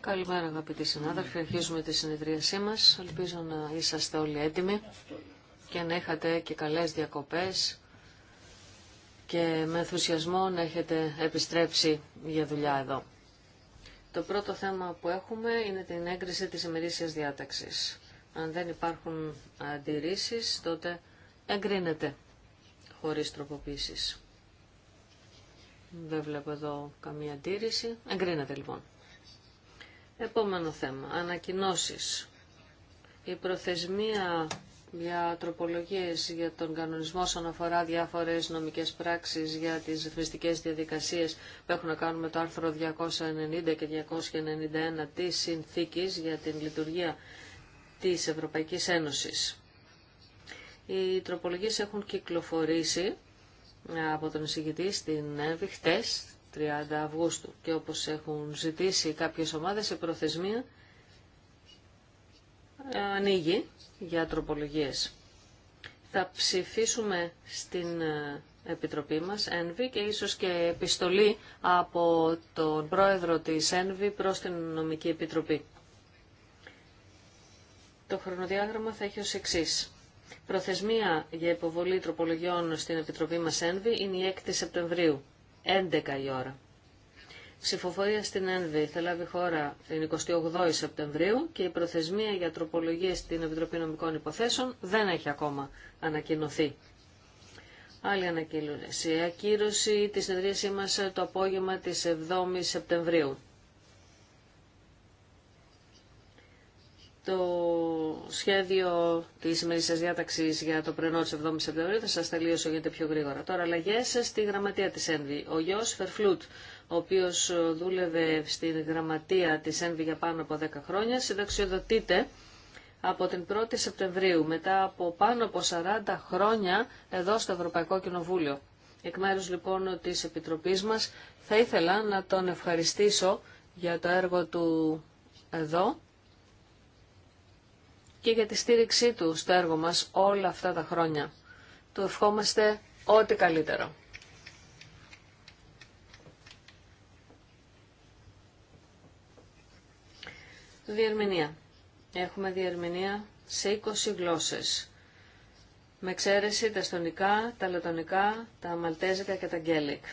Καλημέρα αγαπητοί συνάδελφοι, αρχίζουμε τη συνεδρίασή μας. Ελπίζω να είσαστε όλοι έτοιμοι και να έχετε και καλές διακοπές και με ενθουσιασμό να έχετε επιστρέψει για δουλειά εδώ. Το πρώτο θέμα που έχουμε είναι την έγκριση της ημερήσιας διάταξης. Αν δεν υπάρχουν αντιρρήσεις, τότε εγκρίνεται χωρίς τροποποίησης. Δεν βλέπω εδώ καμία αντίρρηση. Εγκρίνεται λοιπόν. Επόμενο θέμα. Ανακοινώσεις. Η προθεσμία για τροπολογίες για τον κανονισμό όσον αφορά διάφορες νομικές πράξεις για τις ρυθμιστικέ διαδικασίες που έχουν να κάνουν με το άρθρο 290 και 291 της Συνθήκης για την λειτουργία της Ευρωπαϊκής Ένωσης. Οι τροπολογίες έχουν κυκλοφορήσει από τον εισηγητή στην ΕΒΗ χτε, 30 Αυγούστου. Και όπω έχουν ζητήσει κάποιε ομάδε η προθεσμία ανοίγει για τροπολογίε. Θα ψηφίσουμε στην ε, Επιτροπή μας, ΕΝΒΗ, και ίσως και επιστολή από τον πρόεδρο της ΕΝΒΗ προς την Νομική Επιτροπή. Το χρονοδιάγραμμα θα έχει ως εξής. Προθεσμία για υποβολή τροπολογιών στην Επιτροπή μας ΕΝΒΗ είναι η 6η Σεπτεμβρίου, 11 η ώρα. Ψηφοφορία στην ΕΝΒΗ θα λάβει χώρα την 28η Σεπτεμβρίου και η προθεσμία για τροπολογίες στην Επιτροπή Νομικών Υποθέσεων δεν έχει ακόμα ανακοινωθεί. Άλλη ανακοίνωση. Ακύρωση της συνεδρίασή μας το απόγευμα της 7 η Σεπτεμβρίου. το σχέδιο τη ημερήσια διάταξη για το πρωινό τη 7η Σεπτεμβρίου. Θα σα τελείωσω γιατί πιο γρήγορα. Τώρα, αλλαγέ στη γραμματεία τη ΕΝΒΗ. Ο γιο Φερφλούτ, ο οποίο δούλευε στη γραμματεία τη ΕΝΒΗ για πάνω από 10 χρόνια, συνταξιοδοτείται από την 1η Σεπτεμβρίου, μετά από πάνω από 40 χρόνια εδώ στο Ευρωπαϊκό Κοινοβούλιο. Εκ μέρους λοιπόν της Επιτροπής μας θα ήθελα να τον ευχαριστήσω για το έργο του εδώ και για τη στήριξή του στο έργο μας όλα αυτά τα χρόνια. Του ευχόμαστε ό,τι καλύτερο. Διερμηνία. Έχουμε διερμηνία σε 20 γλώσσες. Με εξαίρεση τα στονικά, τα λετονικά, τα μαλτέζικα και τα γκέλικ.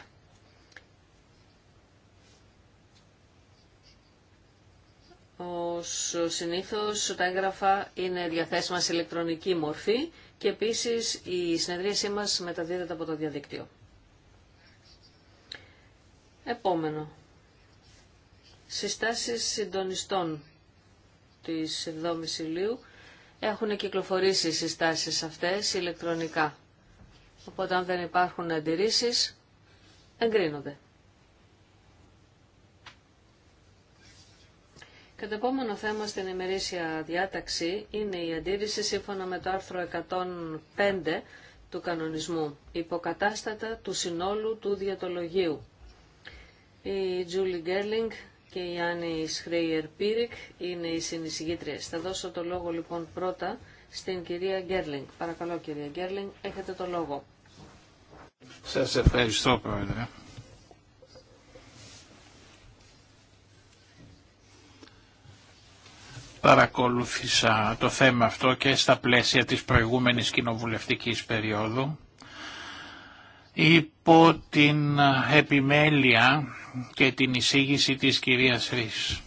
Ως συνήθως τα έγγραφα είναι διαθέσιμα σε ηλεκτρονική μορφή και επίσης η συνεδρίασή μας μεταδίδεται από το διαδίκτυο. Επόμενο. Συστάσεις συντονιστών της 7ης Ιουλίου έχουν κυκλοφορήσει οι συστάσεις αυτές ηλεκτρονικά. Οπότε αν δεν υπάρχουν αντιρρήσεις, εγκρίνονται. Και το επόμενο θέμα στην ημερήσια διάταξη είναι η αντίρρηση σύμφωνα με το άρθρο 105 του κανονισμού, υποκατάστατα του συνόλου του διατολογίου. Η Τζούλι Γκέρλινγκ και η Άννη Σχρέιερ Πίρικ είναι οι συνεισηγήτριες. Θα δώσω το λόγο λοιπόν πρώτα στην κυρία Γκέρλινγκ. Παρακαλώ κυρία Γκέρλινγκ, έχετε το λόγο. Σας ευχαριστώ πρόεδρε. παρακολούθησα το θέμα αυτό και στα πλαίσια της προηγούμενης κοινοβουλευτικής περίοδου υπό την επιμέλεια και την εισήγηση της κυρίας Ρης.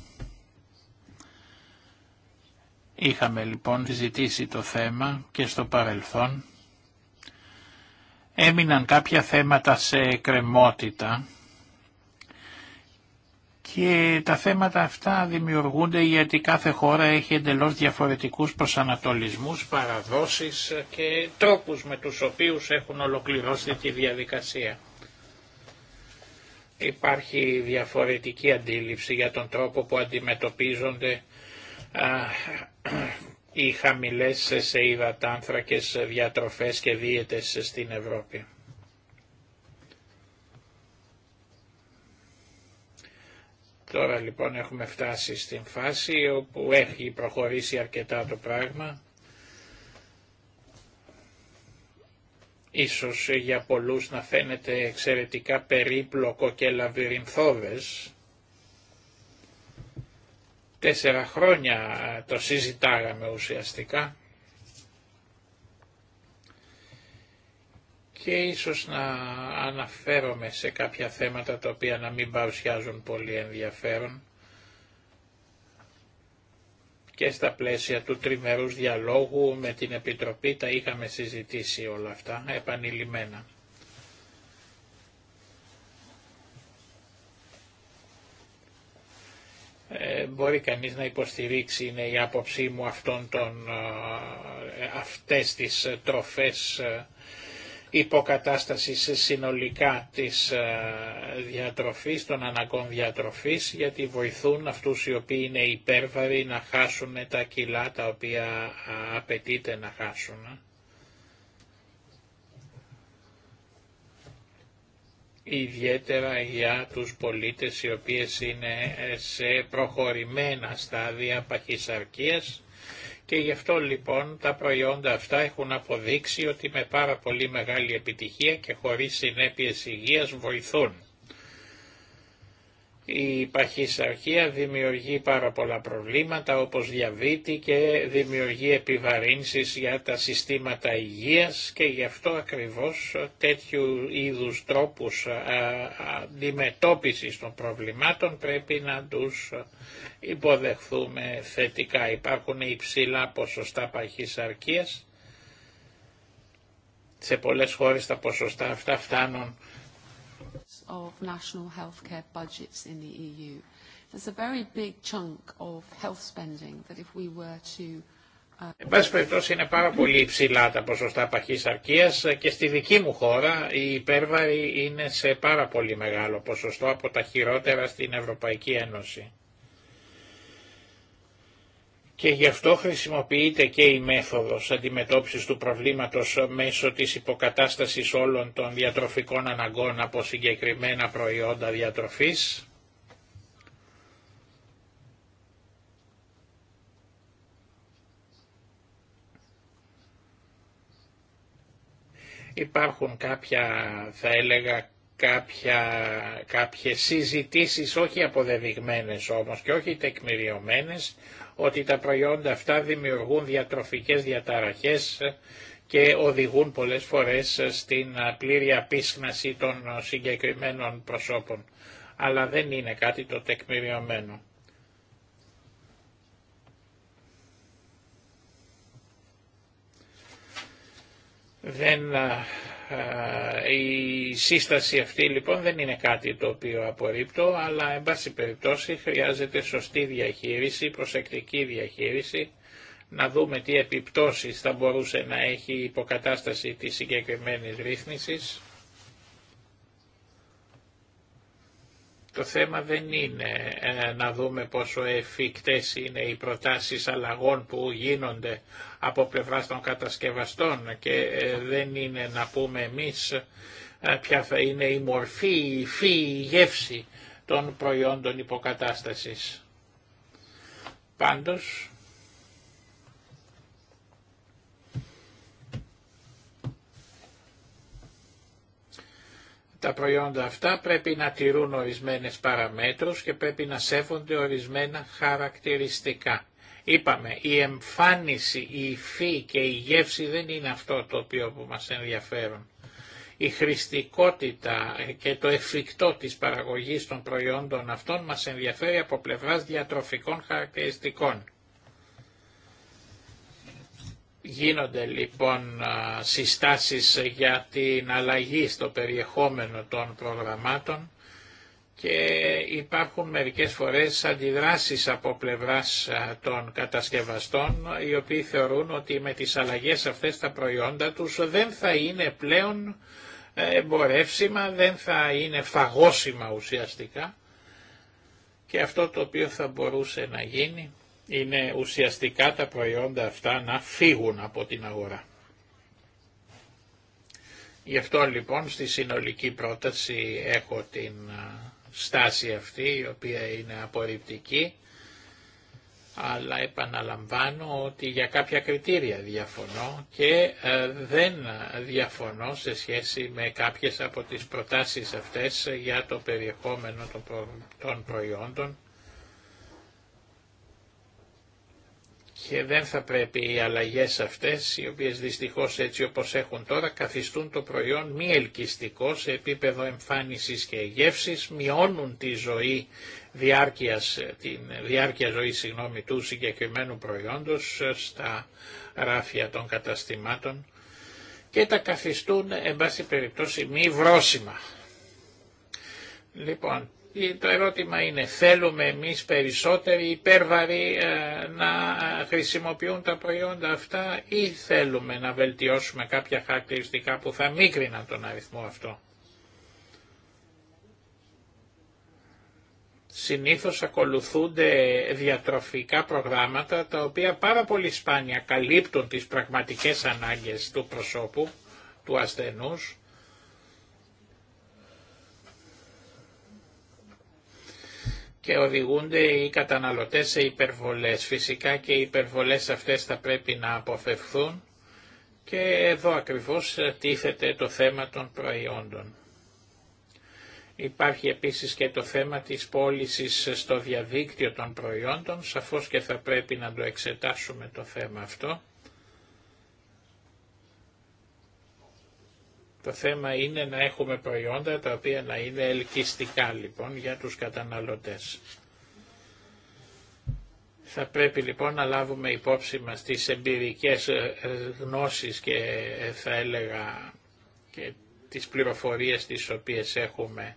Είχαμε λοιπόν ζητήσει το θέμα και στο παρελθόν. Έμειναν κάποια θέματα σε εκκρεμότητα και τα θέματα αυτά δημιουργούνται γιατί κάθε χώρα έχει εντελώς διαφορετικούς προσανατολισμούς, παραδόσεις και τρόπους με τους οποίους έχουν ολοκληρώσει τη διαδικασία. Υπάρχει διαφορετική αντίληψη για τον τρόπο που αντιμετωπίζονται οι χαμηλές σε υδατάνθρακες διατροφές και δίαιτες στην Ευρώπη. Τώρα λοιπόν έχουμε φτάσει στην φάση όπου έχει προχωρήσει αρκετά το πράγμα. Ίσως για πολλούς να φαίνεται εξαιρετικά περίπλοκο και λαβυρινθώδες. Τέσσερα χρόνια το συζητάγαμε ουσιαστικά. και ίσως να αναφέρομαι σε κάποια θέματα τα οποία να μην παρουσιάζουν πολύ ενδιαφέρον και στα πλαίσια του τριμερούς διαλόγου με την Επιτροπή τα είχαμε συζητήσει όλα αυτά επανειλημμένα. Ε, μπορεί κανείς να υποστηρίξει, είναι η άποψή μου, αυτών των, ε, αυτές τις τροφές ε, Υποκατάσταση συνολικά της ε, διατροφής, των αναγκών διατροφής, γιατί βοηθούν αυτούς οι οποίοι είναι υπέρβαροι να χάσουν τα κιλά τα οποία ε, απαιτείται να χάσουν. ιδιαίτερα για τους πολίτες οι οποίες είναι σε προχωρημένα στάδια παχυσαρκίας και γι' αυτό λοιπόν τα προϊόντα αυτά έχουν αποδείξει ότι με πάρα πολύ μεγάλη επιτυχία και χωρίς συνέπειες υγείας βοηθούν η αρχία δημιουργεί πάρα πολλά προβλήματα όπως διαβήτη και δημιουργεί επιβαρύνσεις για τα συστήματα υγείας και γι' αυτό ακριβώς τέτοιου είδους τρόπους αντιμετώπισης των προβλημάτων πρέπει να τους υποδεχθούμε θετικά. Υπάρχουν υψηλά ποσοστά παχυσαρκίας. Σε πολλές χώρες τα ποσοστά αυτά φτάνουν of national healthcare budgets in the EU. There's a very big chunk of health spending that if we were to uh, Εν πάση περιπτώσει είναι πάρα πολύ υψηλά τα ποσοστά παχής αρκείας και στη δική μου χώρα η υπέρβαρη είναι σε πάρα πολύ μεγάλο ποσοστό από τα χειρότερα στην Ευρωπαϊκή Ένωση και γι' αυτό χρησιμοποιείται και η μέθοδος αντιμετώπισης του προβλήματος μέσω της υποκατάστασης όλων των διατροφικών αναγκών από συγκεκριμένα προϊόντα διατροφής. Υπάρχουν κάποια, θα έλεγα, κάποια, κάποιες συζητήσεις, όχι αποδεδειγμένες όμως και όχι τεκμηριωμένες, ότι τα προϊόντα αυτά δημιουργούν διατροφικές διαταραχές και οδηγούν πολλές φορές στην πλήρη απίσχναση των συγκεκριμένων προσώπων. Αλλά δεν είναι κάτι το τεκμηριωμένο. Δεν ε, η σύσταση αυτή λοιπόν δεν είναι κάτι το οποίο απορρίπτω, αλλά εν πάση περιπτώσει χρειάζεται σωστή διαχείριση, προσεκτική διαχείριση, να δούμε τι επιπτώσεις θα μπορούσε να έχει η υποκατάσταση της συγκεκριμένης ρύθμισης Το θέμα δεν είναι ε, να δούμε πόσο εφικτές είναι οι προτάσεις αλλαγών που γίνονται από πλευράς των κατασκευαστών και ε, δεν είναι να πούμε εμείς ε, ποια θα είναι η μορφή, η υφή, η γεύση των προϊόντων υποκατάστασης. Πάντως Τα προϊόντα αυτά πρέπει να τηρούν ορισμένες παραμέτρους και πρέπει να σέβονται ορισμένα χαρακτηριστικά. Είπαμε, η εμφάνιση, η υφή και η γεύση δεν είναι αυτό το οποίο που μας ενδιαφέρουν. Η χρηστικότητα και το εφικτό της παραγωγής των προϊόντων αυτών μας ενδιαφέρει από πλευράς διατροφικών χαρακτηριστικών. Γίνονται λοιπόν συστάσεις για την αλλαγή στο περιεχόμενο των προγραμμάτων και υπάρχουν μερικές φορές αντιδράσεις από πλευράς των κατασκευαστών οι οποίοι θεωρούν ότι με τις αλλαγές αυτές τα προϊόντα τους δεν θα είναι πλέον ε, εμπορεύσιμα, δεν θα είναι φαγώσιμα ουσιαστικά και αυτό το οποίο θα μπορούσε να γίνει είναι ουσιαστικά τα προϊόντα αυτά να φύγουν από την αγορά. Γι' αυτό λοιπόν στη συνολική πρόταση έχω την στάση αυτή η οποία είναι απορριπτική αλλά επαναλαμβάνω ότι για κάποια κριτήρια διαφωνώ και δεν διαφωνώ σε σχέση με κάποιες από τις προτάσεις αυτές για το περιεχόμενο των προϊόντων και δεν θα πρέπει οι αλλαγές αυτές, οι οποίες δυστυχώς έτσι όπως έχουν τώρα, καθιστούν το προϊόν μη ελκυστικό σε επίπεδο εμφάνισης και γεύσης, μειώνουν τη ζωή διάρκειας, την διάρκεια ζωής συγγνώμη, του συγκεκριμένου προϊόντος στα ράφια των καταστημάτων και τα καθιστούν, εν πάση περιπτώσει, μη βρόσιμα. Λοιπόν, το ερώτημα είναι θέλουμε εμείς περισσότεροι υπέρβαροι ε, να ε, χρησιμοποιούν τα προϊόντα αυτά ή θέλουμε να βελτιώσουμε κάποια χαρακτηριστικά που θα μίκριναν τον αριθμό αυτό. συνήθως ακολουθούνται διατροφικά προγράμματα τα οποία πάρα πολύ σπάνια καλύπτουν τις πραγματικές ανάγκες του προσώπου, του ασθενούς και οδηγούνται οι καταναλωτές σε υπερβολές. Φυσικά και οι υπερβολές αυτές θα πρέπει να αποφευθούν και εδώ ακριβώς τίθεται το θέμα των προϊόντων. Υπάρχει επίσης και το θέμα της πώληση στο διαδίκτυο των προϊόντων, σαφώς και θα πρέπει να το εξετάσουμε το θέμα αυτό. Το θέμα είναι να έχουμε προϊόντα τα οποία να είναι ελκυστικά λοιπόν για τους καταναλωτές. Θα πρέπει λοιπόν να λάβουμε υπόψη μας τις εμπειρικές ε, ε, γνώσεις και ε, θα έλεγα και τις πληροφορίες τις οποίες έχουμε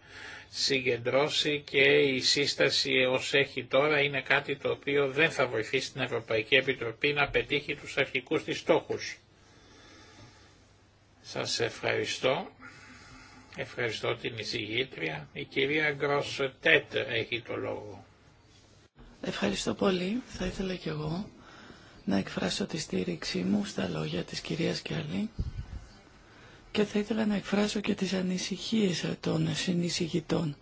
συγκεντρώσει και η σύσταση ως έχει τώρα είναι κάτι το οποίο δεν θα βοηθήσει την Ευρωπαϊκή Επιτροπή να πετύχει τους αρχικούς της στόχους. Σας ευχαριστώ. Ευχαριστώ την εισηγήτρια. Η κυρία Γκροσετέτ έχει το λόγο. Ευχαριστώ πολύ. Θα ήθελα κι εγώ να εκφράσω τη στήριξή μου στα λόγια της κυρίας Κιάλη και θα ήθελα να εκφράσω και τις ανησυχίες των συνεισηγητών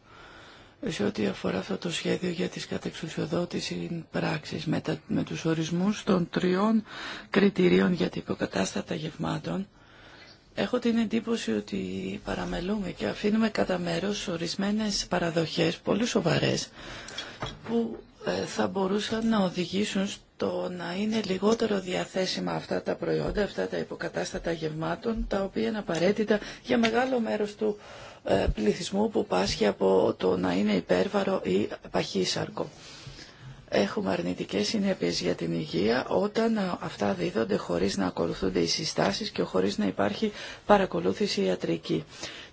σε ό,τι αφορά αυτό το σχέδιο για τις κατεξουσιοδότηση πράξης με, με τους ορισμούς των τριών κριτηρίων για την υποκατάστατα γευμάτων Έχω την εντύπωση ότι παραμελούμε και αφήνουμε κατά μέρο ορισμένες παραδοχές πολύ σοβαρές που ε, θα μπορούσαν να οδηγήσουν στο να είναι λιγότερο διαθέσιμα αυτά τα προϊόντα, αυτά τα υποκατάστατα γευμάτων, τα οποία είναι απαραίτητα για μεγάλο μέρος του ε, πληθυσμού που πάσχει από το να είναι υπέρβαρο ή παχύσαρκο έχουμε αρνητικές συνέπειες για την υγεία όταν αυτά δίδονται χωρίς να ακολουθούνται οι συστάσεις και χωρίς να υπάρχει παρακολούθηση ιατρική.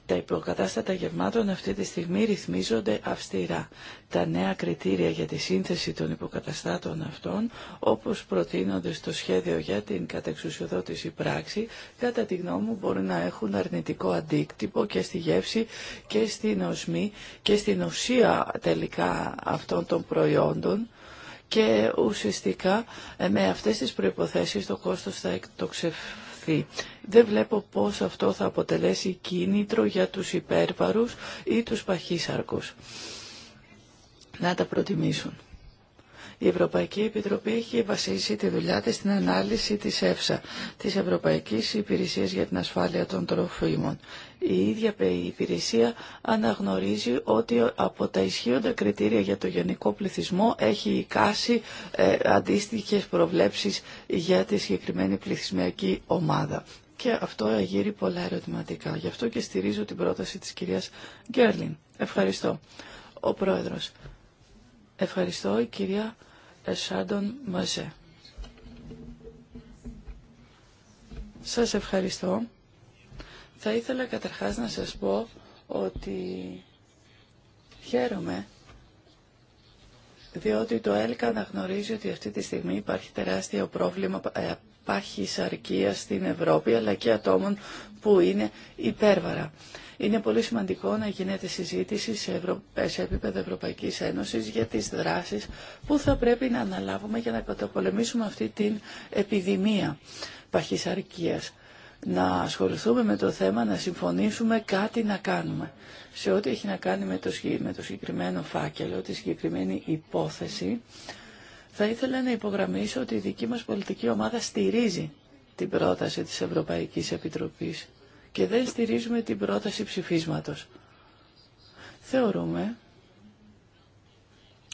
Τα υποκατάστατα γευμάτων αυτή τη στιγμή ρυθμίζονται αυστηρά. Τα νέα κριτήρια για τη σύνθεση των υποκαταστάτων αυτών, όπως προτείνονται στο σχέδιο για την κατεξουσιοδότηση πράξη, κατά τη γνώμη μου μπορούν να έχουν αρνητικό αντίκτυπο και στη γεύση και στην οσμή και στην ουσία τελικά αυτών των προϊόντων, και ουσιαστικά ε, με αυτές τις προϋποθέσεις το κόστος θα εκτοξευθεί. Δεν βλέπω πώς αυτό θα αποτελέσει κίνητρο για τους υπέρπαρους ή τους παχύσαρκους να τα προτιμήσουν. Η Ευρωπαϊκή Επιτροπή έχει βασίσει τη δουλειά της στην ανάλυση της ΕΦΣΑ, της Ευρωπαϊκής Υπηρεσίας για την Ασφάλεια των Τροφίμων. Η ίδια η υπηρεσία αναγνωρίζει ότι από τα ισχύοντα κριτήρια για το γενικό πληθυσμό έχει εικάσει ε, αντίστοιχες προβλέψεις για τη συγκεκριμένη πληθυσμιακή ομάδα. Και αυτό αγείρει πολλά ερωτηματικά. Γι' αυτό και στηρίζω την πρόταση της κυρίας Γκέρλιν. Ευχαριστώ. Ο Πρόεδρος. Ευχαριστώ η κυρία εσάντων Σας ευχαριστώ. Θα ήθελα καταρχάς να σας πω ότι χαίρομαι διότι το ΕΛΚΑ αναγνωρίζει ότι αυτή τη στιγμή υπάρχει τεράστιο πρόβλημα ε, αρκείας στην Ευρώπη αλλά και ατόμων που είναι υπέρβαρα. Είναι πολύ σημαντικό να γίνεται συζήτηση σε, ευρω... σε επίπεδο Ευρωπαϊκής Ένωσης για τι δράσεις που θα πρέπει να αναλάβουμε για να καταπολεμήσουμε αυτή την επιδημία παχυσαρκίας να ασχοληθούμε με το θέμα, να συμφωνήσουμε κάτι να κάνουμε. Σε ό,τι έχει να κάνει με το, με το συγκεκριμένο φάκελο, τη συγκεκριμένη υπόθεση, θα ήθελα να υπογραμμίσω ότι η δική μας πολιτική ομάδα στηρίζει την πρόταση της Ευρωπαϊκής Επιτροπής και δεν στηρίζουμε την πρόταση ψηφίσματος. Θεωρούμε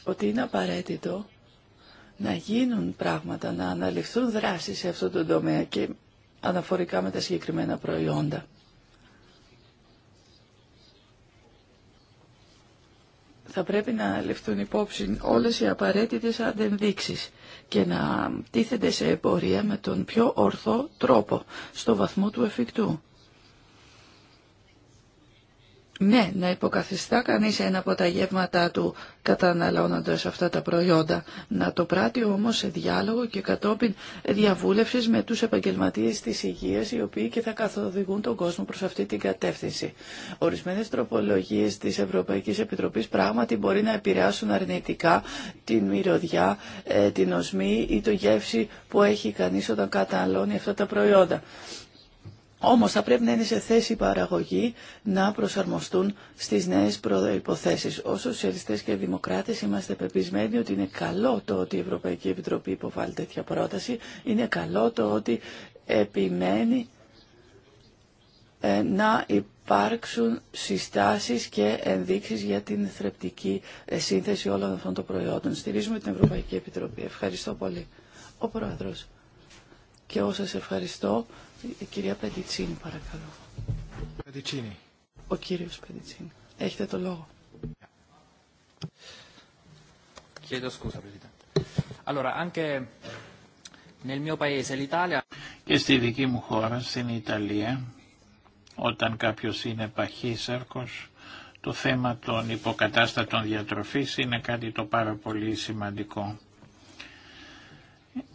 ότι είναι απαραίτητο να γίνουν πράγματα, να αναλυφθούν δράσεις σε αυτό τον τομέα και αναφορικά με τα συγκεκριμένα προϊόντα. Θα πρέπει να ληφθούν υπόψη όλες οι απαραίτητες αντενδείξεις και να τίθενται σε εμπορία με τον πιο ορθό τρόπο, στο βαθμό του εφικτού. Ναι, να υποκαθιστά κανείς ένα από τα γεύματά του καταναλώνοντας αυτά τα προϊόντα. Να το πράττει όμως σε διάλογο και κατόπιν διαβούλευσης με τους επαγγελματίες της υγείας οι οποίοι και θα καθοδηγούν τον κόσμο προς αυτή την κατεύθυνση. Ορισμένες τροπολογίες της Ευρωπαϊκής Επιτροπής πράγματι μπορεί να επηρεάσουν αρνητικά την μυρωδιά, ε, την οσμή ή το γεύση που έχει κανείς όταν καταναλώνει αυτά τα προϊόντα. Όμω θα πρέπει να είναι σε θέση η παραγωγή να προσαρμοστούν στις νέες προϋποθέσεις. Όσο σοσιαλιστέ και δημοκράτες είμαστε πεπισμένοι ότι είναι καλό το ότι η Ευρωπαϊκή Επιτροπή υποβάλλει τέτοια πρόταση, είναι καλό το ότι επιμένει ε, να υπάρξουν συστάσει και ενδείξεις για την θρεπτική ε, σύνθεση όλων αυτών των προϊόντων. Στηρίζουμε την Ευρωπαϊκή Επιτροπή. Ευχαριστώ πολύ. Ο Πρόεδρος. Και όσα ευχαριστώ η κυρία Πεντιτσίνη, παρακαλώ. Πεντιτσίνη. Ο κύριος Πεντιτσίνη. Έχετε το λόγο. Και στη δική μου χώρα, στην Ιταλία, όταν κάποιος είναι παχύσαρκος, το θέμα των υποκατάστατων διατροφής είναι κάτι το πάρα πολύ σημαντικό.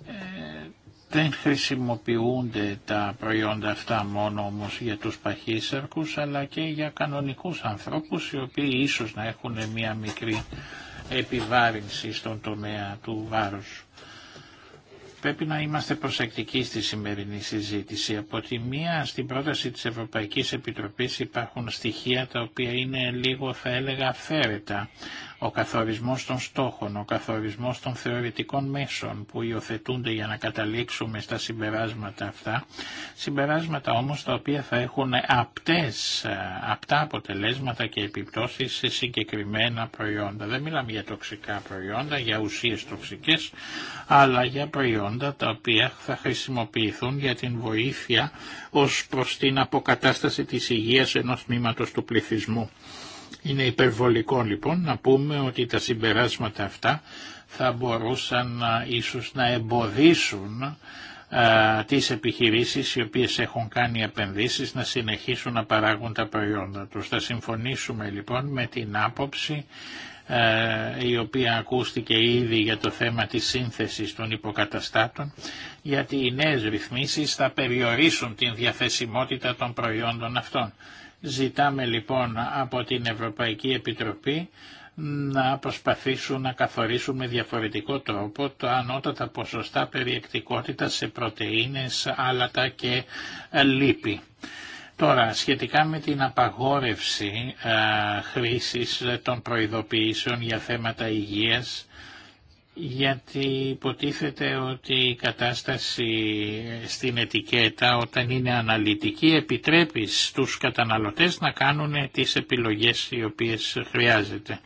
Ε, δεν χρησιμοποιούνται τα προϊόντα αυτά μόνο όμως για τους παχύσαρκους αλλά και για κανονικούς ανθρώπους οι οποίοι ίσως να έχουν μια μικρή επιβάρυνση στον τομέα του βάρους. Πρέπει να είμαστε προσεκτικοί στη σημερινή συζήτηση. Από τη μία στην πρόταση της Ευρωπαϊκής Επιτροπής υπάρχουν στοιχεία τα οποία είναι λίγο θα έλεγα αφαίρετα ο καθορισμός των στόχων, ο καθορισμός των θεωρητικών μέσων που υιοθετούνται για να καταλήξουμε στα συμπεράσματα αυτά, συμπεράσματα όμως τα οποία θα έχουν απτές, ε, απτά αποτελέσματα και επιπτώσεις σε συγκεκριμένα προϊόντα. Δεν μιλάμε για τοξικά προϊόντα, για ουσίες τοξικές, αλλά για προϊόντα τα οποία θα χρησιμοποιηθούν για την βοήθεια ως προς την αποκατάσταση της υγείας ενός τμήματος του πληθυσμού. Είναι υπερβολικό λοιπόν να πούμε ότι τα συμπεράσματα αυτά θα μπορούσαν να, ίσως να εμποδίσουν α, τις επιχειρήσεις οι οποίες έχουν κάνει επενδύσεις να συνεχίσουν να παράγουν τα προϊόντα τους. Θα συμφωνήσουμε λοιπόν με την άποψη η οποία ακούστηκε ήδη για το θέμα της σύνθεσης των υποκαταστάτων γιατί οι νέες ρυθμίσεις θα περιορίσουν την διαθεσιμότητα των προϊόντων αυτών. Ζητάμε λοιπόν από την Ευρωπαϊκή Επιτροπή να προσπαθήσουν να καθορίσουν με διαφορετικό τρόπο τα ανώτατα ποσοστά περιεκτικότητα σε πρωτεΐνες, άλατα και ε, λίπη. Τώρα, σχετικά με την απαγόρευση α, ε, χρήσης των προειδοποιήσεων για θέματα υγείας, γιατί υποτίθεται ότι η κατάσταση στην ετικέτα όταν είναι αναλυτική επιτρέπει στους καταναλωτές να κάνουν τις επιλογές οι οποίες χρειάζεται.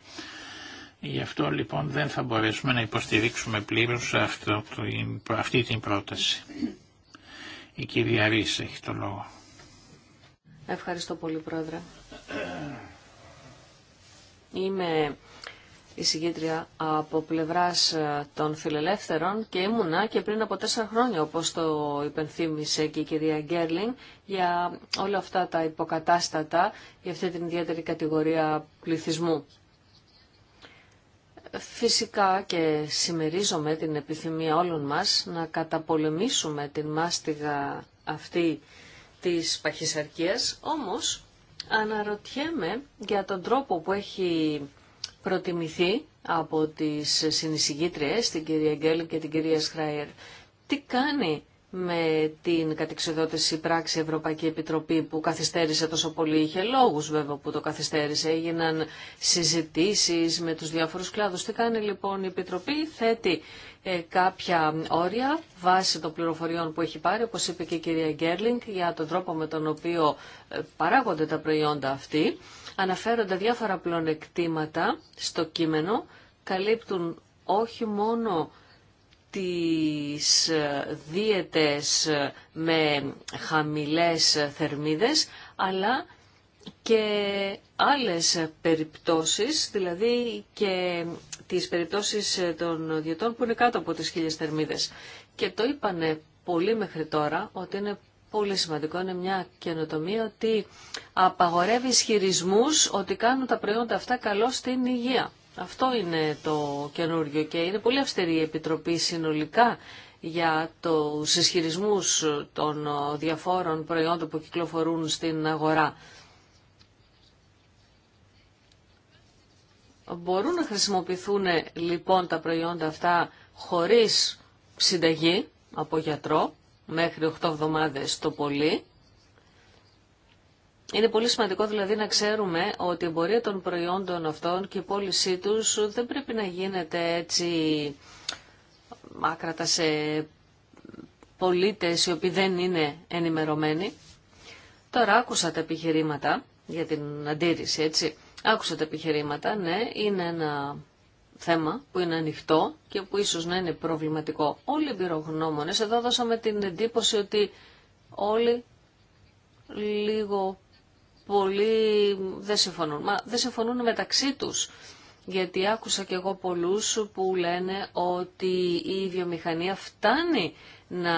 Γι' αυτό λοιπόν δεν θα μπορέσουμε να υποστηρίξουμε πλήρως αυτό, αυτή την πρόταση. Η κυρία Ρίση έχει το λόγο. Ευχαριστώ πολύ πρόεδρε. Είμαι εισηγήτρια από πλευράς ε, των φιλελεύθερων και ήμουνα και πριν από τέσσερα χρόνια, όπως το υπενθύμησε και η κυρία Γκέρλινγκ, για όλα αυτά τα υποκατάστατα, για αυτή την ιδιαίτερη κατηγορία πληθυσμού. Φυσικά και συμμερίζομαι την επιθυμία όλων μας να καταπολεμήσουμε την μάστιγα αυτή της παχυσαρκίας, όμως αναρωτιέμαι για τον τρόπο που έχει προτιμηθεί από τις συνεισηγήτριες, την κυρία Γκέλ και την κυρία Σχράιερ. Τι κάνει με την κατεξοδότηση πράξη Ευρωπαϊκή Επιτροπή που καθυστέρησε τόσο πολύ. Είχε λόγους βέβαια που το καθυστέρησε. Έγιναν συζητήσεις με τους διάφορους κλάδους. Τι κάνει λοιπόν η Επιτροπή. Θέτει ε, κάποια όρια βάσει των πληροφοριών που έχει πάρει, όπως είπε και η κυρία Γκέρλινγκ, για τον τρόπο με τον οποίο ε, παράγονται τα προϊόντα αυτή αναφέρονται διάφορα πλονεκτήματα στο κείμενο, καλύπτουν όχι μόνο τις ε, δίαιτες ε, με χαμηλές θερμίδες, αλλά και άλλες περιπτώσεις, δηλαδή και τις περιπτώσεις ε, των διαιτών που είναι κάτω από τις χίλιες θερμίδες. Και το είπανε πολύ μέχρι τώρα ότι είναι πολύ σημαντικό. Είναι μια καινοτομία ότι απαγορεύει ισχυρισμού ότι κάνουν τα προϊόντα αυτά καλό στην υγεία. Αυτό είναι το καινούργιο και είναι πολύ αυστηρή η Επιτροπή συνολικά για τους ισχυρισμού των διαφόρων προϊόντων που κυκλοφορούν στην αγορά. Μπορούν να χρησιμοποιηθούν λοιπόν τα προϊόντα αυτά χωρίς συνταγή από γιατρό, μέχρι 8 εβδομάδες το πολύ. Είναι πολύ σημαντικό δηλαδή να ξέρουμε ότι η εμπορία των προϊόντων αυτών και η πώλησή τους δεν πρέπει να γίνεται έτσι άκρατα σε πολίτες οι οποίοι δεν είναι ενημερωμένοι. Τώρα άκουσα τα επιχειρήματα για την αντίρρηση, έτσι. Άκουσα τα επιχειρήματα, ναι, είναι ένα θέμα που είναι ανοιχτό και που ίσως να είναι προβληματικό. Όλοι οι πυρογνώμονες, εδώ δώσαμε την εντύπωση ότι όλοι λίγο πολύ δεν συμφωνούν. Μα δεν συμφωνούν μεταξύ τους. Γιατί άκουσα και εγώ πολλούς που λένε ότι η βιομηχανία φτάνει να,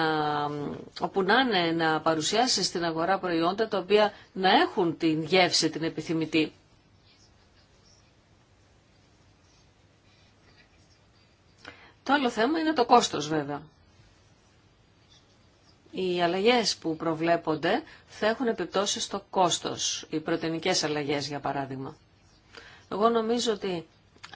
όπου να να παρουσιάσει στην αγορά προϊόντα τα οποία να έχουν την γεύση την επιθυμητή. Το άλλο θέμα είναι το κόστος βέβαια. Οι αλλαγές που προβλέπονται θα έχουν επιπτώσεις στο κόστος, οι πρωτενικές αλλαγές για παράδειγμα. Εγώ νομίζω ότι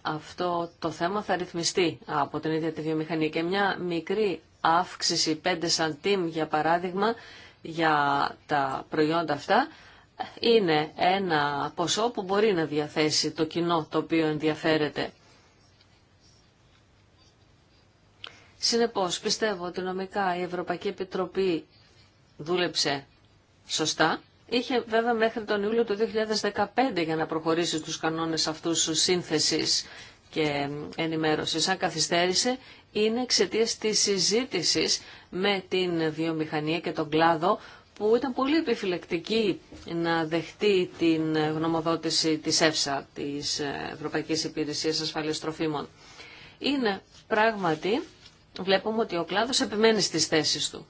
αυτό το θέμα θα ρυθμιστεί από την ίδια τη βιομηχανία και μια μικρή αύξηση 5 σαντίμ για παράδειγμα για τα προϊόντα αυτά είναι ένα ποσό που μπορεί να διαθέσει το κοινό το οποίο ενδιαφέρεται Συνεπώς, πιστεύω ότι νομικά η Ευρωπαϊκή Επιτροπή δούλεψε σωστά. Είχε βέβαια μέχρι τον Ιούλιο του 2015 για να προχωρήσει στους κανόνες αυτούς σύνθεσης και ενημέρωσης. Αν καθυστέρησε, είναι εξαιτία της συζήτηση με την βιομηχανία και τον κλάδο που ήταν πολύ επιφυλακτική να δεχτεί την γνωμοδότηση της ΕΦΣΑ, της Ευρωπαϊκής Υπηρεσίας Ασφαλείας Τροφίμων. Είναι πράγματι βλέπουμε ότι ο κλάδος επιμένει στις θέσεις του.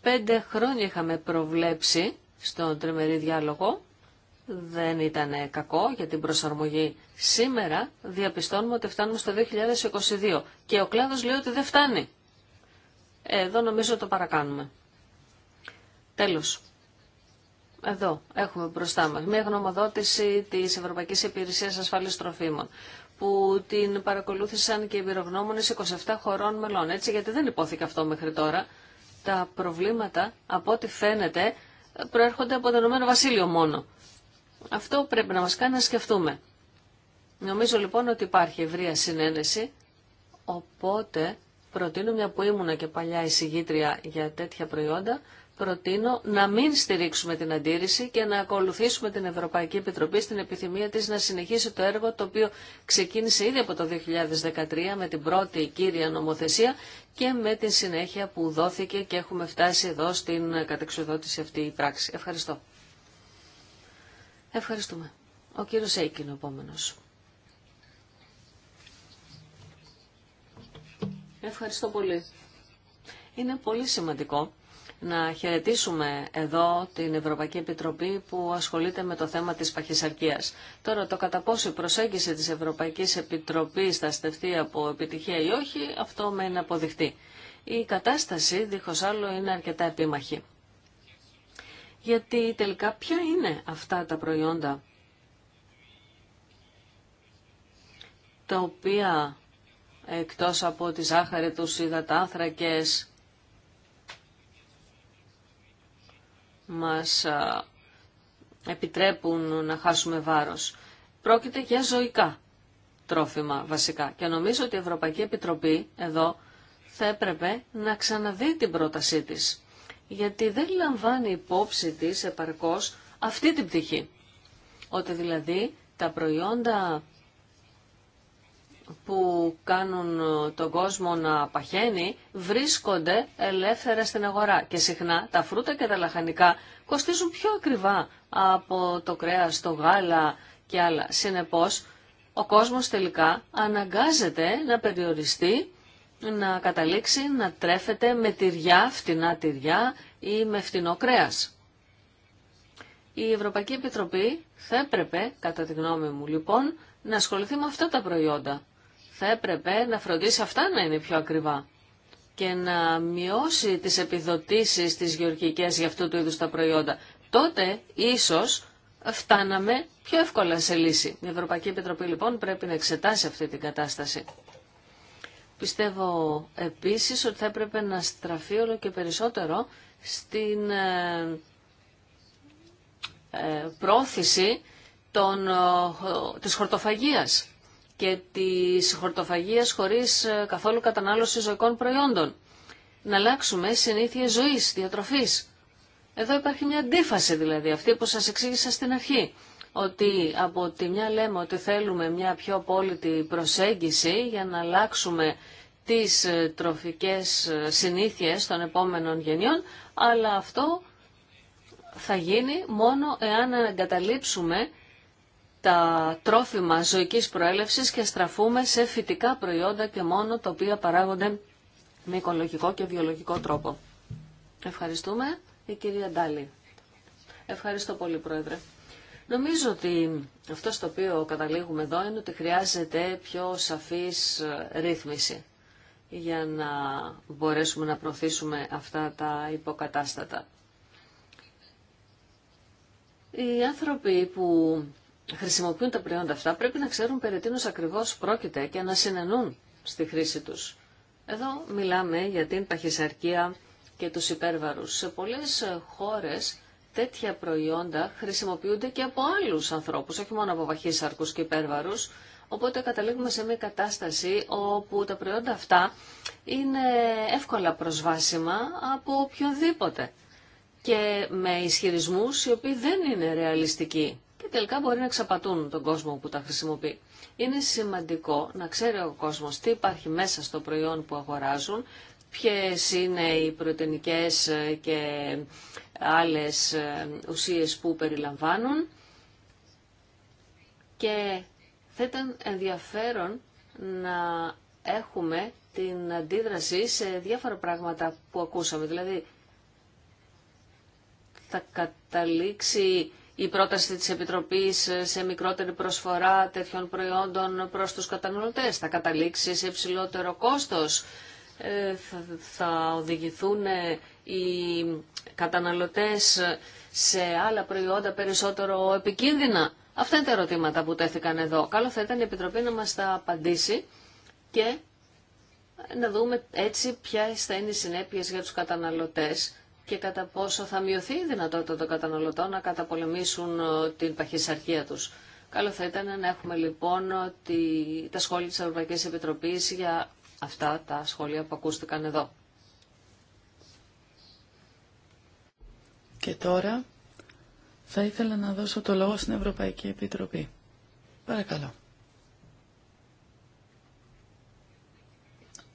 Πέντε χρόνια είχαμε προβλέψει στον τριμερή διάλογο. Δεν ήταν κακό για την προσαρμογή. Σήμερα διαπιστώνουμε ότι φτάνουμε στο 2022 και ο κλάδος λέει ότι δεν φτάνει. Εδώ νομίζω το παρακάνουμε. Τέλος. Εδώ έχουμε μπροστά μας μια γνωμοδότηση της Ευρωπαϊκής Υπηρεσίας Ασφάλειας Τροφίμων που την παρακολούθησαν και οι εμπειρογνώμονες 27 χωρών μελών. Έτσι, γιατί δεν υπόθηκε αυτό μέχρι τώρα. Τα προβλήματα, από ό,τι φαίνεται, προέρχονται από το Ηνωμένο Βασίλειο μόνο. Αυτό πρέπει να μας κάνει να σκεφτούμε. Νομίζω λοιπόν ότι υπάρχει ευρεία συνένεση, οπότε προτείνω μια που ήμουνα και παλιά εισηγήτρια για τέτοια προϊόντα, προτείνω να μην στηρίξουμε την αντίρρηση και να ακολουθήσουμε την Ευρωπαϊκή Επιτροπή στην επιθυμία της να συνεχίσει το έργο το οποίο ξεκίνησε ήδη από το 2013 με την πρώτη κύρια νομοθεσία και με την συνέχεια που δόθηκε και έχουμε φτάσει εδώ στην κατεξοδότηση αυτή η πράξη. Ευχαριστώ. Ευχαριστούμε. Ο κύριος Έικιν ο Ευχαριστώ πολύ. Είναι πολύ σημαντικό να χαιρετήσουμε εδώ την Ευρωπαϊκή Επιτροπή που ασχολείται με το θέμα της παχυσαρκίας. Τώρα το κατά πόσο η προσέγγιση της Ευρωπαϊκής Επιτροπής θα στεφτεί από επιτυχία ή όχι, αυτό με είναι αποδειχτή. Η κατάσταση δίχως άλλο είναι αρκετά επίμαχη. Γιατί τελικά ποια είναι αυτά τα προϊόντα τα οποία εκτός από τη ζάχαρη, τους υδατάνθρακες, μας επιτρέπουν να χάσουμε βάρος. Πρόκειται για ζωικά τρόφιμα βασικά και νομίζω ότι η Ευρωπαϊκή Επιτροπή εδώ θα έπρεπε να ξαναδεί την πρότασή της γιατί δεν λαμβάνει υπόψη της επαρκώς αυτή την πτυχή. Ότι δηλαδή τα προϊόντα που κάνουν ε, τον κόσμο να παχαίνει βρίσκονται ελεύθερα στην αγορά και συχνά τα φρούτα και τα λαχανικά κοστίζουν πιο ακριβά από το κρέας, το γάλα και άλλα. Συνεπώς, ο κόσμος τελικά αναγκάζεται να περιοριστεί, να καταλήξει, να τρέφεται με τυριά, φτηνά τυριά ή με φτηνό κρέας. Η Ευρωπαϊκή Επιτροπή θα έπρεπε, κατά τη γνώμη μου λοιπόν, να ασχοληθεί με αυτά τα προϊόντα θα έπρεπε να φροντίσει αυτά να είναι πιο ακριβά και να μειώσει τις επιδοτήσεις της γεωργικές για αυτού του είδους τα προϊόντα. Τότε ίσως φτάναμε πιο εύκολα σε λύση. Η Ευρωπαϊκή Επιτροπή λοιπόν πρέπει να εξετάσει αυτή την κατάσταση. Πιστεύω επίσης ότι θα έπρεπε να στραφεί όλο και περισσότερο στην ε, ε, πρόθεση των, ε, της χορτοφαγίας και της χορτοφαγίας χωρίς ε, καθόλου κατανάλωση ζωικών προϊόντων. Να αλλάξουμε συνήθειες ζωής, διατροφής. Εδώ υπάρχει μια αντίφαση δηλαδή, αυτή που σας εξήγησα στην αρχή. Ότι από τη μια λέμε ότι θέλουμε μια πιο απόλυτη προσέγγιση για να αλλάξουμε τις ε, τροφικές ε, συνήθειες των επόμενων γενιών, αλλά αυτό θα γίνει μόνο εάν εγκαταλείψουμε τα τρόφιμα ζωικής προέλευσης και στραφούμε σε φυτικά προϊόντα και μόνο τα οποία παράγονται με οικολογικό και βιολογικό τρόπο. Ευχαριστούμε. Η κυρία Ντάλη. Ευχαριστώ πολύ, Πρόεδρε. Νομίζω ότι αυτό στο οποίο καταλήγουμε εδώ είναι ότι χρειάζεται πιο σαφής ε, ρύθμιση για να μπορέσουμε να προωθήσουμε αυτά τα υποκατάστατα. Οι άνθρωποι που χρησιμοποιούν τα προϊόντα αυτά πρέπει να ξέρουν περί τίνος ακριβώς πρόκειται και να συνενούν στη χρήση τους. Εδώ μιλάμε για την παχυσαρκία και τους υπέρβαρους. Σε πολλές χώρες τέτοια προϊόντα χρησιμοποιούνται και από άλλους ανθρώπους, όχι μόνο από παχύσαρκους και υπέρβαρους, οπότε καταλήγουμε σε μια κατάσταση όπου τα προϊόντα αυτά είναι εύκολα προσβάσιμα από οποιονδήποτε και με ισχυρισμούς οι οποίοι δεν είναι ρεαλιστικοί και τελικά μπορεί να εξαπατούν τον κόσμο που τα χρησιμοποιεί. Είναι σημαντικό να ξέρει ο κόσμος τι υπάρχει μέσα στο προϊόν που αγοράζουν, ποιες είναι οι πρωτενικές ε, και άλλες ε, ουσίες που περιλαμβάνουν και θα ήταν ενδιαφέρον να έχουμε την αντίδραση σε διάφορα πράγματα που ακούσαμε. Δηλαδή, θα καταλήξει η πρόταση της Επιτροπής σε μικρότερη προσφορά τέτοιων προϊόντων προς τους καταναλωτές. Θα καταλήξει σε υψηλότερο κόστος. Ε, θα οδηγηθούν ε, οι καταναλωτές σε άλλα προϊόντα περισσότερο επικίνδυνα. Αυτά είναι τα ερωτήματα που τέθηκαν εδώ. Καλό θα ήταν η Επιτροπή να μας τα απαντήσει και να δούμε έτσι ποιε θα είναι οι συνέπειες για τους καταναλωτές και κατά πόσο θα μειωθεί η δυνατότητα των καταναλωτών να καταπολεμήσουν ε, την παχυσαρχία τους. Καλό θα ήταν να έχουμε λοιπόν τη, τα σχόλια της Ευρωπαϊκής Επιτροπής για αυτά τα σχόλια που ακούστηκαν εδώ. Και τώρα θα ήθελα να δώσω το λόγο στην Ευρωπαϊκή Επιτροπή. Παρακαλώ.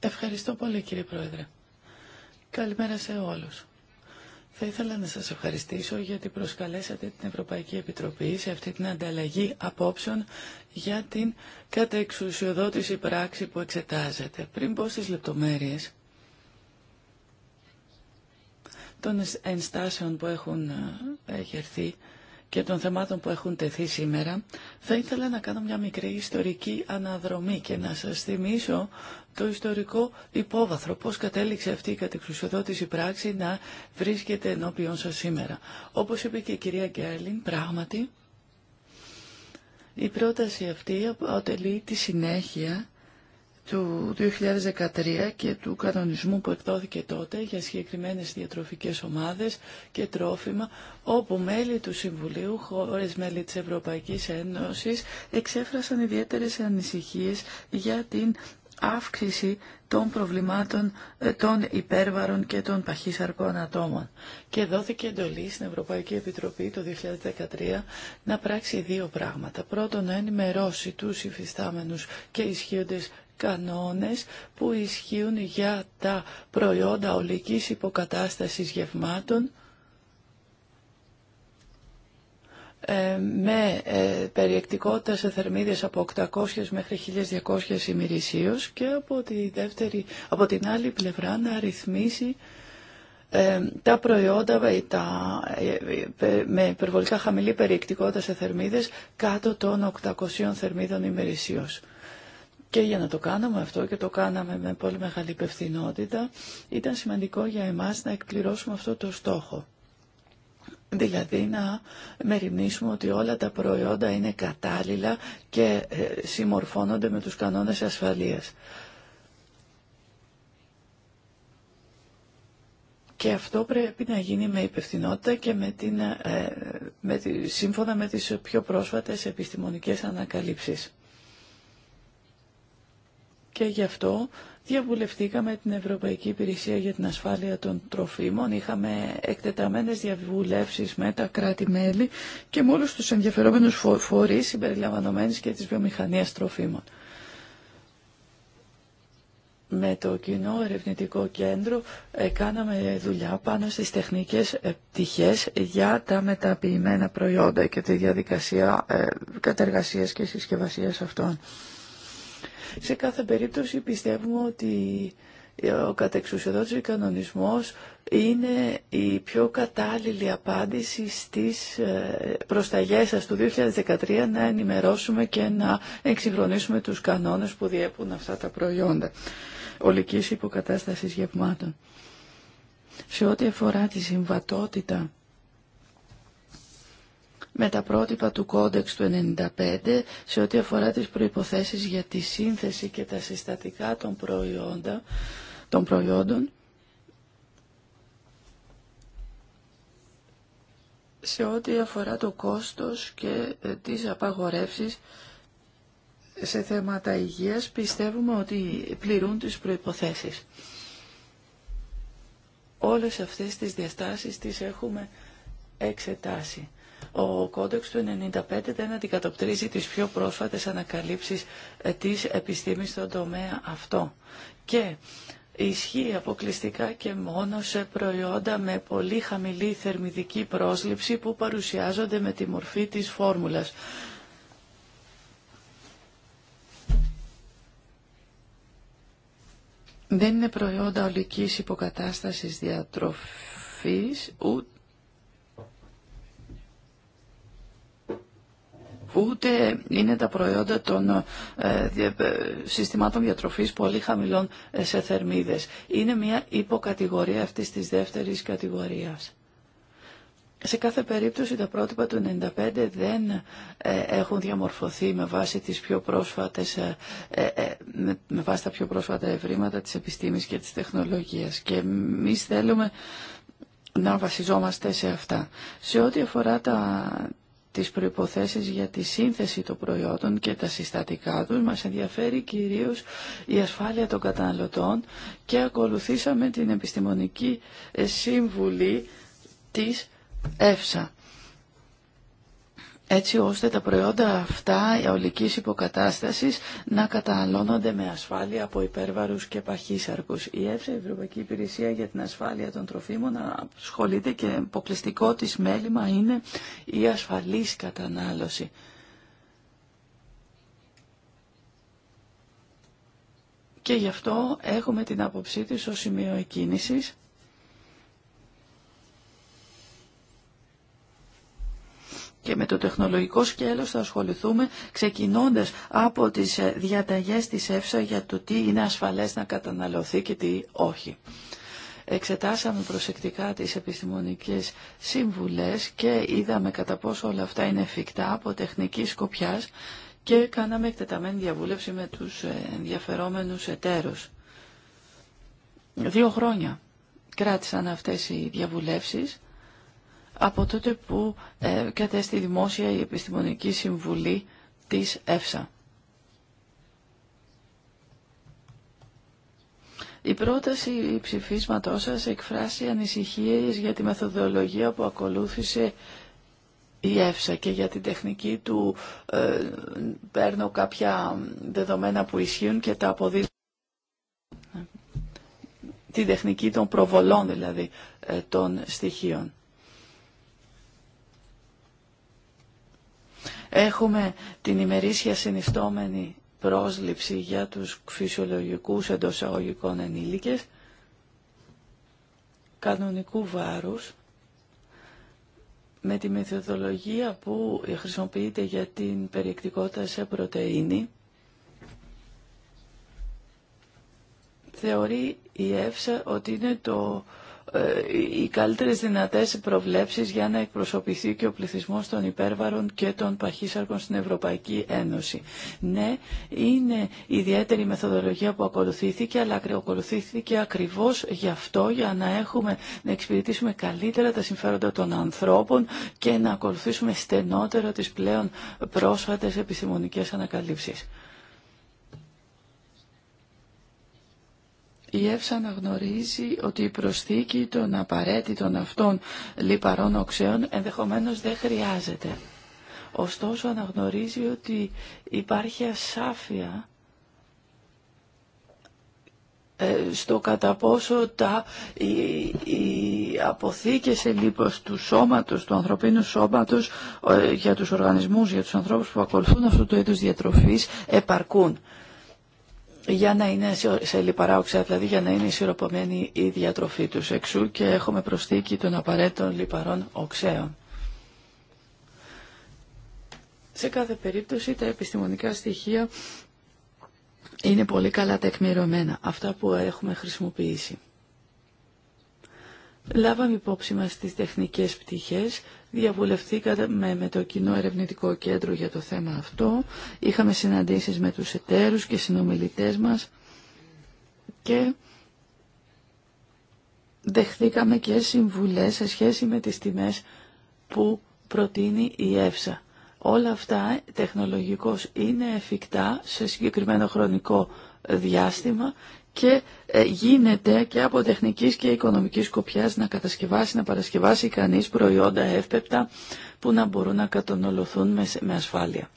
Ευχαριστώ πολύ κύριε Πρόεδρε. Καλημέρα σε όλους. Θα ήθελα να σας ευχαριστήσω γιατί προσκαλέσατε την Ευρωπαϊκή Επιτροπή σε αυτή την ανταλλαγή απόψεων για την κατεξουσιοδότηση πράξη που εξετάζεται. Πριν πω στις λεπτομέρειες των ενστάσεων που έχουν εγερθεί και των θεμάτων που έχουν τεθεί σήμερα, θα ήθελα να κάνω μια μικρή ιστορική αναδρομή και να σας θυμίσω το ιστορικό υπόβαθρο, πώς κατέληξε αυτή η κατεξουσιοδότηση πράξη να βρίσκεται ενώπιον σας σήμερα. Όπως είπε και η κυρία Γκέρλιν, πράγματι η πρόταση αυτή αποτελεί τη συνέχεια του 2013 και του κανονισμού που εκδόθηκε τότε για συγκεκριμένες διατροφικές ομάδες και τρόφιμα, όπου μέλη του Συμβουλίου, χώρες μέλη της Ευρωπαϊκής Ένωσης, εξέφρασαν ιδιαίτερες ανησυχίες για την αύξηση των προβλημάτων ε, των υπέρβαρων και των παχύσαρκων ατόμων. Και δόθηκε εντολή στην Ευρωπαϊκή Επιτροπή το 2013 να πράξει δύο πράγματα. Πρώτον, να ενημερώσει τους υφιστάμενους και ισχύοντες κανόνες που ισχύουν για τα προϊόντα ολικής υποκατάστασης γευμάτων Ε, με ε, περιεκτικότητα σε θερμίδες από 800 μέχρι 1200 ημερησίως και από, τη δεύτερη, από την άλλη πλευρά να ρυθμίσει ε, τα προϊόντα τα, με υπερβολικά χαμηλή περιεκτικότητα σε θερμίδες κάτω των 800 θερμίδων ημερησίως. Και για να το κάναμε αυτό και το κάναμε με πολύ μεγάλη υπευθυνότητα, ήταν σημαντικό για εμάς να εκπληρώσουμε αυτό το στόχο. Δηλαδή να μεριμνήσουμε ότι όλα τα προϊόντα είναι κατάλληλα και ε, συμμορφώνονται με τους κανόνες ασφαλείας. Και αυτό πρέπει να γίνει με υπευθυνότητα και με την, ε, με σύμφωνα με τις πιο πρόσφατες επιστημονικές ανακαλύψεις. Και γι' αυτό Διαβουλευτήκαμε την Ευρωπαϊκή Υπηρεσία για την Ασφάλεια των Τροφίμων, είχαμε εκτεταμένες διαβουλεύσεις με τα κράτη-μέλη και με όλους τους ενδιαφερόμενους φορείς συμπεριλαμβανομένης και της βιομηχανίας τροφίμων. Με το κοινό ερευνητικό κέντρο ε, κάναμε δουλειά πάνω στις τεχνικές ε, πτυχές για τα μεταποιημένα προϊόντα και τη διαδικασία ε, κατεργασίας και συσκευασίας αυτών. Σε κάθε περίπτωση πιστεύουμε ότι ε, ο κατεξουσιοδότης κανονισμός είναι η πιο κατάλληλη απάντηση στις ε, προσταγές σας του 2013 να ενημερώσουμε και να εξυγχρονίσουμε τους κανόνες που διέπουν αυτά τα προϊόντα ολικής υποκατάστασης γευμάτων. Σε ό,τι αφορά τη συμβατότητα με τα πρότυπα του κόντεξ του 95 σε ό,τι αφορά τις προϋποθέσεις για τη σύνθεση και τα συστατικά των, των προϊόντων σε ό,τι αφορά το κόστος και ε, τις απαγορεύσεις σε θέματα υγείας πιστεύουμε ότι πληρούν τις προϋποθέσεις. Όλες αυτές τις διαστάσεις τις έχουμε εξετάσει. Ο κόντεξ του 1995 δεν αντικατοπτρίζει τις πιο πρόσφατες ανακαλύψεις ε, της επιστήμης στον τομέα αυτό. Και ισχύει αποκλειστικά και μόνο σε προϊόντα με πολύ χαμηλή θερμιδική πρόσληψη που παρουσιάζονται με τη μορφή της φόρμουλας. Δεν είναι προϊόντα ολικής υποκατάστασης διατροφής, ούτε ούτε είναι τα προϊόντα των ε, ε, συστημάτων διατροφής πολύ χαμηλών ε, σε θερμίδες. Είναι μια υποκατηγορία αυτής της δεύτερης κατηγορίας. Σε κάθε περίπτωση τα πρότυπα του 95 δεν έχουν διαμορφωθεί με βάση, τις πιο πρόσφατες, με βάση τα πιο πρόσφατα ευρήματα της επιστήμης και της τεχνολογίας. Και εμεί θέλουμε να βασιζόμαστε σε αυτά. Σε ό,τι αφορά τα, τις προϋποθέσεις για τη σύνθεση των προϊόντων και τα συστατικά τους. Μας ενδιαφέρει κυρίως η ασφάλεια των καταναλωτών και ακολουθήσαμε την επιστημονική ε, σύμβουλη της ΕΦΣΑ έτσι ώστε τα προϊόντα αυτά η ολικής υποκατάστασης να καταναλώνονται με ασφάλεια από υπέρβαρους και παχύσαρκους. Η ΕΦΣΑ, η Ευρωπαϊκή Υπηρεσία για την Ασφάλεια των Τροφίμων, ασχολείται και υποκλειστικό της μέλημα είναι η ασφαλής κατανάλωση. Και γι' αυτό έχουμε την άποψή της ως σημείο εκκίνησης Και με το τεχνολογικό σκέλος θα ασχοληθούμε ξεκινώντας από τις ε, διαταγές της ΕΦΣΑ για το τι είναι ασφαλές να καταναλωθεί και τι όχι. Εξετάσαμε προσεκτικά τις επιστημονικές σύμβουλες και είδαμε κατά πόσο όλα αυτά είναι εφικτά από τεχνική σκοπιάς και κάναμε εκτεταμένη διαβούλευση με τους ε, ενδιαφερόμενους εταίρους. Δύο χρόνια κράτησαν αυτές οι διαβουλεύσεις από τότε που ε, κατέστη δημόσια η Επιστημονική Συμβουλή της ΕΦΣΑ. Η πρόταση ψηφίσματός σας εκφράσει ανησυχίες για τη μεθοδολογία που ακολούθησε η ΕΦΣΑ και για την τεχνική του ε, παίρνω κάποια δεδομένα που ισχύουν και τα αποδίδω την τεχνική των προβολών δηλαδή ε, των στοιχείων. Έχουμε την ημερήσια συνιστόμενη πρόσληψη για τους φυσιολογικούς εντός αγωγικών ενήλικες, κανονικού βάρους, με τη μεθοδολογία που χρησιμοποιείται για την περιεκτικότητα σε πρωτεΐνη, θεωρεί η ΕΦΣΑ ότι είναι το ε, οι καλύτερες δυνατές προβλέψεις για να εκπροσωπηθεί και ο πληθυσμός των υπέρβαρων και των παχύσαρκων στην Ευρωπαϊκή Ένωση. Ναι, είναι ιδιαίτερη η μεθοδολογία που ακολουθήθηκε, αλλά ακολουθήθηκε ακριβώς γι' αυτό, για να, έχουμε, να εξυπηρετήσουμε καλύτερα τα συμφέροντα των ανθρώπων και να ακολουθήσουμε στενότερα τις πλέον πρόσφατες επιστημονικές ανακαλύψεις. η ΕΦΣΑ αναγνωρίζει ότι η προσθήκη των απαραίτητων αυτών λιπαρών οξέων ενδεχομένως δεν χρειάζεται. Ωστόσο αναγνωρίζει ότι υπάρχει ασάφεια ε, στο κατά πόσο τα, οι, οι αποθήκες σε του σώματος, του ανθρωπίνου σώματος ε, για τους οργανισμούς, για τους ανθρώπους που ακολουθούν αυτού του είδους διατροφής επαρκούν για να είναι σε λιπαρά οξέα, δηλαδή για να είναι ισορροπημένη η διατροφή τους εξού και έχουμε προσθήκη των απαραίτητων λιπαρών οξέων. Σε κάθε περίπτωση τα επιστημονικά στοιχεία είναι πολύ καλά τεκμηρωμένα, αυτά που έχουμε χρησιμοποιήσει. Λάβαμε υπόψη μας τις τεχνικές πτυχές, Διαβουλευθήκαμε με το Κοινό Ερευνητικό Κέντρο για το θέμα αυτό. Είχαμε συναντήσεις με τους εταίρους και συνομιλητές μας και δεχθήκαμε και συμβουλές σε σχέση με τις τιμές που προτείνει η ΕΦΣΑ. Όλα αυτά τεχνολογικώς είναι εφικτά σε συγκεκριμένο χρονικό διάστημα και ε, γίνεται και από τεχνικής και οικονομικής σκοπιάς να κατασκευάσει, να παρασκευάσει κανείς προϊόντα εύπεπτα που να μπορούν να κατανολωθούν με ασφάλεια.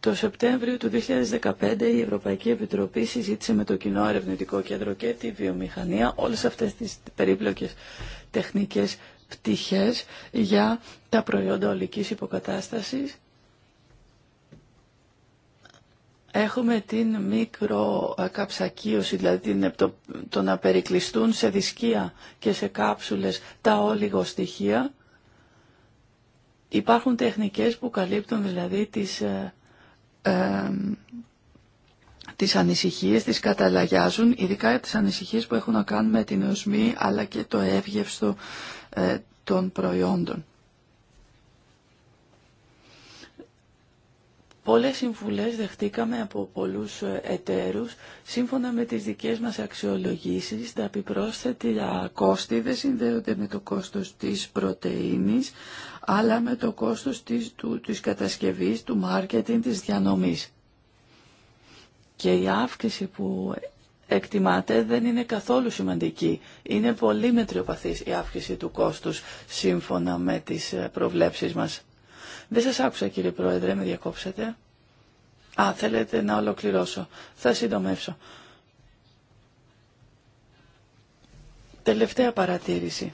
Το Σεπτέμβριο του 2015 η Ευρωπαϊκή Επιτροπή συζήτησε με το Κοινό Ερευνητικό Κέντρο και τη Βιομηχανία όλες αυτές τις περίπλοκες τεχνικές πτυχές για τα προϊόντα ολικής υποκατάστασης Έχουμε την μικροκαψακίωση, δηλαδή το να περικλειστούν σε δισκία και σε κάψουλες τα στοιχεία. Υπάρχουν τεχνικές που καλύπτουν δηλαδή τις, ε, ε, τις ανησυχίες, τις καταλαγιάζουν, ειδικά τις ανησυχίες που έχουν να κάνουν με την οσμή αλλά και το εύγευστο ε, των προϊόντων. Πολλές συμβουλές δεχτήκαμε από πολλούς εταίρους. Σύμφωνα με τις δικές μας αξιολογήσεις, τα επιπρόσθετη κόστη δεν συνδέονται με το κόστος της πρωτεΐνης, αλλά με το κόστος της, του, της κατασκευής, του μάρκετινγκ, της διανομής. Και η αύξηση που εκτιμάται δεν είναι καθόλου σημαντική. Είναι πολύ μετριοπαθής η αύξηση του κόστους σύμφωνα με τις προβλέψεις μας. Δεν σας άκουσα κύριε Πρόεδρε, με διακόψετε. Α, θέλετε να ολοκληρώσω. Θα συντομεύσω. Τελευταία παρατήρηση.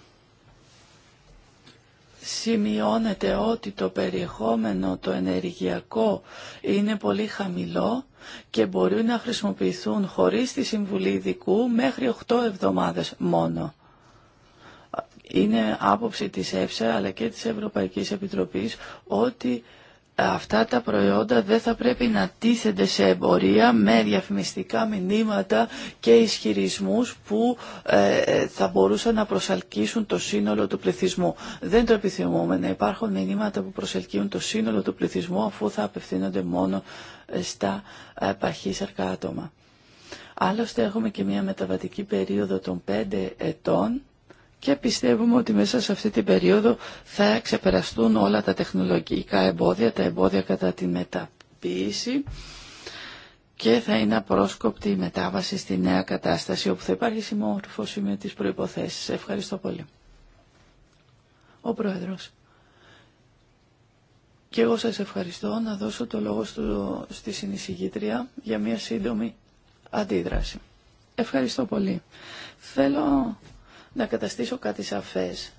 Σημειώνεται ότι το περιεχόμενο, το ενεργειακό είναι πολύ χαμηλό και μπορεί να χρησιμοποιηθούν χωρίς τη συμβουλή ειδικού μέχρι 8 εβδομάδες μόνο είναι άποψη της ΕΦΣΑ αλλά και της Ευρωπαϊκής Επιτροπής ότι αυτά τα προϊόντα δεν θα πρέπει να τίθενται σε εμπορία με διαφημιστικά μηνύματα και ισχυρισμούς που ε, θα μπορούσαν να προσελκύσουν το σύνολο του πληθυσμού. Δεν το επιθυμούμε να υπάρχουν μηνύματα που προσελκύουν το σύνολο του πληθυσμού αφού θα απευθύνονται μόνο ε, στα ε, παχύσαρκα άτομα. Άλλωστε έχουμε και μια μεταβατική περίοδο των 5 ετών και πιστεύουμε ότι μέσα σε αυτή την περίοδο θα ξεπεραστούν όλα τα τεχνολογικά εμπόδια, τα εμπόδια κατά τη μεταποίηση και θα είναι απρόσκοπτη η μετάβαση στη νέα κατάσταση όπου θα υπάρχει συμμόρφωση με τις προϋποθέσεις. Ευχαριστώ πολύ. Ο Πρόεδρος. Και εγώ σας ευχαριστώ να δώσω το λόγο στο, στη συνεισηγήτρια για μια σύντομη αντίδραση. Ευχαριστώ πολύ. Θέλω να καταστήσω κάτι σαφές.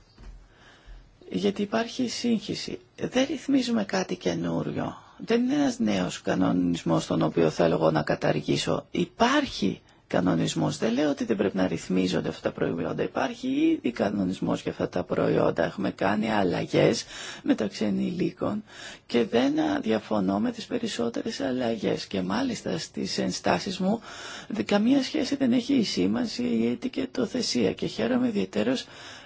Γιατί υπάρχει σύγχυση. Δεν ρυθμίζουμε κάτι καινούριο. Δεν είναι ένας νέος κανονισμός τον οποίο θέλω εγώ να καταργήσω. Υπάρχει κανονισμός. Δεν λέω ότι δεν πρέπει να ρυθμίζονται αυτά τα προϊόντα. Υπάρχει ήδη κανονισμός για αυτά τα προϊόντα. Έχουμε κάνει αλλαγές μεταξύ ενηλίκων και δεν διαφωνώ με τις περισσότερες αλλαγές. Και μάλιστα στις ενστάσεις μου καμία σχέση δεν έχει η σήμανση, η ετικετοθεσία και χαίρομαι ιδιαίτερω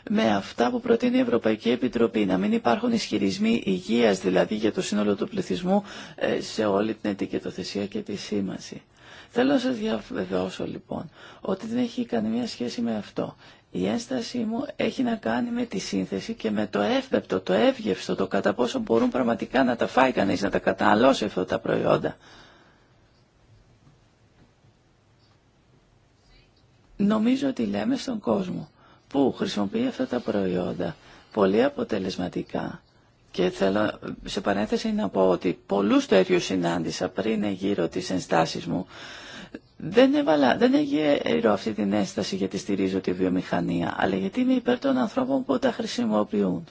με αυτά που προτείνει η Ευρωπαϊκή Επιτροπή, να μην υπάρχουν ισχυρισμοί υγείας δηλαδή για το σύνολο του πληθυσμού ε, σε όλη την ετικετοθεσία και τη σήμανση. Θέλω να σας διαβεβαιώσω λοιπόν ότι δεν έχει μια σχέση με αυτό. Η ένστασή μου έχει να κάνει με τη σύνθεση και με το εύπεπτο, το εύγευστο, το κατά πόσο μπορούν πραγματικά να τα φάει κανείς, να τα καταναλώσει αυτά τα προϊόντα. Νομίζω ότι λέμε στον κόσμο που χρησιμοποιεί αυτά τα προϊόντα πολύ αποτελεσματικά και θέλω σε παρένθεση να πω ότι πολλούς τέτοιους συνάντησα πριν γύρω τις ενστάσεις μου δεν, έβαλα, δεν έγινε αυτή την έσταση γιατί στηρίζω τη βιομηχανία, αλλά γιατί είμαι υπέρ των ανθρώπων που τα χρησιμοποιούν.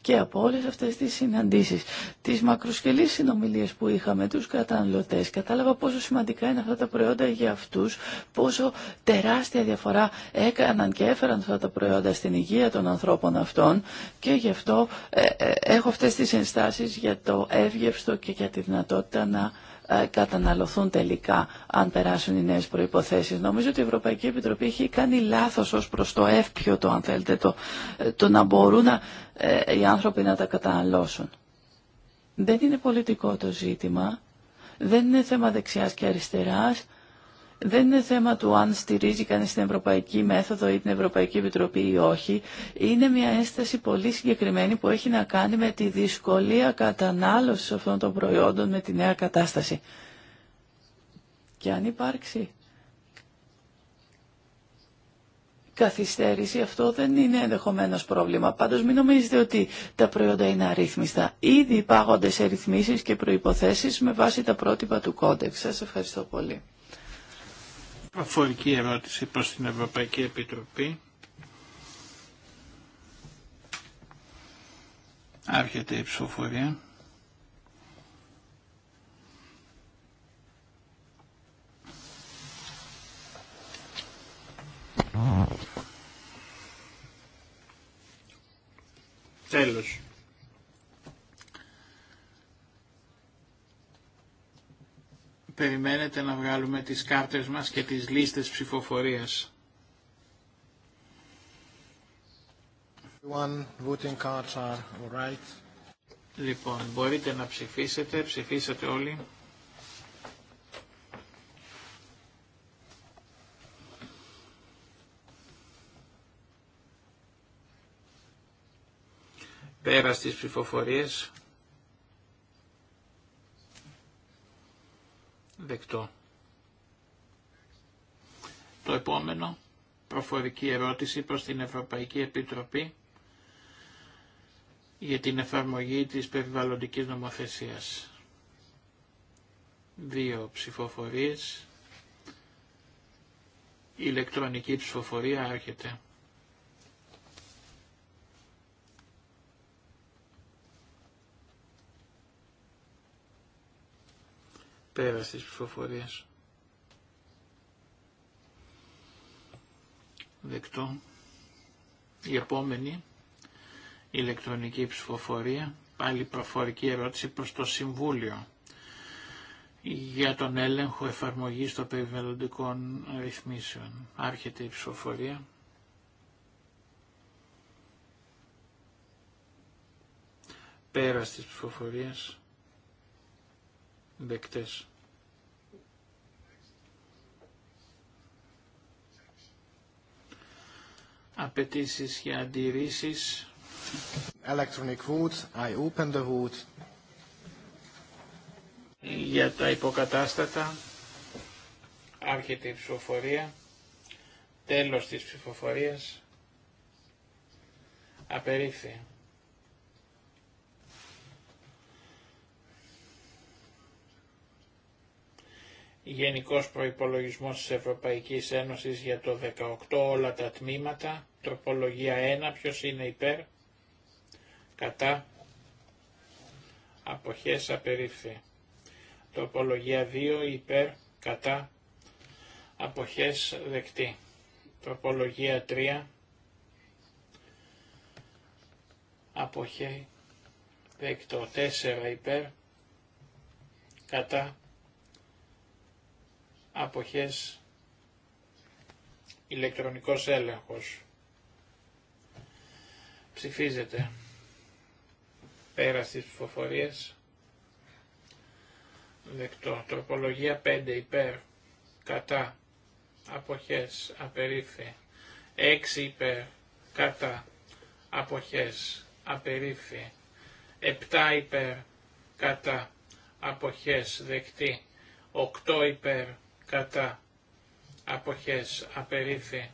Και από όλες αυτές τις συναντήσεις, τις μακροσκελείς συνομιλίες που είχαμε τους καταναλωτές, κατάλαβα πόσο σημαντικά είναι αυτά τα προϊόντα για αυτούς, πόσο τεράστια διαφορά έκαναν και έφεραν αυτά τα προϊόντα στην υγεία των ανθρώπων αυτών και γι' αυτό ε, ε, έχω αυτές τις ενστάσεις για το εύγευστο και για τη δυνατότητα να ε, καταναλωθούν τελικά αν περάσουν οι νέες προϋποθέσεις. Νομίζω ότι η Ευρωπαϊκή Επιτροπή έχει κάνει λάθος ως προς το εύπιο το αν θέλετε το, ε, το να μπορούν να, ε, οι άνθρωποι να τα καταναλώσουν. Δεν είναι πολιτικό το ζήτημα, δεν είναι θέμα δεξιάς και αριστεράς, δεν είναι θέμα του αν στηρίζει κανείς την Ευρωπαϊκή Μέθοδο ή την Ευρωπαϊκή Επιτροπή ή όχι. Είναι μια ένσταση πολύ συγκεκριμένη που έχει να κάνει με τη δυσκολία κατανάλωση αυτών των προϊόντων με τη νέα κατάσταση. Και αν υπάρξει καθυστέρηση, αυτό δεν είναι ενδεχομένω πρόβλημα. Πάντω μην νομίζετε ότι τα προϊόντα είναι αρρύθμιστα. Ήδη υπάγονται σε ρυθμίσει και προποθέσει με βάση τα πρότυπα του κόντεξ. Σα ευχαριστώ πολύ. Προφορική ερώτηση προς την Ευρωπαϊκή Επιτροπή. Άρχεται η ψηφοφορία. Τέλος. περιμένετε να βγάλουμε τις κάρτες μας και τις λίστες ψηφοφορίας. Λοιπόν, μπορείτε να ψηφίσετε, ψηφίσατε όλοι. Πέρα στις ψηφοφορίες. Δεκτό. Το επόμενο, προφορική ερώτηση προς την Ευρωπαϊκή Επιτροπή για την εφαρμογή της περιβαλλοντικής νομοθεσίας. Δύο ψηφοφορίες. Ηλεκτρονική ψηφοφορία άρχεται. Πέρα της ψηφοφορίες. Δεκτό. Η επόμενη ηλεκτρονική ψηφοφορία, πάλι προφορική ερώτηση προς το Συμβούλιο για τον έλεγχο εφαρμογής των περιβαλλοντικών ρυθμίσεων. Άρχεται η ψηφοφορία. Πέρα της ψηφοφορίας. Δεκτές. απαιτήσει για αντιρρήσει. Electronic vote. I open Για τα υποκατάστατα. Άρχεται η ψηφοφορία. Τέλος της ψηφοφορίας. Απερίφθη. Γενικός Προϋπολογισμός της Ευρωπαϊκής Ένωσης για το 18 όλα τα τμήματα Τροπολογία 1, ποιος είναι υπέρ, κατά, αποχές απερίφθη. Τροπολογία 2, υπέρ, κατά, αποχές δεκτή. Τροπολογία 3, αποχέ, δεκτό 4 υπέρ, κατά, αποχές, ηλεκτρονικός έλεγχος. Ψηφίζεται. Πέρα στις ψηφοφορίες. Δεκτό. Τροπολογία 5 υπέρ. Κατά. Αποχές. Απερίφθη. 6 υπέρ. Κατά. Αποχές. Απερίφθη. 7 υπέρ. Κατά. Αποχές. Δεκτή. 8 υπέρ. Κατά. Αποχές. Απερίφθη.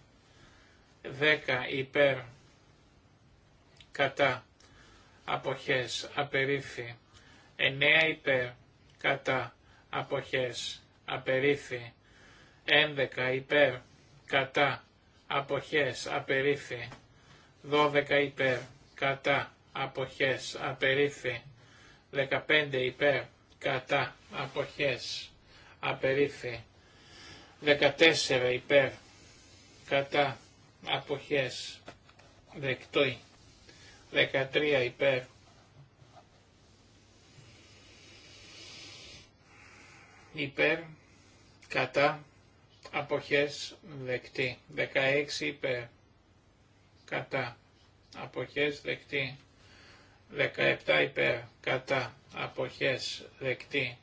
10 υπέρ κατά αποχές απερίφη 9 υπέρ κατά αποχές απερίφη 11 υπέρ κατά αποχές απερίφη 12 υπέρ κατά αποχές απερίφη 15 υπέρ κατά αποχές απερίφη 14 υπέρ κατά αποχές δεκτόι 13 υπέρ. Υπέρ, κατά, αποχές δεκτή. 16 υπέρ, κατά, αποχές δεκτή. 17 υπέρ, κατά, αποχές δεκτή.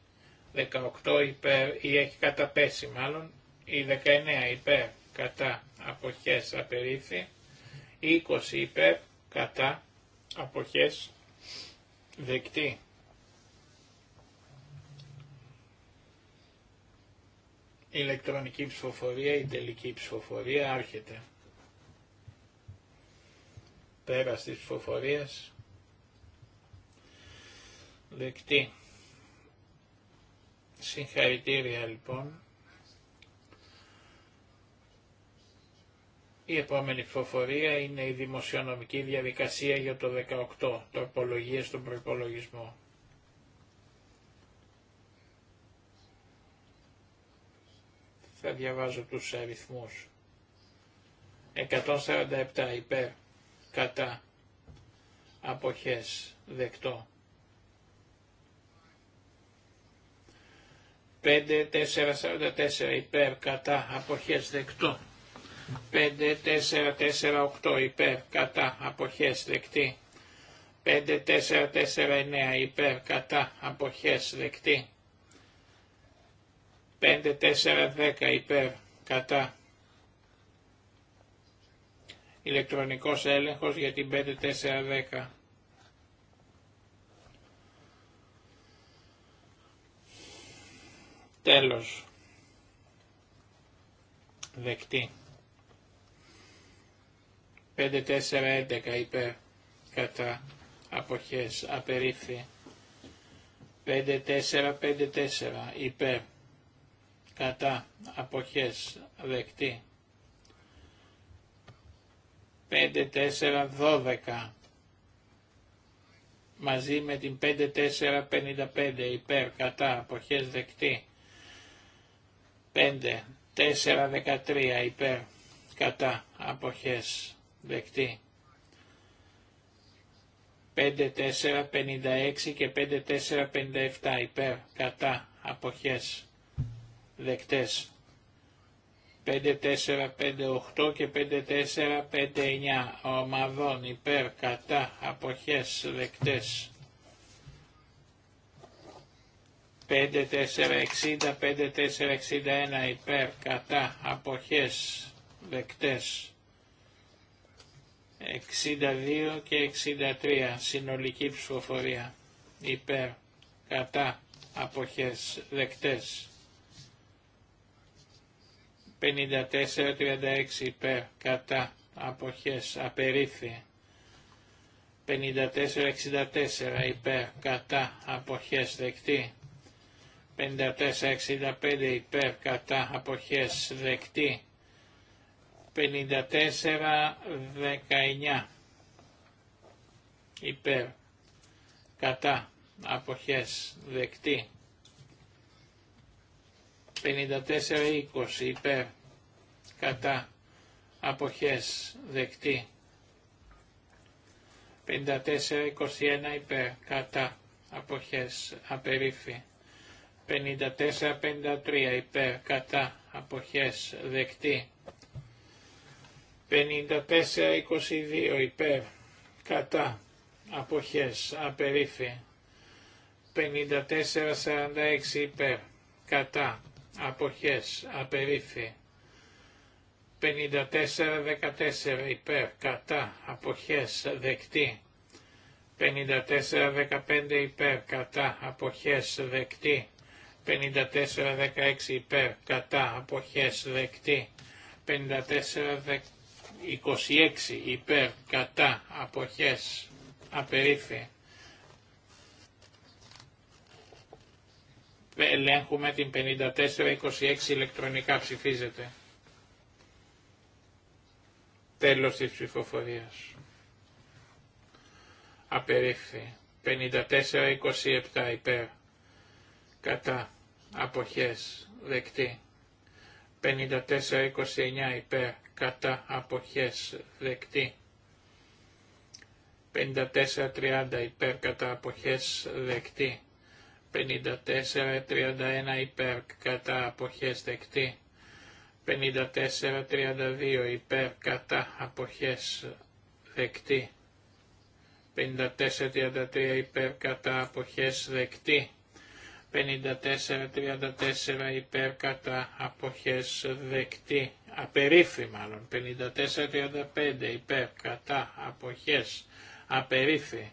18 υπέρ ή έχει καταπέσει μάλλον, ή 19 υπέρ κατά αποχές απερίφθη, 20 υπέρ κατά αποχές δεκτή. ηλεκτρονική ψηφοφορία ή τελική ψηφοφορία άρχεται. Πέρα της ψηφοφορίας, δεκτή. Συγχαρητήρια λοιπόν Η επόμενη ψηφοφορία είναι η δημοσιονομική διαδικασία για το 18, τροπολογίες στον προπολογισμό. Θα διαβάζω τους αριθμούς. 147 υπέρ, κατά, αποχές, δεκτό. 5, 4, 44 υπέρ, κατά, αποχές, δεκτό. 5-4-4-8 υπέρ κατά αποχές δεκτή. 5-4-4-9 υπέρ κατά αποχές δεκτή. 5-4-10 υπέρ κατά ηλεκτρονικός έλεγχος για την 5-4-10. Τέλος. Δεκτή. 5-4-11 11 ειπε κατά αποχές απερίφθη 5-4-5-4 4 είπε. κατά αποχές δεκτή 5-4-12 μαζί με την 5-4-55 υπέρ κατά αποχές δεκτή 5-4-13 υπέρ κατά αποχές δεκτή. Δεκτή. 5456 και 5457 υπέρ, κατά, αποχές, δεκτές. 5458 και 5459 ομαδών υπέρ, κατά, αποχές, δεκτές. 5460, 5461 υπέρ, κατά, αποχές, δεκτές. 62 και 63 συνολική ψηφοφορία υπέρ κατά αποχές δεκτές 54-36 υπέρ κατά αποχές απερίφθη 54-64 υπέρ κατά αποχές δεκτή 54-65 υπέρ κατά αποχές δεκτή 54-19 υπέρ κατά αποχές δεκτή 54-20 υπέρ κατά αποχές δεκτή 54-21 υπέρ κατά αποχές απερίφη 54-53 υπέρ κατά αποχές δεκτή 54-22 υπέρ, κατά, αποχές, απερίφη. 54-46 υπέρ, κατά, αποχές, απερίφη. 54-14 υπέρ, κατά, αποχές, δεκτή. 54-15 υπέρ, κατά, αποχές, δεκτή. 54-16 υπέρ, κατά, αποχές, δεκτή. 16. 26 υπέρ κατά αποχές απερίφη. Ελέγχουμε την 54-26 ηλεκτρονικά ψηφίζεται. Τέλος της ψηφοφοριας απεριφη Απερίφθη. 54-27 υπέρ. Κατά. Αποχές. Δεκτή. 54-29 υπέρ κατά αποχές δεκτή. 54-30 υπέρ κατά αποχές δεκτή. 54-31 υπέρ κατά αποχές δεκτή. 54-32 υπέρ κατά αποχές δεκτή. 54-33 υπέρ κατά αποχές δεκτή. 54-34 υπέρ κατά αποχές δεκτή απερίφη μάλλον, 54-35 υπέρ, κατά, αποχές, απερίφη,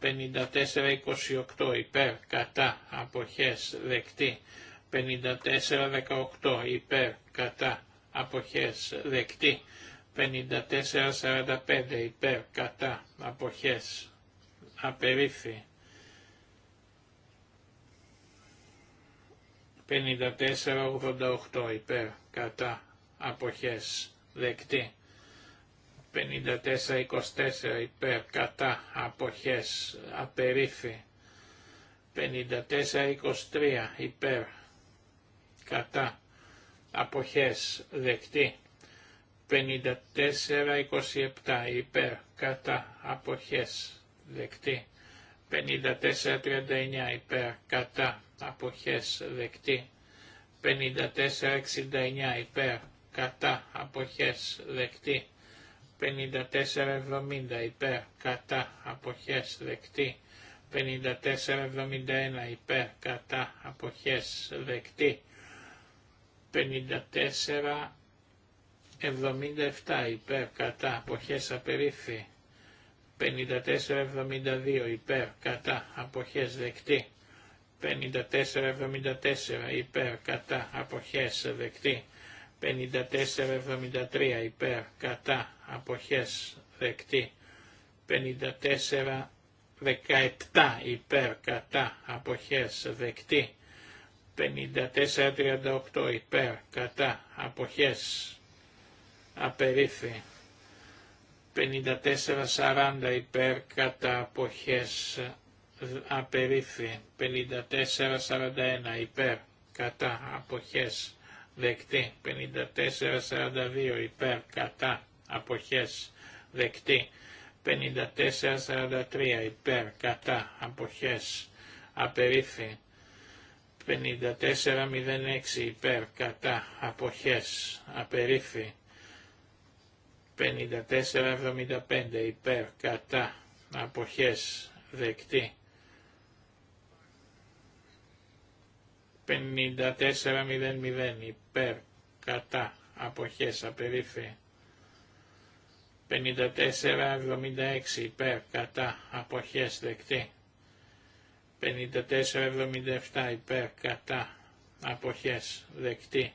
54-28 υπέρ, κατά, αποχές, δεκτή, 54-18 υπέρ, κατά, αποχές, δεκτή, 54-45 υπέρ, κατά, αποχές, απερίφη, 54-88 υπέρ, κατά, αποχές δεκτή. 54-24 υπέρ κατά αποχές απερίφη. 54-23 υπέρ κατά αποχές δεκτή. 54-27 υπέρ κατά αποχές δεκτή. 54-39 υπέρ κατά αποχές δεκτή. 54-69 υπέρ κατά αποχές δεκτή 5470 υπέρ κατά αποχές δεκτή 5471 υπέρ κατά αποχές δεκτή 5477 υπέρ κατά αποχές απερίφθη 5472 υπέρ κατά αποχές δεκτή 5474 υπέρ κατά αποχές δεκτή 54-73 υπέρ κατά αποχές δεκτή 54-17 υπέρ κατά αποχές δεκτή 54-38 υπέρ κατά αποχές απερίφη 54-40 υπέρ κατά αποχές απερίφη 54-41 υπέρ κατά αποχές δεκτή. 54-42 υπέρ κατά αποχές δεκτή. 54-43 υπέρ κατά αποχές απερίφθη. 54-06 υπέρ κατά αποχές απερίφθη. 54-75 υπέρ κατά αποχές δεκτή. 54.00 υπέρ κατά αποχές απερίφη. 54.76 υπέρ κατά αποχές δεκτή 54.77 υπέρ κατά αποχές δεκτή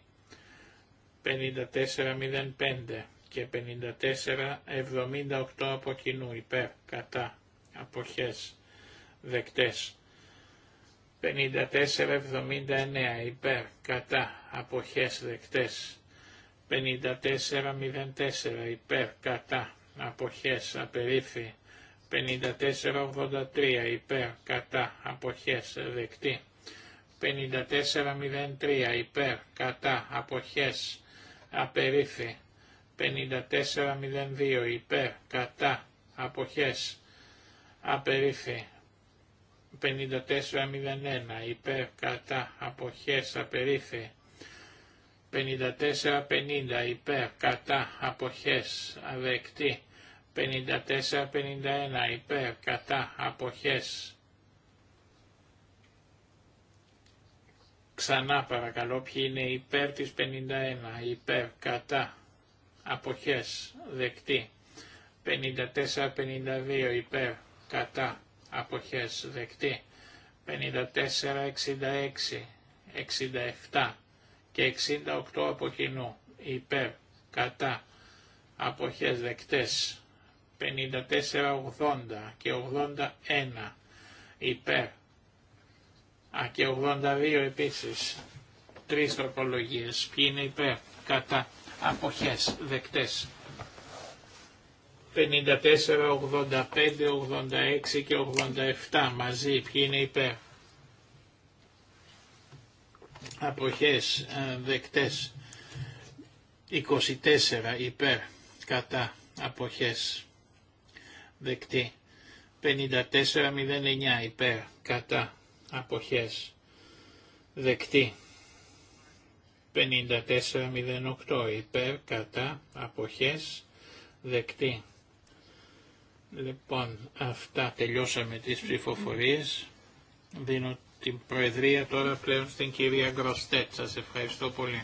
54.05 και 54.78 από κοινού υπέρ κατά αποχές δεκτές 5479 υπέρ κατά αποχές δεκτές 5404 υπέρ κατά αποχές απερίφη 5483 υπέρ κατά αποχές δεκτή 5403 υπέρ κατά αποχές απερίφη 5402 υπέρ κατά αποχές απερίφη 5401 υπέρ κατά αποχές απερίφθη 5450 υπέρ κατά αποχές αδεκτή 5451 υπέρ κατά αποχές Ξανά παρακαλώ ποιοι είναι υπέρ της 51 υπέρ κατά αποχές δεκτή 5452 υπέρ κατά αποχές δεκτή, 54, 66, 67 και 68 από κοινού, υπέρ, κατά, αποχές δεκτές, 54, 80 και 81 υπέρ, α και 82 επίσης, τρεις τροπολογίες, ποιοι είναι υπέρ, κατά, αποχές δεκτές. 54, 85, 86 και 87 μαζί. Ποιοι είναι υπέρ. Αποχές ε, δεκτές. 24 υπέρ κατά αποχές δεκτή. 54, 09 υπέρ κατά αποχές δεκτή. 54, 08 υπέρ κατά αποχές δεκτή. Λοιπόν, αυτά τελειώσαμε τις ψηφοφορίες. Δίνω την Προεδρία τώρα πλέον στην κυρία Γκροστέτ. Σας ευχαριστώ πολύ.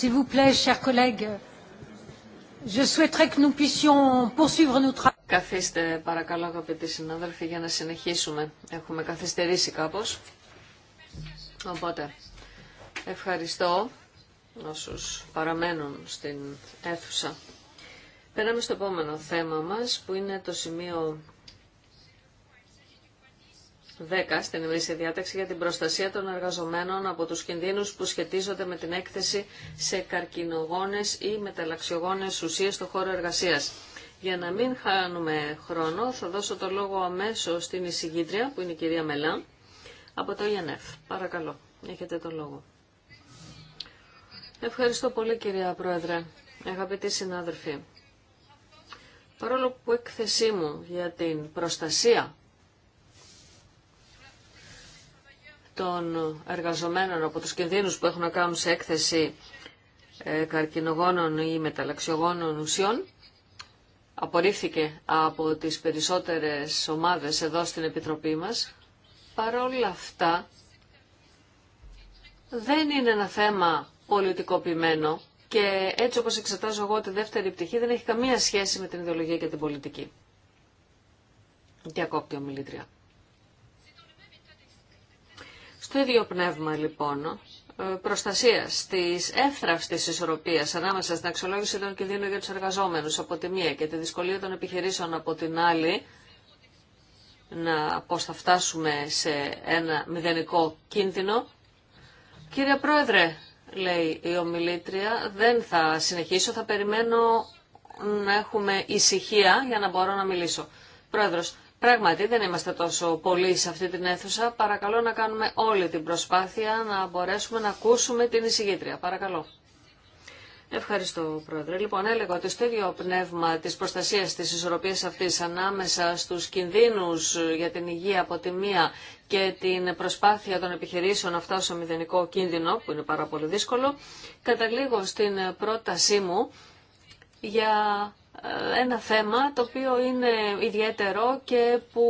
S'il vous plaît, chers collègues, Καθίστε παρακαλώ αγαπητοί συνάδελφοι για να συνεχίσουμε. Έχουμε καθυστερήσει κάπω. Οπότε, ευχαριστώ όσου παραμένουν στην αίθουσα. Περάμε στο επόμενο θέμα μας που είναι το σημείο στην ημερήσια διάταξη για την προστασία των εργαζομένων από τους κινδύνους που σχετίζονται με την έκθεση σε καρκινογόνες ή μεταλλαξιογόνες ουσίες στο χώρο εργασίας. Για να μην χάνουμε χρόνο, θα δώσω το λόγο αμέσως στην εισηγήτρια, που είναι η κυρία Μελά, από το ΙΕΝΕΦ. Παρακαλώ, έχετε το λόγο. Ευχαριστώ πολύ κυρία Πρόεδρε, αγαπητοί συνάδελφοι. Παρόλο που έκθεσή μου για την προστασία των εργαζομένων από τους κινδύνους που έχουν να κάνουν σε έκθεση ε, καρκινογόνων ή μεταλλαξιογόνων ουσιών απορρίφθηκε από τις περισσότερες ομάδες εδώ στην Επιτροπή μας. Παρόλα αυτά δεν είναι ένα θέμα πολιτικοποιημένο και έτσι όπως εξετάζω εγώ τη δεύτερη πτυχή δεν έχει καμία σχέση με την ιδεολογία και την πολιτική. Διακόπτει ομιλήτρια. Στο ίδιο πνεύμα λοιπόν, ε, προστασία τη εύθραυστη ισορροπία ανάμεσα στην αξιολόγηση των κινδύνων για του εργαζόμενου από τη μία και τη δυσκολία των επιχειρήσεων από την άλλη, να πώ θα φτάσουμε σε ένα μηδενικό κίνδυνο. Κύριε Πρόεδρε, λέει η ομιλήτρια, δεν θα συνεχίσω, θα περιμένω να έχουμε ησυχία για να μπορώ να μιλήσω. Πρόεδρος, Πράγματι δεν είμαστε τόσο πολλοί σε αυτή την αίθουσα. Παρακαλώ να κάνουμε όλη την προσπάθεια να μπορέσουμε να ακούσουμε την εισηγήτρια. Παρακαλώ. Ευχαριστώ, Πρόεδρε. Λοιπόν, έλεγα ότι στο ίδιο πνεύμα τη προστασία τη ισορροπία αυτή ανάμεσα στου κινδύνους για την υγεία από τη μία και την προσπάθεια των επιχειρήσεων να φτάσουν μηδενικό κίνδυνο, που είναι πάρα πολύ δύσκολο, καταλήγω στην πρότασή μου για ένα θέμα το οποίο είναι ιδιαίτερο και που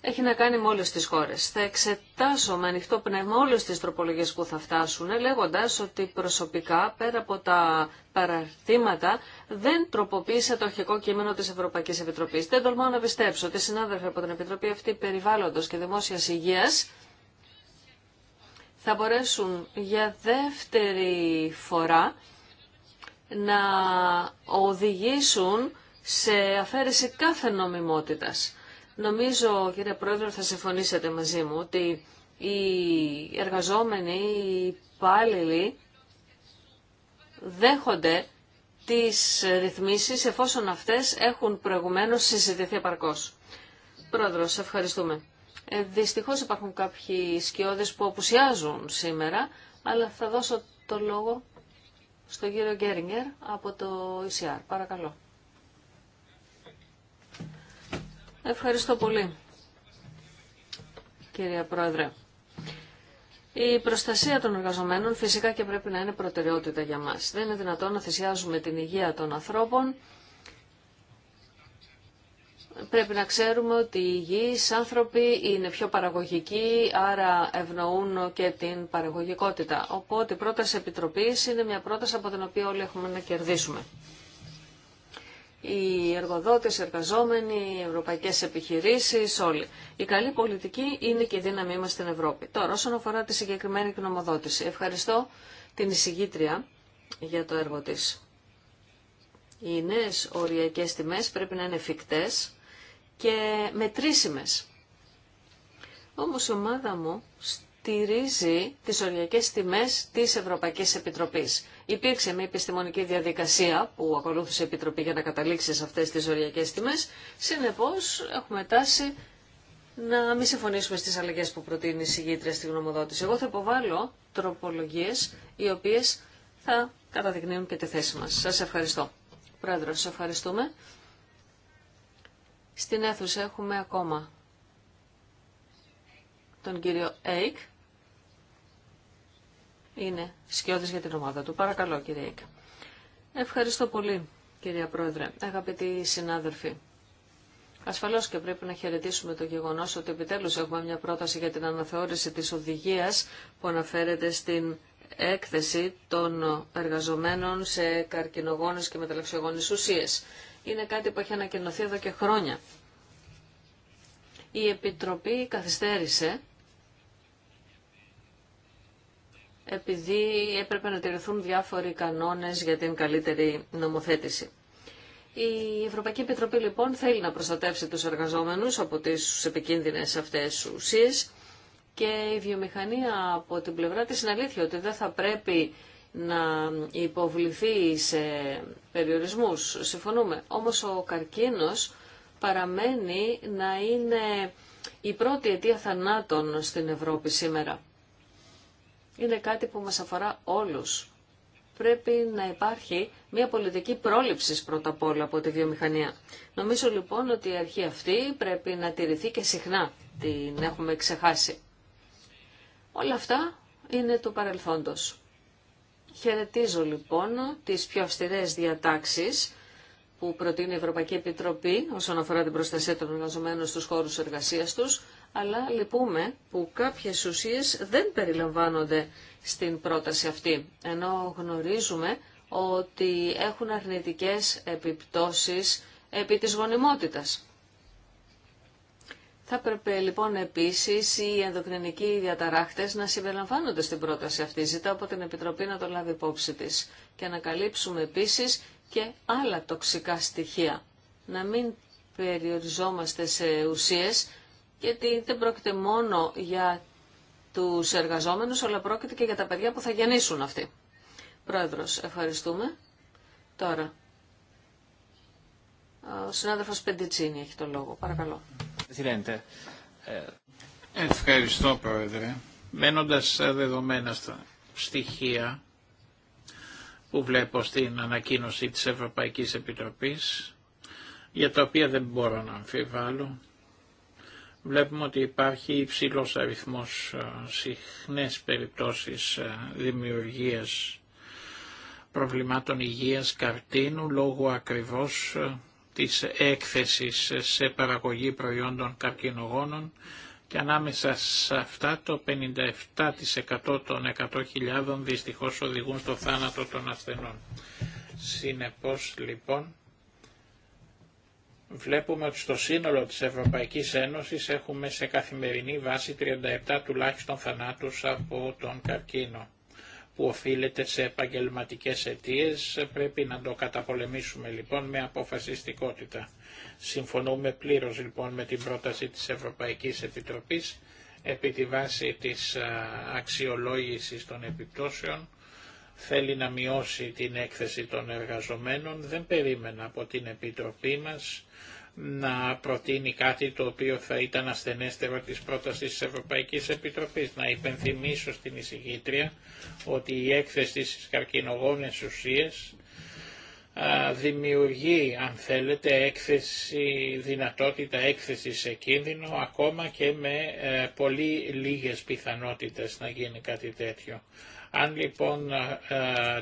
έχει να κάνει με όλες τις χώρες. Θα εξετάσω με ανοιχτό πνεύμα όλες τις τροπολογίες που θα φτάσουν, λέγοντας ότι προσωπικά, πέρα από τα παραρτήματα, δεν τροποποίησα το αρχικό κείμενο της Ευρωπαϊκής Επιτροπής. Δεν τολμάω να πιστέψω ότι συνάδελφοι από την Επιτροπή αυτή περιβάλλοντος και δημόσιας υγείας θα μπορέσουν για δεύτερη φορά να οδηγήσουν σε αφαίρεση κάθε νομιμότητας. Νομίζω, κύριε Πρόεδρε, θα συμφωνήσετε μαζί μου ότι οι εργαζόμενοι, οι υπάλληλοι δέχονται τις ρυθμίσεις εφόσον αυτές έχουν προηγουμένως συζητηθεί επαρκώς. Πρόεδρος, ευχαριστούμε. Ε, δυστυχώς υπάρχουν κάποιοι σκιώδες που απουσιάζουν σήμερα, αλλά θα δώσω το λόγο στον κύριο Γκέριγκερ από το ECR. Παρακαλώ. Ευχαριστώ πολύ, κύριε Πρόεδρε. Η προστασία των εργαζομένων φυσικά και πρέπει να είναι προτεραιότητα για μας. Δεν είναι δυνατόν να θυσιάζουμε την υγεία των ανθρώπων πρέπει να ξέρουμε ότι οι υγιείς άνθρωποι είναι πιο παραγωγικοί, άρα ευνοούν και την παραγωγικότητα. Οπότε η πρόταση επιτροπής είναι μια πρόταση από την οποία όλοι έχουμε να κερδίσουμε. Οι εργοδότες, οι εργαζόμενοι, οι ευρωπαϊκές επιχειρήσεις, όλοι. Η καλή πολιτική είναι και η δύναμή μας στην Ευρώπη. Τώρα, όσον αφορά τη συγκεκριμένη κοινομοδότηση. ευχαριστώ την εισηγήτρια για το έργο της. Οι νέες οριακές τιμές πρέπει να είναι εφικτές και μετρήσιμες. Όμως η ομάδα μου στηρίζει τις οριακές τιμές της Ευρωπαϊκής Επιτροπής. Υπήρξε μια επιστημονική διαδικασία που ακολούθησε η Επιτροπή για να καταλήξει σε αυτές τις οριακές τιμές. Συνεπώς έχουμε τάση να μην συμφωνήσουμε στις αλλαγές που προτείνει η συγγήτρια στη γνωμοδότηση. Εγώ θα υποβάλω τροπολογίες οι οποίες θα καταδεικνύουν και τη θέση μας. Σας ευχαριστώ. Πρόεδρο, σας ευχαριστούμε. Στην αίθουσα έχουμε ακόμα τον κύριο Έικ. Είναι σκιώδης για την ομάδα του. Παρακαλώ κύριε Έικ. Ευχαριστώ πολύ κυρία Πρόεδρε, αγαπητοί συνάδελφοι. Ασφαλώς και πρέπει να χαιρετήσουμε το γεγονός ότι επιτέλους έχουμε μια πρόταση για την αναθεώρηση της οδηγίας που αναφέρεται στην έκθεση των εργαζομένων σε καρκινογόνες και μεταλλαξιογόνες ουσίες είναι κάτι που έχει ανακοινωθεί εδώ και χρόνια. Η Επιτροπή καθυστέρησε επειδή έπρεπε να τηρηθούν διάφοροι κανόνες για την καλύτερη νομοθέτηση. Η Ευρωπαϊκή Επιτροπή λοιπόν θέλει να προστατεύσει τους εργαζόμενους από τις επικίνδυνες αυτές ουσίες και η βιομηχανία από την πλευρά της είναι αλήθεια ότι δεν θα πρέπει να υποβληθεί σε περιορισμούς, συμφωνούμε. Όμως ο καρκίνος παραμένει να είναι η πρώτη αιτία θανάτων στην Ευρώπη σήμερα. Είναι κάτι που μας αφορά όλους. Πρέπει να υπάρχει μια πολιτική πρόληψης πρώτα απ' όλα από τη βιομηχανία. Νομίζω λοιπόν ότι η αρχή αυτή πρέπει να τηρηθεί και συχνά την έχουμε ξεχάσει. Όλα αυτά είναι του παρελθόντος. Χαιρετίζω λοιπόν τις πιο αυστηρές διατάξεις που προτείνει η Ευρωπαϊκή Επιτροπή όσον αφορά την προστασία των εργαζομένων στους χώρους εργασίας τους, αλλά λυπούμε που κάποιες ουσίες δεν περιλαμβάνονται στην πρόταση αυτή, ενώ γνωρίζουμε ότι έχουν αρνητικές επιπτώσεις επί της γονιμότητας. Θα έπρεπε λοιπόν επίση οι ενδοκρινικοί διαταράχτε να συμπεριλαμβάνονται στην πρόταση αυτή. Ζητάω από την Επιτροπή να το λάβει υπόψη τη. και να καλύψουμε επίση και άλλα τοξικά στοιχεία. Να μην περιοριζόμαστε σε ουσίε γιατί δεν πρόκειται μόνο για του εργαζόμενου, αλλά πρόκειται και για τα παιδιά που θα γεννήσουν αυτοί. Πρόεδρο, ευχαριστούμε. Τώρα, ο συνάδελφος Πεντιτσίνη έχει το λόγο. Παρακαλώ. Ευχαριστώ, Πρόεδρε. Μένοντας δεδομένα στα στοιχεία που βλέπω στην ανακοίνωση της Ευρωπαϊκής Επιτροπής, για τα οποία δεν μπορώ να αμφιβάλλω, βλέπουμε ότι υπάρχει υψηλός αριθμός ε, συχνές περιπτώσεις ε, δημιουργίας προβλημάτων υγείας καρτίνου λόγω ακριβώς ε, της έκθεσης σε παραγωγή προϊόντων καρκινογόνων και ανάμεσα σε αυτά το 57% των 100.000 δυστυχώς οδηγούν στο θάνατο των ασθενών. Συνεπώς λοιπόν βλέπουμε ότι στο σύνολο της Ευρωπαϊκής Ένωσης έχουμε σε καθημερινή βάση 37 τουλάχιστον θανάτους από τον καρκίνο που οφείλεται σε επαγγελματικές αιτίε. Πρέπει να το καταπολεμήσουμε λοιπόν με αποφασιστικότητα. Συμφωνούμε πλήρως λοιπόν με την πρόταση της Ευρωπαϊκής Επιτροπής επί τη βάση της αξιολόγησης των επιπτώσεων. Θέλει να μειώσει την έκθεση των εργαζομένων. Δεν περίμενα από την Επιτροπή μας να προτείνει κάτι το οποίο θα ήταν ασθενέστερο της πρότασης της Ευρωπαϊκής Επιτροπής. Να υπενθυμίσω στην εισηγήτρια ότι η έκθεση στις καρκινογόνες ουσίες δημιουργεί, αν θέλετε, έκθεση, δυνατότητα έκθεση σε κίνδυνο, ακόμα και με ε, πολύ λίγες πιθανότητες να γίνει κάτι τέτοιο. Αν λοιπόν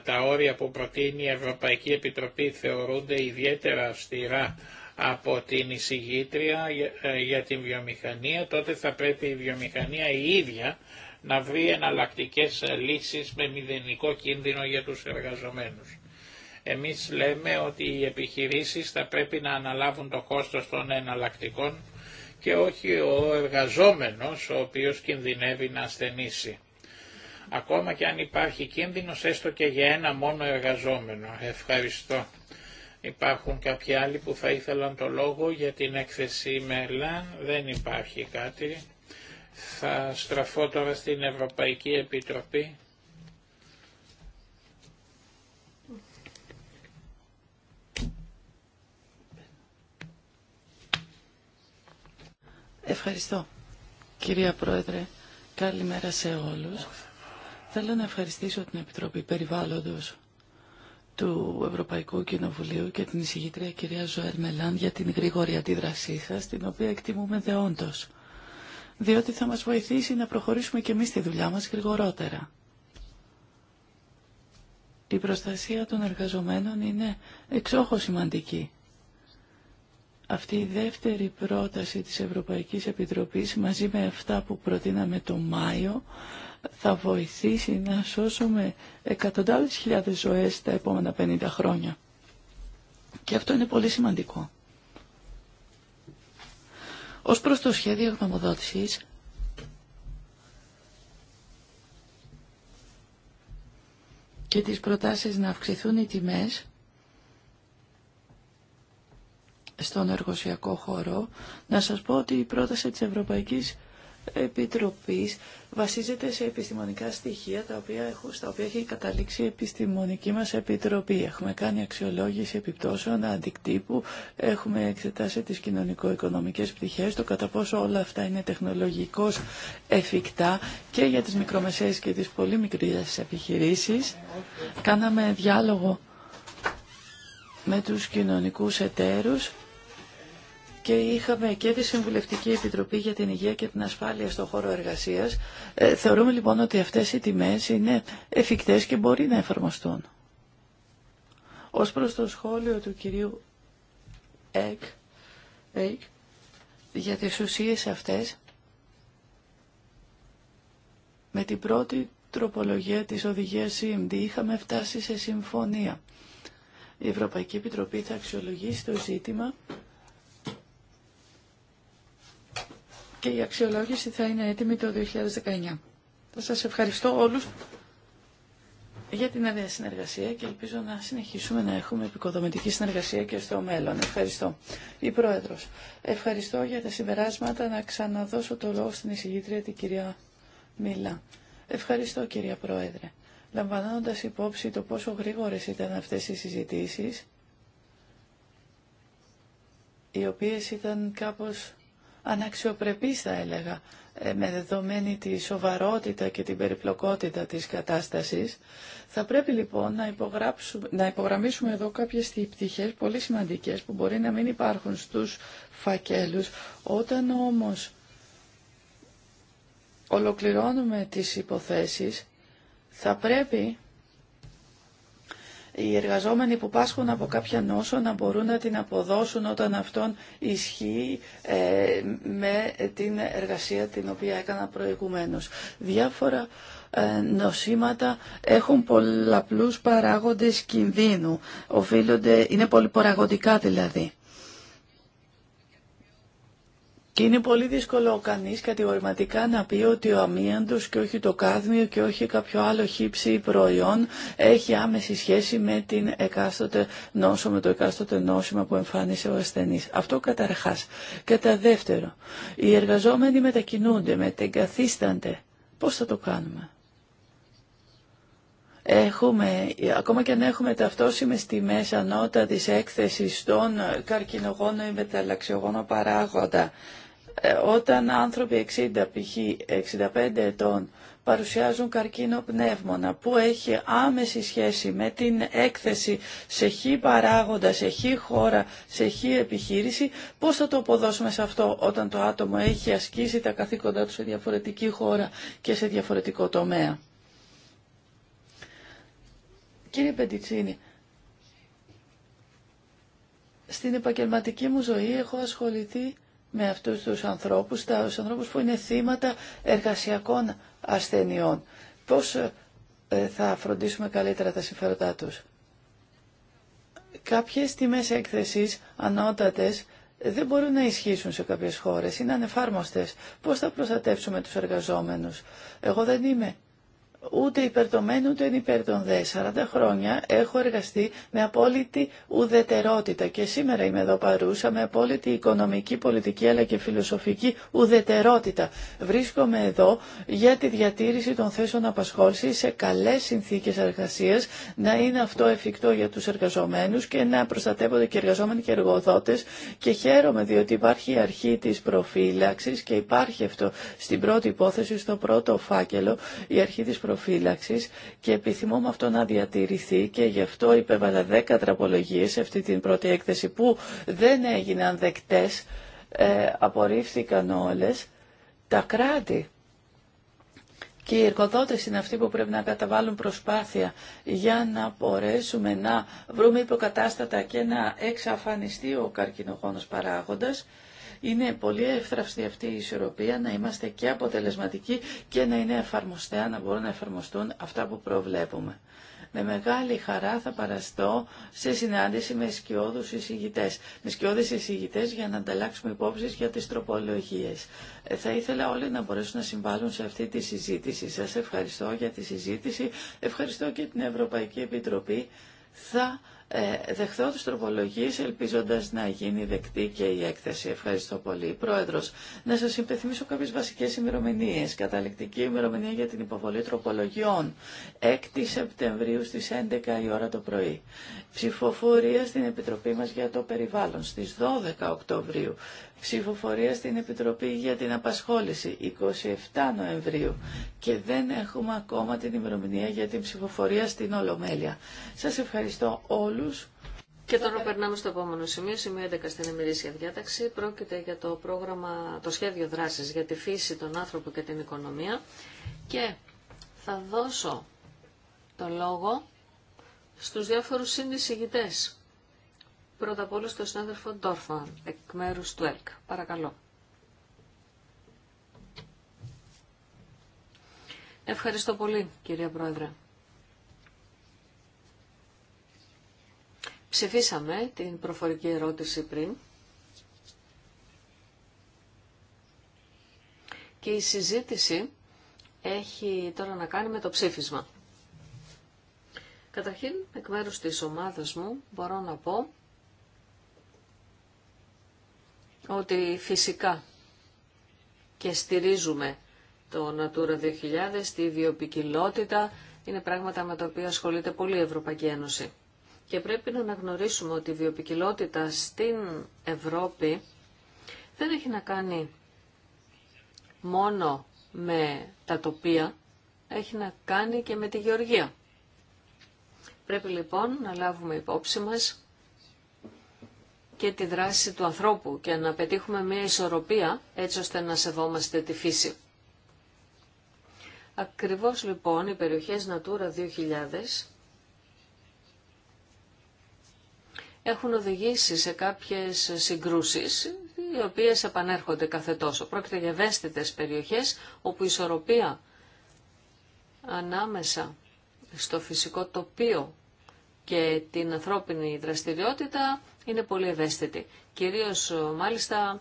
τα όρια που προτείνει η Ευρωπαϊκή Επιτροπή θεωρούνται ιδιαίτερα αυστηρά από την εισηγήτρια ε, για την βιομηχανία, τότε θα πρέπει η βιομηχανία η ίδια να βρει εναλλακτικέ ε, λύσεις με μηδενικό κίνδυνο για τους εργαζομένους. Εμείς λέμε ότι οι επιχειρήσεις θα πρέπει να αναλάβουν το κόστος των εναλλακτικών και όχι ο εργαζόμενος ο οποίος κινδυνεύει να ασθενήσει. Ακόμα και αν υπάρχει κίνδυνος έστω και για ένα μόνο εργαζόμενο. Ευχαριστώ. Υπάρχουν κάποιοι άλλοι που θα ήθελαν το λόγο για την έκθεση Μελάν. Δεν υπάρχει κάτι. Θα στραφώ τώρα στην Ευρωπαϊκή Επιτροπή. Ευχαριστώ. Κυρία Πρόεδρε, καλημέρα σε όλους. Θέλω να ευχαριστήσω την Επιτροπή Περιβάλλοντος του Ευρωπαϊκού Κοινοβουλίου και την εισηγήτρια κυρία Ζωέρ Μελάν για την γρήγορη αντίδρασή σα την οποία εκτιμούμε δεόντως, διότι θα μας βοηθήσει να προχωρήσουμε και εμείς τη δουλειά μας γρηγορότερα. Η προστασία των εργαζομένων είναι εξόχω σημαντική. Αυτή η δεύτερη πρόταση της Ευρωπαϊκής Επιτροπής μαζί με αυτά που προτείναμε το Μάιο θα βοηθήσει να σώσουμε εκατοντάδες χιλιάδες ζωές τα επόμενα 50 χρόνια. Και αυτό είναι πολύ σημαντικό. Ως προς το σχέδιο γνωμοδότησης, και τις προτάσεις να αυξηθούν οι τιμές στον εργοσιακό χώρο, να σας πω ότι η πρόταση της Ευρωπαϊκής Επιτροπής βασίζεται σε επιστημονικά στοιχεία τα οποία στα οποία έχει καταλήξει η επιστημονική μας επιτροπή. Έχουμε κάνει αξιολόγηση επιπτώσεων αντικτύπου, έχουμε εξετάσει τις κοινωνικο-οικονομικές πτυχές, το κατά πόσο όλα αυτά είναι τεχνολογικώς εφικτά και για τις μικρομεσαίες και τις πολύ μικρές επιχειρήσεις. Κάναμε διάλογο με τους κοινωνικούς εταίρους και είχαμε και τη Συμβουλευτική Επιτροπή για την Υγεία και την Ασφάλεια στον χώρο εργασίας. Ε, θεωρούμε λοιπόν ότι αυτές οι τιμές είναι εφικτές και μπορεί να εφαρμοστούν. Ως προς το σχόλιο του κυρίου Εκ, Εκ για τις ουσίες αυτές, με την πρώτη τροπολογία της οδηγίας CMD είχαμε φτάσει σε συμφωνία. Η Ευρωπαϊκή Επιτροπή θα αξιολογήσει το ζήτημα και η αξιολόγηση θα είναι έτοιμη το 2019. Θα σας ευχαριστώ όλους για την αδεία συνεργασία και ελπίζω να συνεχίσουμε να έχουμε επικοδομητική συνεργασία και στο μέλλον. Ευχαριστώ. Η Πρόεδρος, ευχαριστώ για τα συμπεράσματα να ξαναδώσω το λόγο στην εισηγήτρια την κυρία Μίλα. Ευχαριστώ κυρία Πρόεδρε. Λαμβανώντας υπόψη το πόσο γρήγορες ήταν αυτές οι συζητήσεις, οι οποίες ήταν κάπως αναξιοπρεπής θα έλεγα, ε, με δεδομένη τη σοβαρότητα και την περιπλοκότητα της κατάστασης. Θα πρέπει λοιπόν να, να υπογραμμίσουμε εδώ κάποιες πτυχές πολύ σημαντικές που μπορεί να μην υπάρχουν στους φακέλους. Όταν όμως ολοκληρώνουμε τις υποθέσεις, θα πρέπει οι εργαζόμενοι που πάσχουν από κάποια νόσο να μπορούν να την αποδώσουν όταν αυτόν ισχύει ε, με την εργασία την οποία έκανα προηγουμένως. Διάφορα ε, νοσήματα έχουν πολλαπλούς παράγοντες κινδύνου. Οφείλονται, είναι πολυποραγοντικά δηλαδή. Και είναι πολύ δύσκολο κανείς κατηγορηματικά να πει ότι ο αμύαντος και όχι το κάδμιο και όχι κάποιο άλλο χύψη προϊόν έχει άμεση σχέση με την εκάστοτε νόσο, με το εκάστοτε νόσημα που εμφάνισε ο ασθενής. Αυτό καταρχάς. Κατά δεύτερο, οι εργαζόμενοι μετακινούνται, μετεγκαθίστανται. Πώς θα το κάνουμε. Έχουμε, ακόμα και αν έχουμε ταυτόσιμες τιμές ανώτατης έκθεσης των καρκινογόνων ή μεταλλαξιογόνων παράγοντα, ε, όταν άνθρωποι 60, π.χ. 65 ετών παρουσιάζουν καρκίνο πνεύμονα που έχει άμεση σχέση με την έκθεση σε χή παράγοντα, σε χή χώρα, σε χή επιχείρηση, πώς θα το αποδώσουμε σε αυτό όταν το άτομο έχει ασκήσει τα καθήκοντά του σε διαφορετική χώρα και σε διαφορετικό τομέα. Κύριε Πεντιτσίνη, στην επαγγελματική μου ζωή έχω ασχοληθεί με αυτούς τους ανθρώπους, τους ανθρώπους που είναι θύματα εργασιακών ασθενειών. Πώς ε, θα φροντίσουμε καλύτερα τα συμφέροντά τους. Κάποιες τιμές έκθεσης ανώτατες δεν μπορούν να ισχύσουν σε κάποιες χώρες, είναι ανεφάρμοστες. Πώς θα προστατεύσουμε τους εργαζόμενους. Εγώ δεν είμαι ούτε υπέρ των μεν ούτε υπέρ των δε. 40 χρόνια έχω εργαστεί με απόλυτη ουδετερότητα και σήμερα είμαι εδώ παρούσα με απόλυτη οικονομική, πολιτική αλλά και φιλοσοφική ουδετερότητα. Βρίσκομαι εδώ για τη διατήρηση των θέσεων απασχόληση σε καλέ συνθήκε εργασία να είναι αυτό εφικτό για του εργαζομένου και να προστατεύονται και εργαζόμενοι και εργοδότε. και χαίρομαι διότι υπάρχει η αρχή τη προφύλαξη και υπάρχει αυτό στην πρώτη υπόθεση, στο πρώτο φάκελο, η αρχή τη προφύλαξη και επιθυμώ με αυτό να διατηρηθεί και γι' αυτό υπέβαλα δέκα τραπολογίε σε αυτή την πρώτη έκθεση που δεν έγιναν δεκτές, ε, απορρίφθηκαν όλες. Τα κράτη και οι εργοδότε είναι αυτοί που πρέπει να καταβάλουν προσπάθεια για να μπορέσουμε να βρούμε υποκατάστατα και να εξαφανιστεί ο καρκινογόνος παράγοντας. Είναι πολύ εύθραυστη αυτή η ισορροπία να είμαστε και αποτελεσματικοί και να είναι εφαρμοστέα, να μπορούν να εφαρμοστούν αυτά που προβλέπουμε. Με μεγάλη χαρά θα παραστώ σε συνάντηση με σκιώδους εισηγητές. Με για να ανταλλάξουμε υπόψεις για τις τροπολογίες. Ε, θα ήθελα όλοι να μπορέσουν να συμβάλλουν σε αυτή τη συζήτηση. Σας ευχαριστώ για τη συζήτηση. Ευχαριστώ και την Ευρωπαϊκή Επιτροπή. Θα ε, δεχθώ τις τροπολογίες ελπίζοντας να γίνει δεκτή και η έκθεση. Ευχαριστώ πολύ. Πρόεδρος, να σας υπενθυμίσω κάποιες βασικές ημερομηνίες. Καταληκτική ημερομηνία για την υποβολή τροπολογιών. 6 Σεπτεμβρίου στις 11 η ώρα το πρωί. Ψηφοφορία στην Επιτροπή μας για το περιβάλλον στις 12 Οκτωβρίου ψηφοφορία στην Επιτροπή για την Απασχόληση 27 Νοεμβρίου και δεν έχουμε ακόμα την ημερομηνία για την ψηφοφορία στην Ολομέλεια. Σας ευχαριστώ όλους. Και τώρα περνάμε στο επόμενο σημείο, σημείο 11 στην εμμυρίσια διάταξη. Πρόκειται για το, πρόγραμμα, το σχέδιο δράσης για τη φύση, των άνθρωπο και την οικονομία. Και θα δώσω το λόγο στους διάφορους συνεισηγητές. Πρώτα απ' όλα στον συνάδελφο Ντόρφαν, εκ μέρους του ΕΛΚ. Παρακαλώ. Ευχαριστώ πολύ, κυρία Πρόεδρε. Ψηφίσαμε την προφορική ερώτηση πριν και η συζήτηση έχει τώρα να κάνει με το ψήφισμα. Καταρχήν, εκ μέρους της ομάδας μου, μπορώ να πω ότι φυσικά και στηρίζουμε το Natura 2000, τη βιοπικιλότητα, είναι πράγματα με τα οποία ασχολείται πολύ η Ευρωπαϊκή Ένωση. Και πρέπει να αναγνωρίσουμε ότι η βιοπικιλότητα στην Ευρώπη δεν έχει να κάνει μόνο με τα τοπία, έχει να κάνει και με τη γεωργία. Πρέπει λοιπόν να λάβουμε υπόψη μας και τη δράση του ανθρώπου και να πετύχουμε μια ισορροπία έτσι ώστε να σεβόμαστε τη φύση. Ακριβώς λοιπόν οι περιοχές Natura 2000 έχουν οδηγήσει σε κάποιες συγκρούσεις οι οποίες επανέρχονται κάθε τόσο. Πρόκειται για ευαίσθητες περιοχές όπου η ισορροπία ανάμεσα στο φυσικό τοπίο και την ανθρώπινη δραστηριότητα είναι πολύ ευαίσθητη. Κυρίως ε, μάλιστα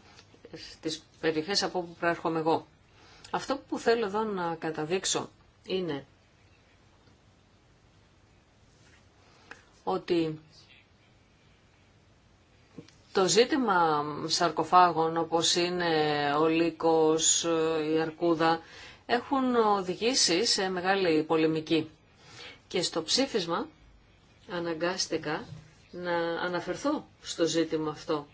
στις περιοχές από όπου προέρχομαι εγώ. Αυτό που θέλω εδώ να καταδείξω είναι ότι το ζήτημα σαρκοφάγων όπως είναι ο λύκος, ε, η αρκούδα έχουν οδηγήσει σε μεγάλη πολεμική. Και στο ψήφισμα αναγκάστηκα να αναφερθώ στο ζήτημα αυτό.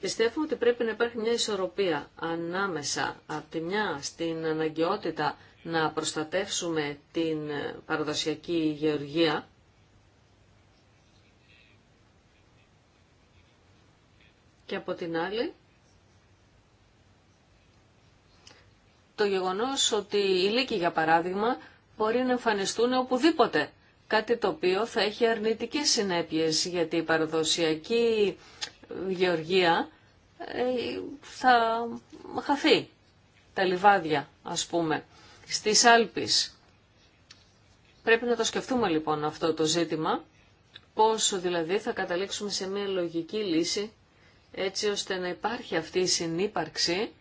Πιστεύω ότι πρέπει να υπάρχει μια ισορροπία ανάμεσα από τη μια στην αναγκαιότητα να προστατεύσουμε την παραδοσιακή γεωργία και από την άλλη το γεγονός ότι οι λύκοι για παράδειγμα μπορεί να εμφανιστούν οπουδήποτε κάτι το οποίο θα έχει αρνητικές συνέπειες, γιατί η παραδοσιακή γεωργία ε, θα χαθεί. Τα λιβάδια, ας πούμε, στις Άλπεις. Πρέπει να το σκεφτούμε λοιπόν αυτό το ζήτημα, πόσο δηλαδή θα καταλήξουμε σε μια λογική λύση, έτσι ώστε να υπάρχει αυτή η συνύπαρξη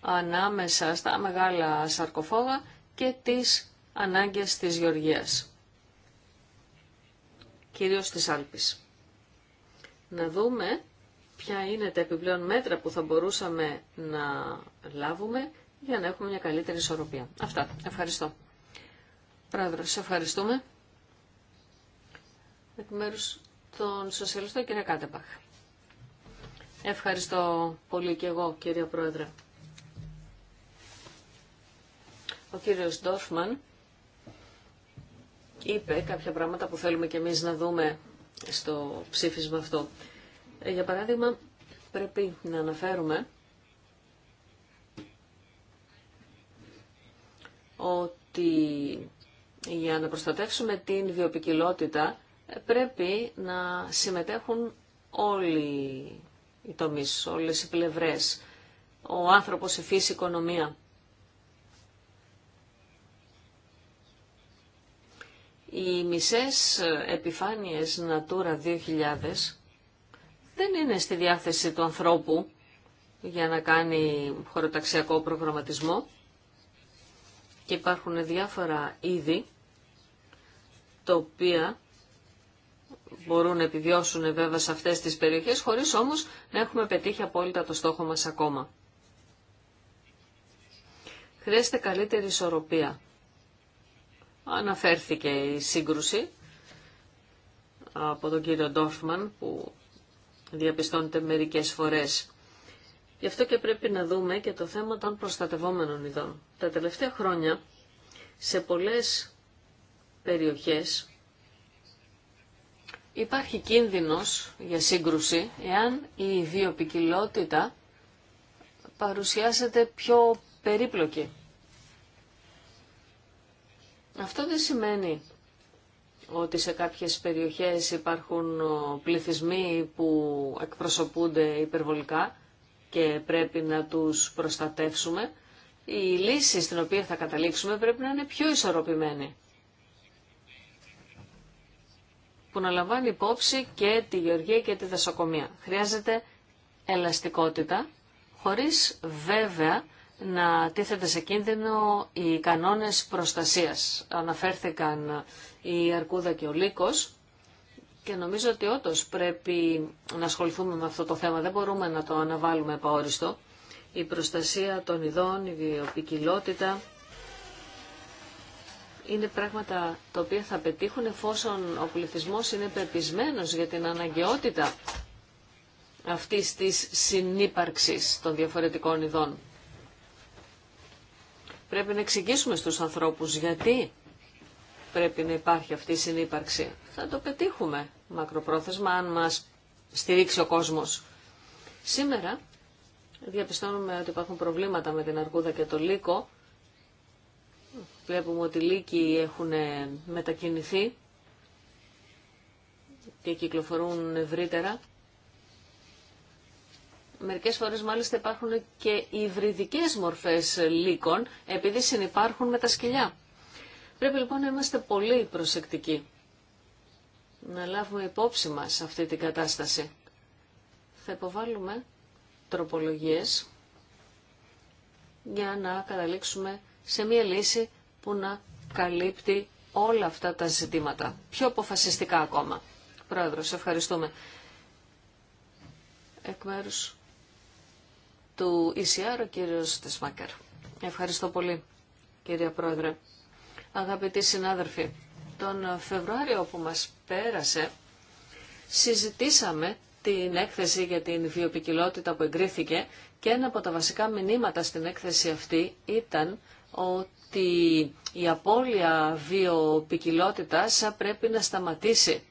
ανάμεσα στα μεγάλα σαρκοφόγα και τις ανάγκες της γεωργίας κυρίως της Άλπης. Να δούμε ποια είναι τα επιπλέον μέτρα που θα μπορούσαμε να λάβουμε για να έχουμε μια καλύτερη ισορροπία. Αυτά. Ευχαριστώ. Πρόεδρο, σε ευχαριστούμε. Εκ μέρους των Σοσιαλιστών, κύριε Κάτεπαχ. Ευχαριστώ πολύ και εγώ, κύριε Πρόεδρε. Ο κύριος Ντόρφμαν είπε κάποια πράγματα που θέλουμε και εμείς να δούμε στο ψήφισμα αυτό. Ε, για παράδειγμα, πρέπει να αναφέρουμε ότι για να προστατεύσουμε την βιοπικιλότητα ε, πρέπει να συμμετέχουν όλοι οι τομείς, όλες οι πλευρές. Ο άνθρωπος, η φύση, η οικονομία. Οι μισές επιφάνειες Natura 2000 δεν είναι στη διάθεση του ανθρώπου για να κάνει χωροταξιακό προγραμματισμό και υπάρχουν διάφορα είδη τα οποία μπορούν να επιβιώσουν βέβαια σε αυτές τις περιοχές χωρίς όμως να έχουμε πετύχει απόλυτα το στόχο μας ακόμα. Χρειάζεται καλύτερη ισορροπία Αναφέρθηκε η σύγκρουση από τον κύριο Ντόρφμαν που διαπιστώνεται μερικές φορές. Γι' αυτό και πρέπει να δούμε και το θέμα των προστατευόμενων ειδών. Τα τελευταία χρόνια σε πολλές περιοχές υπάρχει κίνδυνος για σύγκρουση εάν η ιδιοπικιλότητα παρουσιάζεται πιο περίπλοκη. Αυτό δεν σημαίνει ότι σε κάποιες περιοχές υπάρχουν πληθυσμοί που εκπροσωπούνται υπερβολικά και πρέπει να τους προστατεύσουμε. Η λύση στην οποία θα καταλήξουμε πρέπει να είναι πιο ισορροπημένη. Που να λαμβάνει υπόψη και τη γεωργία και τη δασοκομεία. Χρειάζεται ελαστικότητα, χωρίς βέβαια να τίθεται σε κίνδυνο οι κανόνες προστασίας. Αναφέρθηκαν η Αρκούδα και ο Λύκος και νομίζω ότι ότως πρέπει να ασχοληθούμε με αυτό το θέμα. Δεν μπορούμε να το αναβάλουμε επαόριστο. Η προστασία των ειδών, η βιοπικιλότητα είναι πράγματα τα οποία θα πετύχουν εφόσον ο πληθυσμός είναι πεπισμένος για την αναγκαιότητα αυτής της συνύπαρξης των διαφορετικών ειδών. Πρέπει να εξηγήσουμε στους ανθρώπους γιατί πρέπει να υπάρχει αυτή η συνύπαρξη. Θα το πετύχουμε μακροπρόθεσμα αν μας στηρίξει ο κόσμος. Σήμερα διαπιστώνουμε ότι υπάρχουν προβλήματα με την Αρκούδα και το Λύκο. Βλέπουμε ότι οι Λύκοι έχουν μετακινηθεί και κυκλοφορούν ευρύτερα. Μερικές φορές μάλιστα υπάρχουν και υβριδικές μορφές λύκων επειδή συνεπάρχουν με τα σκυλιά. Πρέπει λοιπόν να είμαστε πολύ προσεκτικοί να λάβουμε υπόψη μας αυτή την κατάσταση. Θα υποβάλουμε τροπολογίες για να καταλήξουμε σε μια λύση που να καλύπτει όλα αυτά τα ζητήματα. Πιο αποφασιστικά ακόμα. Πρόεδρος, ευχαριστούμε. Εκ μέρους του ECR, ο κύριος Τεσμάκερ. Ευχαριστώ πολύ, κύριε Πρόεδρε. Αγαπητοί συνάδελφοι, τον Φεβρουάριο που μας πέρασε, συζητήσαμε την έκθεση για την βιοπικιλότητα που εγκρίθηκε και ένα από τα βασικά μηνύματα στην έκθεση αυτή ήταν ότι η απώλεια βιοπικιλότητας πρέπει να σταματήσει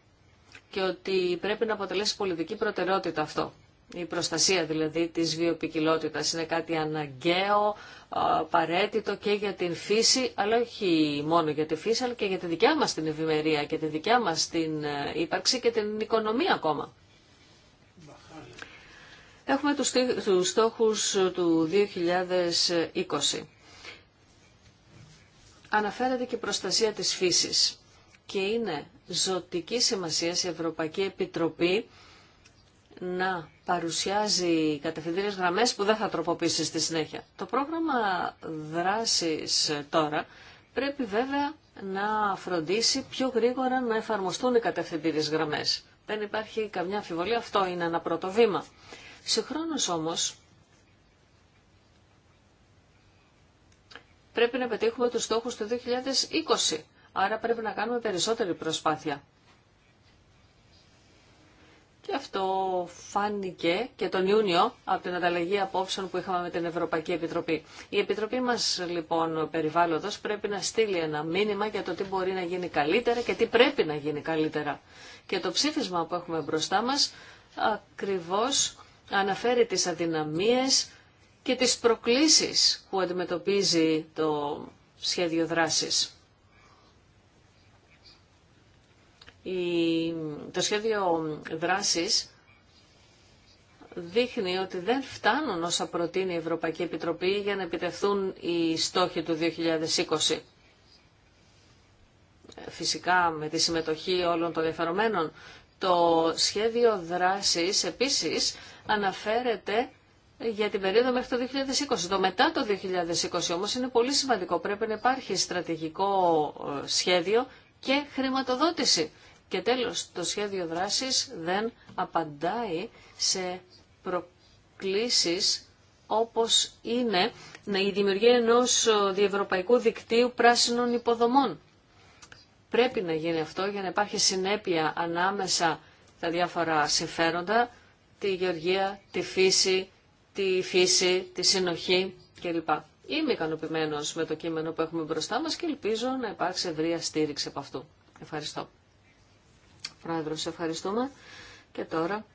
και ότι πρέπει να αποτελέσει πολιτική προτεραιότητα αυτό. Η προστασία δηλαδή της βιοπικιλότητας είναι κάτι αναγκαίο, απαραίτητο και για την φύση, αλλά όχι μόνο για τη φύση, αλλά και για τη δικιά μας την ευημερία και τη δικιά μας την ε, ύπαρξη και την οικονομία ακόμα. Έχουμε τους, τους στόχους του 2020. Αναφέρεται και η προστασία της φύσης και είναι ζωτική σημασία η Ευρωπαϊκή Επιτροπή να παρουσιάζει κατευθυντήριες γραμμές που δεν θα τροποποιήσει στη συνέχεια. Το πρόγραμμα δράσης τώρα πρέπει βέβαια να φροντίσει πιο γρήγορα να εφαρμοστούν οι κατευθυντήριες γραμμές. Δεν υπάρχει καμιά αμφιβολία, αυτό είναι ένα πρώτο βήμα. Συγχρόνως όμως πρέπει να πετύχουμε τους στόχους του 2020, άρα πρέπει να κάνουμε περισσότερη προσπάθεια. Και αυτό φάνηκε και τον Ιούνιο από την ανταλλαγή απόψεων που είχαμε με την Ευρωπαϊκή Επιτροπή. Η Επιτροπή μας λοιπόν περιβάλλοντος πρέπει να στείλει ένα μήνυμα για το τι μπορεί να γίνει καλύτερα και τι πρέπει να γίνει καλύτερα. Και το ψήφισμα που έχουμε μπροστά μας ακριβώς αναφέρει τις αδυναμίες και τις προκλήσεις που αντιμετωπίζει το σχέδιο δράσης. το σχέδιο δράσης δείχνει ότι δεν φτάνουν όσα προτείνει η Ευρωπαϊκή Επιτροπή για να επιτευθούν οι στόχοι του 2020. Φυσικά με τη συμμετοχή όλων των διαφερομένων. Το σχέδιο δράσης επίσης αναφέρεται για την περίοδο μέχρι το 2020. Το μετά το 2020 όμως είναι πολύ σημαντικό. Πρέπει να υπάρχει στρατηγικό ε, σχέδιο και χρηματοδότηση. Και τέλος, το σχέδιο δράσης δεν απαντάει σε προκλήσεις όπως είναι η δημιουργία ενός διευρωπαϊκού δικτύου πράσινων υποδομών. Πρέπει να γίνει αυτό για να υπάρχει συνέπεια ανάμεσα τα διάφορα συμφέροντα, τη γεωργία, τη φύση, τη φύση, τη συνοχή κλπ. Είμαι ικανοποιημένο με το κείμενο που έχουμε μπροστά μας και ελπίζω να υπάρξει ευρεία στήριξη από αυτού. Ευχαριστώ. Πρόεδρος, ευχαριστούμε. Και τώρα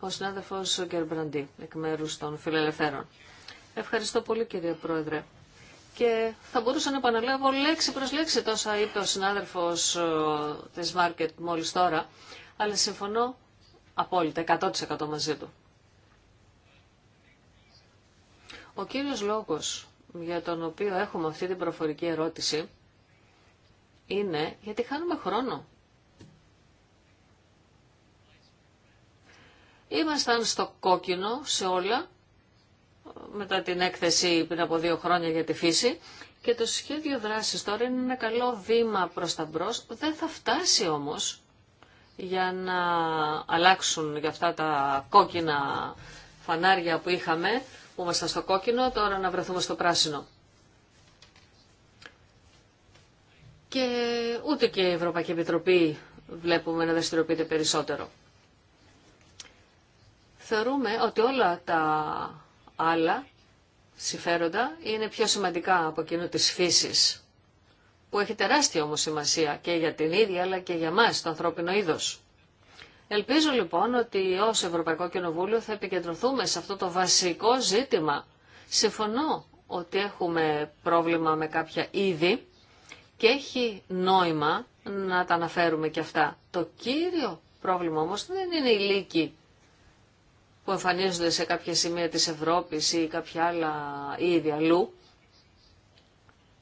ο συνάδελφος Γκερμπραντή, εκ μέρου των Φιλελευθέρων. Ευχαριστώ πολύ κύριε Πρόεδρε. Και θα μπορούσα να επαναλάβω λέξη προς λέξη τόσα είπε ο συνάδελφος της Μάρκετ μόλις τώρα, αλλά συμφωνώ απόλυτα, 100% μαζί του. Ο κύριος λόγος για τον οποίο έχουμε αυτή την προφορική ερώτηση είναι γιατί χάνουμε χρόνο. Ήμασταν στο κόκκινο σε όλα, μετά την έκθεση πριν από δύο χρόνια για τη φύση, και το σχέδιο δράσης τώρα είναι ένα καλό βήμα προς τα μπρος. Δεν θα φτάσει όμως για να αλλάξουν για αυτά τα κόκκινα φανάρια που είχαμε, που ήμασταν στο κόκκινο, τώρα να βρεθούμε στο πράσινο. και ούτε και η Ευρωπαϊκή Επιτροπή βλέπουμε να δραστηριοποιείται περισσότερο. Θεωρούμε ότι όλα τα άλλα συμφέροντα είναι πιο σημαντικά από εκείνο της φύσης, που έχει τεράστια όμως σημασία και για την ίδια αλλά και για μας το ανθρώπινο είδος. Ελπίζω λοιπόν ότι ως Ευρωπαϊκό Κοινοβούλιο θα επικεντρωθούμε σε αυτό το βασικό ζήτημα. Συμφωνώ ότι έχουμε πρόβλημα με κάποια είδη, και έχει νόημα να τα αναφέρουμε και αυτά. Το κύριο πρόβλημα όμως δεν είναι η λύκη που εμφανίζονται σε κάποια σημεία της Ευρώπης ή κάποια άλλα είδη αλλού.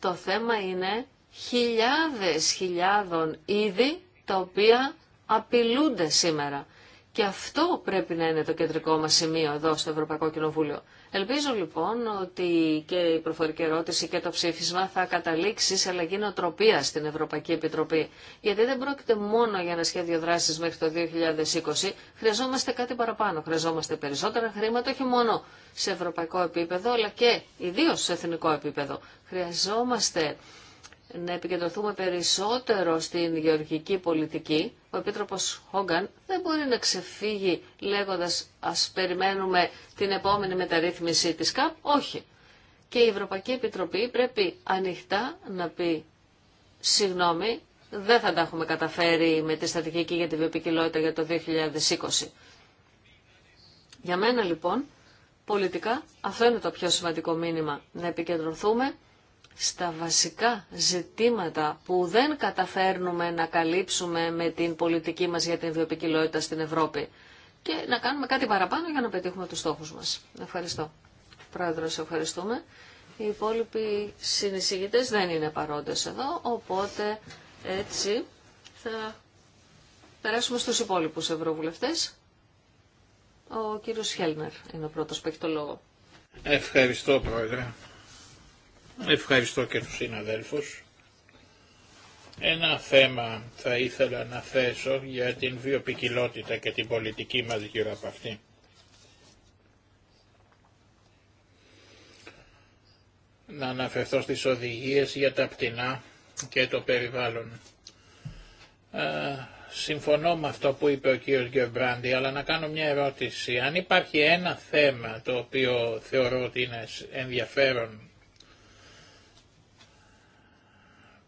Το θέμα είναι χιλιάδες χιλιάδων είδη τα οποία απειλούνται σήμερα. Και αυτό πρέπει να είναι το κεντρικό μας σημείο εδώ στο Ευρωπαϊκό Κοινοβούλιο. Ελπίζω λοιπόν ότι και η προφορική ερώτηση και το ψήφισμα θα καταλήξει σε αλλαγή νοοτροπία στην Ευρωπαϊκή Επιτροπή. Γιατί δεν πρόκειται μόνο για ένα σχέδιο δράσης μέχρι το 2020. Χρειαζόμαστε κάτι παραπάνω. Χρειαζόμαστε περισσότερα χρήματα, όχι μόνο σε ευρωπαϊκό επίπεδο, αλλά και ιδίως σε εθνικό επίπεδο. Χρειαζόμαστε να επικεντρωθούμε περισσότερο στην γεωργική πολιτική, ο Επίτροπος Χόγκαν δεν μπορεί να ξεφύγει λέγοντας ας περιμένουμε την επόμενη μεταρρύθμιση της ΚΑΠ. Όχι. Και η Ευρωπαϊκή Επιτροπή πρέπει ανοιχτά να πει συγγνώμη, δεν θα τα έχουμε καταφέρει με τη στρατηγική για τη βιοπικιλότητα για το 2020. Για μένα λοιπόν, πολιτικά, αυτό είναι το πιο σημαντικό μήνυμα. Να επικεντρωθούμε στα βασικά ζητήματα που δεν καταφέρνουμε να καλύψουμε με την πολιτική μας για την βιοπικιλότητα στην Ευρώπη και να κάνουμε κάτι παραπάνω για να πετύχουμε τους στόχους μας. Ευχαριστώ. Πρόεδρο, ευχαριστούμε. Οι υπόλοιποι συνεισηγητές δεν είναι παρόντες εδώ, οπότε έτσι θα περάσουμε στους υπόλοιπους ευρωβουλευτές. Ο κύριος Χέλνερ είναι ο πρώτος που έχει το λόγο. Ευχαριστώ, Πρόεδρε. Ευχαριστώ και τους συναδέλφους. Ένα θέμα θα ήθελα να θέσω για την βιοπικιλότητα και την πολιτική μας γύρω από αυτή. Να αναφερθώ στις οδηγίες για τα πτηνά και το περιβάλλον. Ε, συμφωνώ με αυτό που είπε ο κύριος Γκιομπράντη, αλλά να κάνω μια ερώτηση. Αν υπάρχει ένα θέμα το οποίο θεωρώ ότι είναι ενδιαφέρον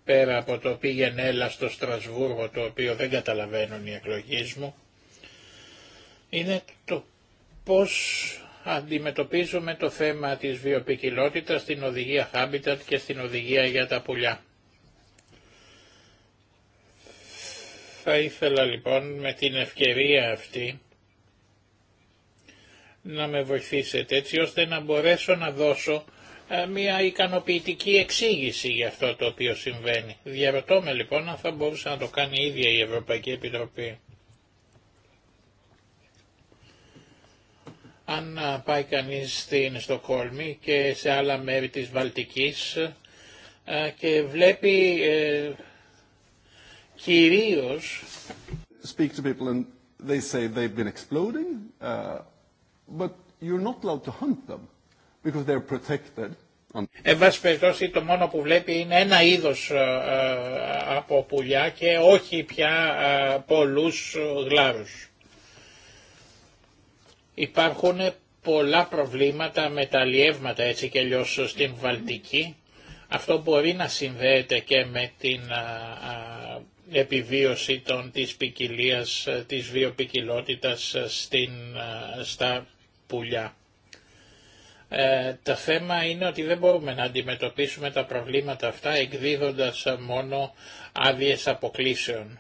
πέρα από το πήγαινε έλα στο Στρασβούργο το οποίο δεν καταλαβαίνουν οι εκλογέ μου είναι το πώς αντιμετωπίζουμε το θέμα της βιοπικιλότητας στην οδηγία Habitat και στην οδηγία για τα πουλιά. Θα ήθελα λοιπόν με την ευκαιρία αυτή να με βοηθήσετε έτσι ώστε να μπορέσω να δώσω ε, μια ικανοποιητική εξήγηση για αυτό το οποίο συμβαίνει. Διαρωτώ με λοιπόν αν θα μπορούσε να το κάνει η ίδια η Ευρωπαϊκή Επιτροπή. Αν ε, πάει κανείς στην Στοκόλμη και σε άλλα μέρη της Βαλτικής ε, και βλέπει ε, κυρίως... Speak to people and they say they've been exploding, uh, but you're not allowed to hunt them because Εν πάση περιπτώσει το μόνο που βλέπει είναι ένα είδος ε, ε, από πουλιά και όχι πια ε, πολλούς γλάρους. Υπάρχουν πολλά προβλήματα με τα αλλιεύματα έτσι και αλλιώς στην Βαλτική. Αυτό μπορεί να συνδέεται και με την επιβίωση των, της ποικιλία, της βιοπικιλότητας στην, στα πουλιά. Ε, θέμα είναι ότι δεν μπορούμε να αντιμετωπίσουμε τα προβλήματα αυτά εκδίδοντας μόνο άδειε αποκλήσεων.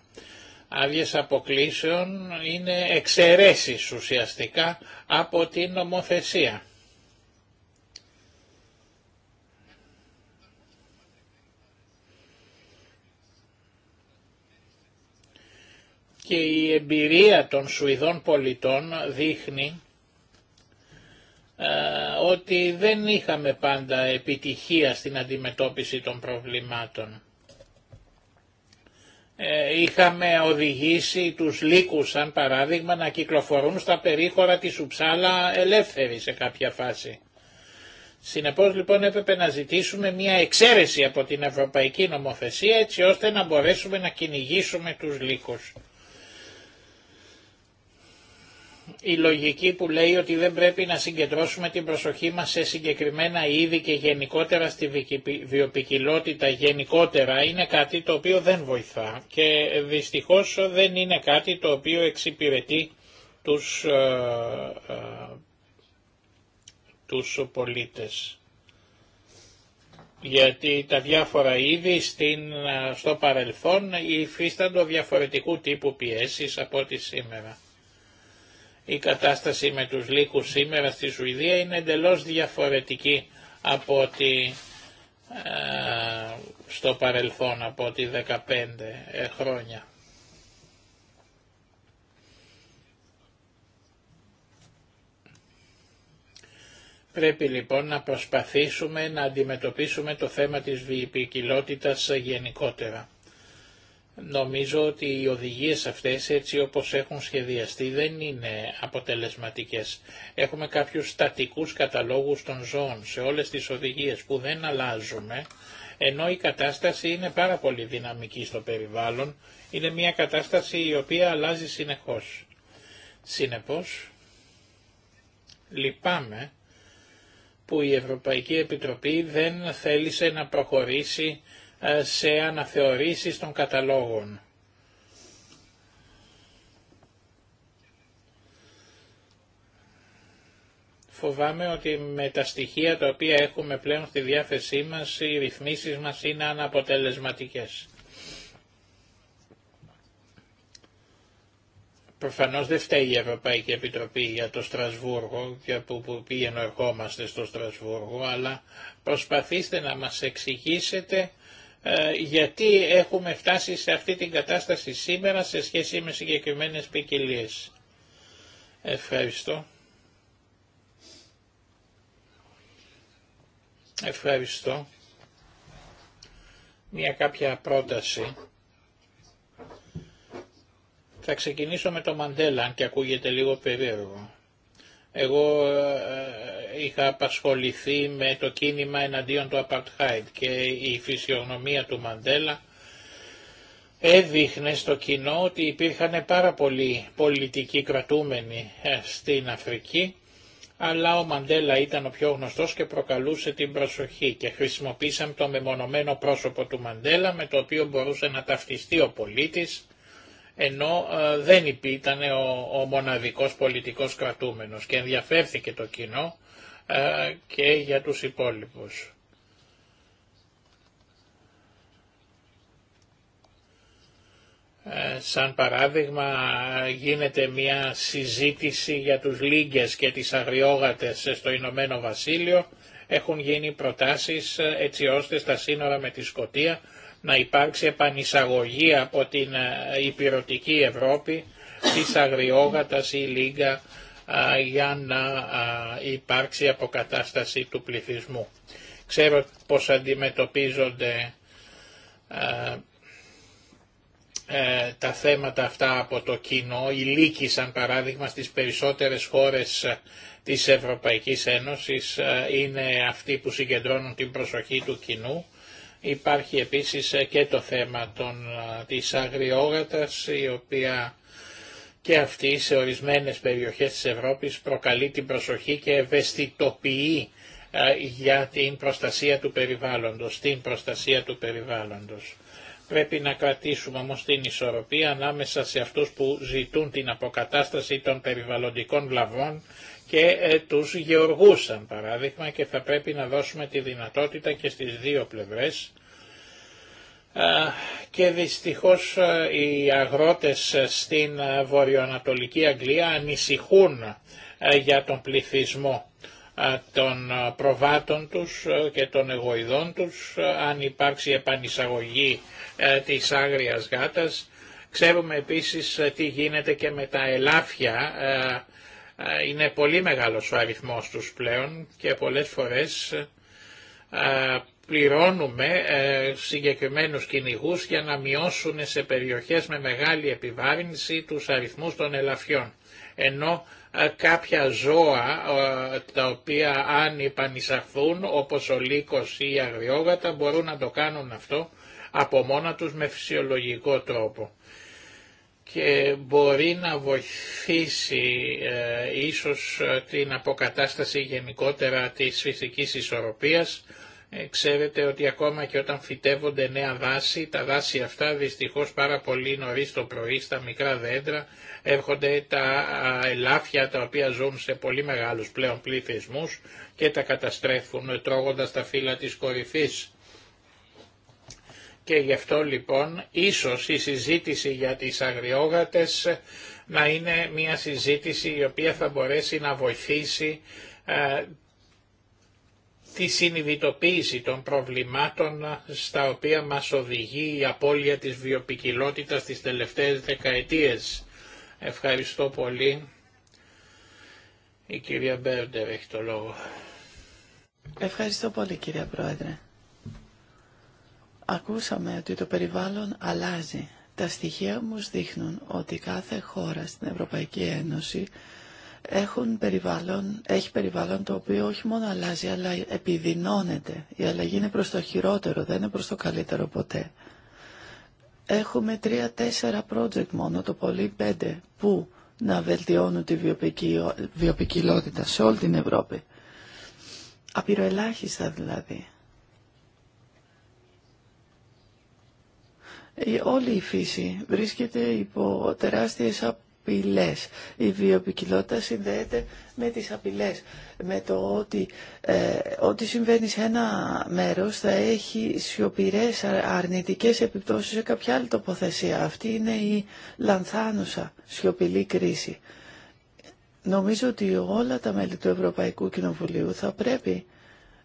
Άδειε αποκλήσεων είναι εξαιρέσεις ουσιαστικά από την νομοθεσία. Και η εμπειρία των Σουηδών πολιτών δείχνει ε, ότι δεν είχαμε πάντα επιτυχία στην αντιμετώπιση των προβλημάτων. Ε, είχαμε οδηγήσει τους λύκους, σαν παράδειγμα, να κυκλοφορούν στα περίχωρα της Ουψάλα ελεύθεροι σε κάποια φάση. Συνεπώς λοιπόν έπρεπε να ζητήσουμε μια εξαίρεση από την Ευρωπαϊκή Νομοθεσία έτσι ώστε να μπορέσουμε να κυνηγήσουμε τους λύκους η λογική που λέει ότι δεν πρέπει να συγκεντρώσουμε την προσοχή μας σε συγκεκριμένα είδη και γενικότερα στη βιοπικιλότητα γενικότερα είναι κάτι το οποίο δεν βοηθά και δυστυχώς δεν είναι κάτι το οποίο εξυπηρετεί τους, ε, ε τους πολίτες. Γιατί τα διάφορα είδη στην, ε, στο παρελθόν υφίσταντο διαφορετικού τύπου πιέσεις από ό,τι σήμερα. Η κατάσταση με τους λύκους σήμερα στη Σουηδία είναι εντελώς διαφορετική από ότι ε, στο παρελθόν, από ότι 15 ε, χρόνια. Πρέπει λοιπόν να προσπαθήσουμε να αντιμετωπίσουμε το θέμα της βιοποικιλότητας γενικότερα. Νομίζω ότι οι οδηγίες αυτές έτσι όπως έχουν σχεδιαστεί δεν είναι αποτελεσματικές. Έχουμε κάποιους στατικούς καταλόγους των ζώων σε όλες τις οδηγίες που δεν αλλάζουμε, ενώ η κατάσταση είναι πάρα πολύ δυναμική στο περιβάλλον, είναι μια κατάσταση η οποία αλλάζει συνεχώς. Συνεπώς, λυπάμαι που η Ευρωπαϊκή Επιτροπή δεν θέλησε να προχωρήσει ε, σε αναθεωρήσεις των καταλόγων. Φοβάμαι ότι με τα στοιχεία τα οποία έχουμε πλέον στη διάθεσή μας οι ρυθμίσεις μας είναι αναποτελεσματικές. Προφανώς δεν φταίει η Ευρωπαϊκή Επιτροπή για το Στρασβούργο και από που πήγαινε ερχόμαστε στο Στρασβούργο, αλλά προσπαθήστε να μας εξηγήσετε ε, γιατί έχουμε φτάσει σε αυτή την κατάσταση σήμερα σε σχέση με συγκεκριμένες ποικιλίε. Ευχαριστώ. Ευχαριστώ. Μια κάποια πρόταση. Θα ξεκινήσω με το Μαντέλα, αν και ακούγεται λίγο περίεργο. Εγώ ε, ε, είχα απασχοληθεί με το κίνημα εναντίον του Απαρτχάιντ και η φυσιογνωμία του Μαντέλα έδειχνε στο κοινό ότι υπήρχαν πάρα πολλοί πολιτικοί κρατούμενοι ε, στην Αφρική αλλά ο Μαντέλα ήταν ο πιο γνωστός και προκαλούσε την προσοχή και χρησιμοποίησαμε το μεμονωμένο πρόσωπο του Μαντέλα με το οποίο μπορούσε να ταυτιστεί ο πολίτης ενώ ε, δεν ήταν ο, ο μοναδικός πολιτικός κρατούμενος και ενδιαφέρθηκε το κοινό ε, και για τους υπόλοιπους. Ε, σαν παράδειγμα γίνεται μια συζήτηση για τους λίγκες και τις αγριόγατες στο Ηνωμένο Βασίλειο. Έχουν γίνει προτάσεις έτσι ώστε στα σύνορα με τη Σκοτία να υπάρξει επανεισαγωγή από την ε, υπηρετική Ευρώπη της αγριόγατας ή λίγα για να υπάρξει αποκατάσταση του πληθυσμού. Ξέρω πως αντιμετωπίζονται ε, τα θέματα αυτά από το κοινό, Οι λύκη σαν παράδειγμα στις περισσότερες χώρες της Ευρωπαϊκής Ένωσης είναι αυτοί που συγκεντρώνουν την προσοχή του κοινού Υπάρχει επίσης ε, και το θέμα των, ε, της αγριόγατας η οποία και αυτή σε ορισμένες περιοχές της Ευρώπης προκαλεί την προσοχή και ευαισθητοποιεί ε, για την προστασία του περιβάλλοντος, την προστασία του περιβάλλοντος. Πρέπει να κρατήσουμε όμως την ισορροπία ανάμεσα σε αυτούς που ζητούν την αποκατάσταση των περιβαλλοντικών βλαβών και ε, τους γεωργούς σαν παράδειγμα και θα πρέπει να δώσουμε τη δυνατότητα και στις δύο πλευρές και δυστυχώς ε, οι αγρότες ε, στην βορειοανατολική Αγγλία ανησυχούν για τον πληθυσμό των προβάτων τους και των εγωιδών τους, αν υπάρξει επανεισαγωγή της άγριας γάτας. Ξέρουμε επίσης τι γίνεται και με τα ελάφια, είναι πολύ μεγάλος ο αριθμός τους πλέον και πολλές φορές πληρώνουμε ε, συγκεκριμένους κυνηγούς για να μειώσουν σε περιοχές με μεγάλη επιβάρυνση τους αριθμούς των ελαφιών. Ενώ κάποια ζώα ε, τα οποία αν υπανισαχθούν όπως ο λύκος ή η αγριόγατα μπορούν να το κάνουν αυτό από μόνα τους με φυσιολογικό τρόπο και μπορεί να βοηθήσει ε, ίσως ε, την αποκατάσταση γενικότερα της φυσικής ισορροπίας ε, ξέρετε ότι ακόμα και όταν φυτεύονται νέα δάση, τα δάση αυτά δυστυχώς πάρα πολύ νωρίς το πρωί στα μικρά δέντρα έρχονται τα ελάφια τα οποία ζουν σε πολύ μεγάλους πλέον πληθυσμούς και τα καταστρέφουν ε, τρώγοντας τα φύλλα της κορυφής. Και γι' αυτό λοιπόν ίσως η συζήτηση για τις αγριόγατες να είναι μια συζήτηση η οποία θα μπορέσει να βοηθήσει ε, τη συνειδητοποίηση των προβλημάτων στα οποία μας οδηγεί η απώλεια της βιοπικιλότητας τις τελευταίες δεκαετίες. Ευχαριστώ πολύ. Η κυρία Μπέρντερ έχει το λόγο. Ευχαριστώ πολύ κυρία Πρόεδρε. Ακούσαμε ότι το περιβάλλον αλλάζει. Τα στοιχεία όμως δείχνουν ότι κάθε χώρα στην Ευρωπαϊκή Ένωση έχουν περιβάλλον, έχει περιβάλλον το οποίο όχι μόνο αλλάζει αλλά επιδεινώνεται. Η αλλαγή είναι προς το χειρότερο, δεν είναι προς το καλύτερο ποτέ. Έχουμε τρία-τέσσερα project μόνο, το πολύ πέντε, που να βελτιώνουν τη βιοπικιλότητα σε όλη την Ευρώπη. Απειροελάχιστα δηλαδή. Όλη η φύση βρίσκεται υπό τεράστιες απειλές. Η βιοπικιλότητα συνδέεται με τις απειλές, με το ότι ε, ό,τι συμβαίνει σε ένα μέρος θα έχει σιωπηρές αρνητικές επιπτώσεις σε κάποια άλλη τοποθεσία. Αυτή είναι η λανθάνουσα σιωπηλή κρίση. Νομίζω ότι όλα τα μέλη του Ευρωπαϊκού Κοινοβουλίου θα πρέπει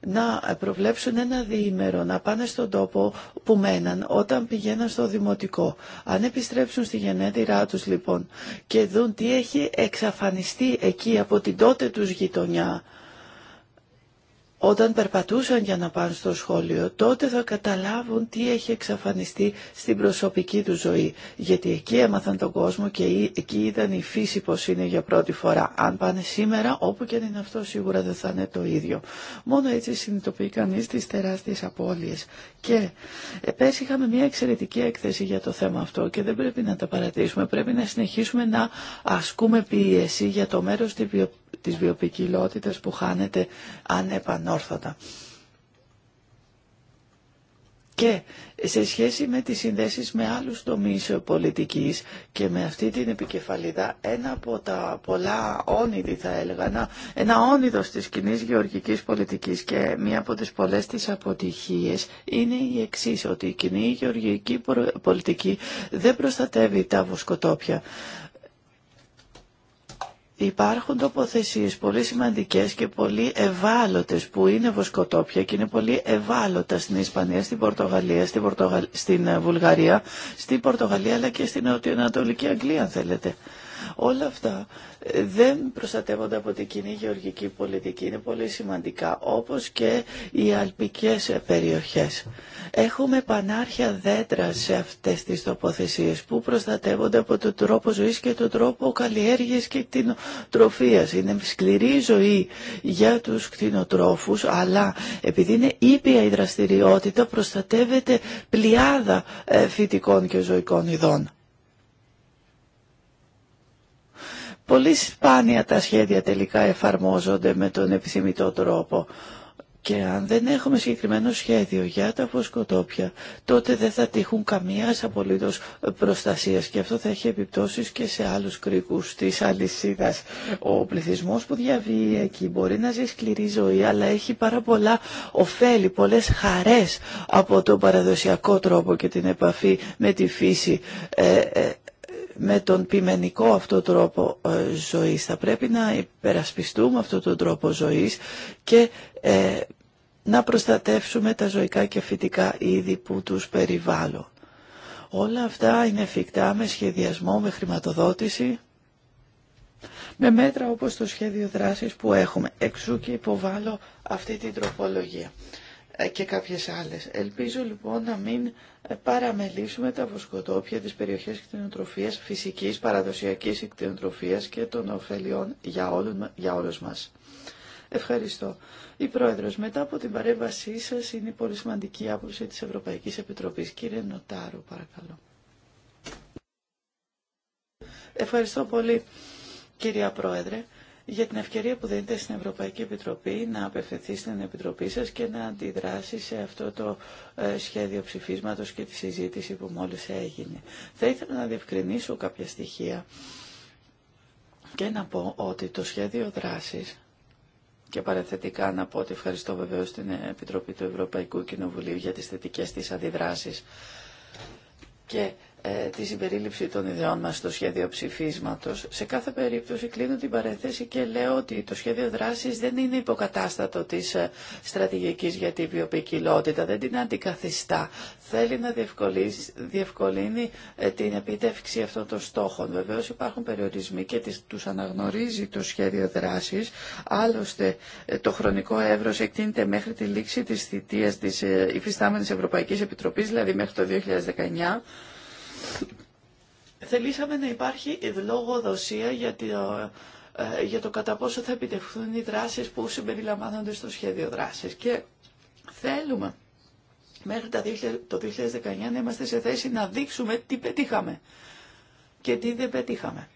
να προβλέψουν ένα διήμερο, να πάνε στον τόπο που μέναν όταν πηγαίναν στο δημοτικό. Αν επιστρέψουν στη γενέτειρά τους λοιπόν και δουν τι έχει εξαφανιστεί εκεί από την τότε τους γειτονιά, όταν περπατούσαν για να πάνε στο σχόλιο, τότε θα καταλάβουν τι έχει εξαφανιστεί στην προσωπική του ζωή. Γιατί εκεί έμαθαν τον κόσμο και εκεί ήταν η φύση πως είναι για πρώτη φορά. Αν πάνε σήμερα, όπου και αν είναι αυτό, σίγουρα δεν θα είναι το ίδιο. Μόνο έτσι συνειδητοποιεί κανείς τις τεράστιες απώλειες. Και ε, πέρσι είχαμε μια εξαιρετική έκθεση για το θέμα αυτό και δεν πρέπει να τα παρατήσουμε. Πρέπει να συνεχίσουμε να ασκούμε πίεση για το μέρος της βιοποικιλότητας που χάνεται ανεπανόρθωτα. Και σε σχέση με τις συνδέσεις με άλλους τομείς πολιτικής και με αυτή την επικεφαλίδα, ένα από τα πολλά όνειδη θα έλεγα, ένα, ένα όνειδος της κοινή γεωργικής πολιτικής και μία από τις πολλές της αποτυχίες είναι η εξή ότι η κοινή γεωργική πολιτική δεν προστατεύει τα βοσκοτόπια. Υπάρχουν τοποθεσίες πολύ σημαντικές και πολύ ευάλωτες που είναι βοσκοτόπια και είναι πολύ ευάλωτα στην Ισπανία, στην Πορτογαλία, στην, στην ε, Βουλγαρία, στην Πορτογαλία αλλά και στην Νοτιοανατολική Αγγλία αν θέλετε. Όλα αυτά ε, δεν προστατεύονται από την κοινή γεωργική πολιτική. Είναι πολύ σημαντικά, όπως και οι αλπικές περιοχές. Έχουμε πανάρχια δέντρα σε αυτές τις τοποθεσίες που προστατεύονται από τον τρόπο ζωής και τον τρόπο καλλιέργειας και κτηνοτροφίας. Είναι σκληρή ζωή για τους κτηνοτρόφους, αλλά επειδή είναι ήπια η δραστηριότητα προστατεύεται πλειάδα ε, φυτικών και ζωικών ειδών. Πολύ σπάνια τα σχέδια τελικά εφαρμόζονται με τον επιθυμητό τρόπο. Και αν δεν έχουμε συγκεκριμένο σχέδιο για τα φωσκοτόπια τότε δεν θα τύχουν καμία απολύτω προστασία. Και αυτό θα έχει επιπτώσει και σε άλλου κρίκου τη αλυσίδα. Ο πληθυσμό που διαβεί εκεί μπορεί να ζει σκληρή ζωή, αλλά έχει πάρα πολλά ωφέλη, πολλέ χαρέ από τον παραδοσιακό τρόπο και την επαφή με τη φύση. Ε, ε, με τον πειμενικό αυτό τρόπο ε, ζωής. Θα πρέπει να υπερασπιστούμε αυτό τον τρόπο ζωής και ε, να προστατεύσουμε τα ζωικά και φυτικά είδη που τους περιβάλλω. Όλα αυτά είναι εφικτά με σχεδιασμό, με χρηματοδότηση, με μέτρα όπως το σχέδιο δράσης που έχουμε. Εξού και υποβάλλω αυτή την τροπολογία. Ε, και κάποιες άλλες. Ελπίζω λοιπόν να μην ε, παραμελήσουμε τα βοσκοτόπια της περιοχής κτηνοτροφίας, φυσικής παραδοσιακής κτηνοτροφίας και των ωφελιών για, όλου για όλους μας. Ευχαριστώ. Η Πρόεδρος, μετά από την παρέμβασή σας είναι η πολύ σημαντική άποψη της Ευρωπαϊκής Επιτροπής. Κύριε Νοτάρου, παρακαλώ. Ευχαριστώ πολύ, κυρία Πρόεδρε για την ευκαιρία που δίνετε στην Ευρωπαϊκή Επιτροπή να απευθυνθεί στην Επιτροπή σας και να αντιδράσει σε αυτό το ε, σχέδιο ψηφίσματος και τη συζήτηση που μόλις έγινε. Θα ήθελα να διευκρινίσω κάποια στοιχεία και να πω ότι το σχέδιο δράσης και παραθετικά να πω ότι ευχαριστώ βεβαίω την Επιτροπή του Ευρωπαϊκού Κοινοβουλίου για τις θετικές της αντιδράσεις και ε, τη συμπερίληψη των ιδεών μας στο σχέδιο ψηφίσματος. Σε κάθε περίπτωση κλείνω την παρένθεση και λέω ότι το σχέδιο δράσης δεν είναι υποκατάστατο της ε, στρατηγικής για την βιοποικιλότητα, δεν την αντικαθιστά. Θέλει να διευκολύνει ε, την επίτευξη αυτών των στόχων. Βεβαίως υπάρχουν περιορισμοί και τους αναγνωρίζει το σχέδιο δράσης. Άλλωστε το χρονικό εύρος εκτείνεται μέχρι τη λήξη της θητείας της υφιστάμενης Ευρωπαϊκής Επιτροπής, δηλαδή μέχρι το 2019 θελήσαμε να υπάρχει λόγοδοσία για το, ε, ε, για το κατά πόσο θα επιτευχθούν οι δράσεις που συμπεριλαμβάνονται στο σχέδιο δράσης. Και θέλουμε μέχρι το 2019 να είμαστε σε θέση να δείξουμε τι πετύχαμε και τι δεν πετύχαμε.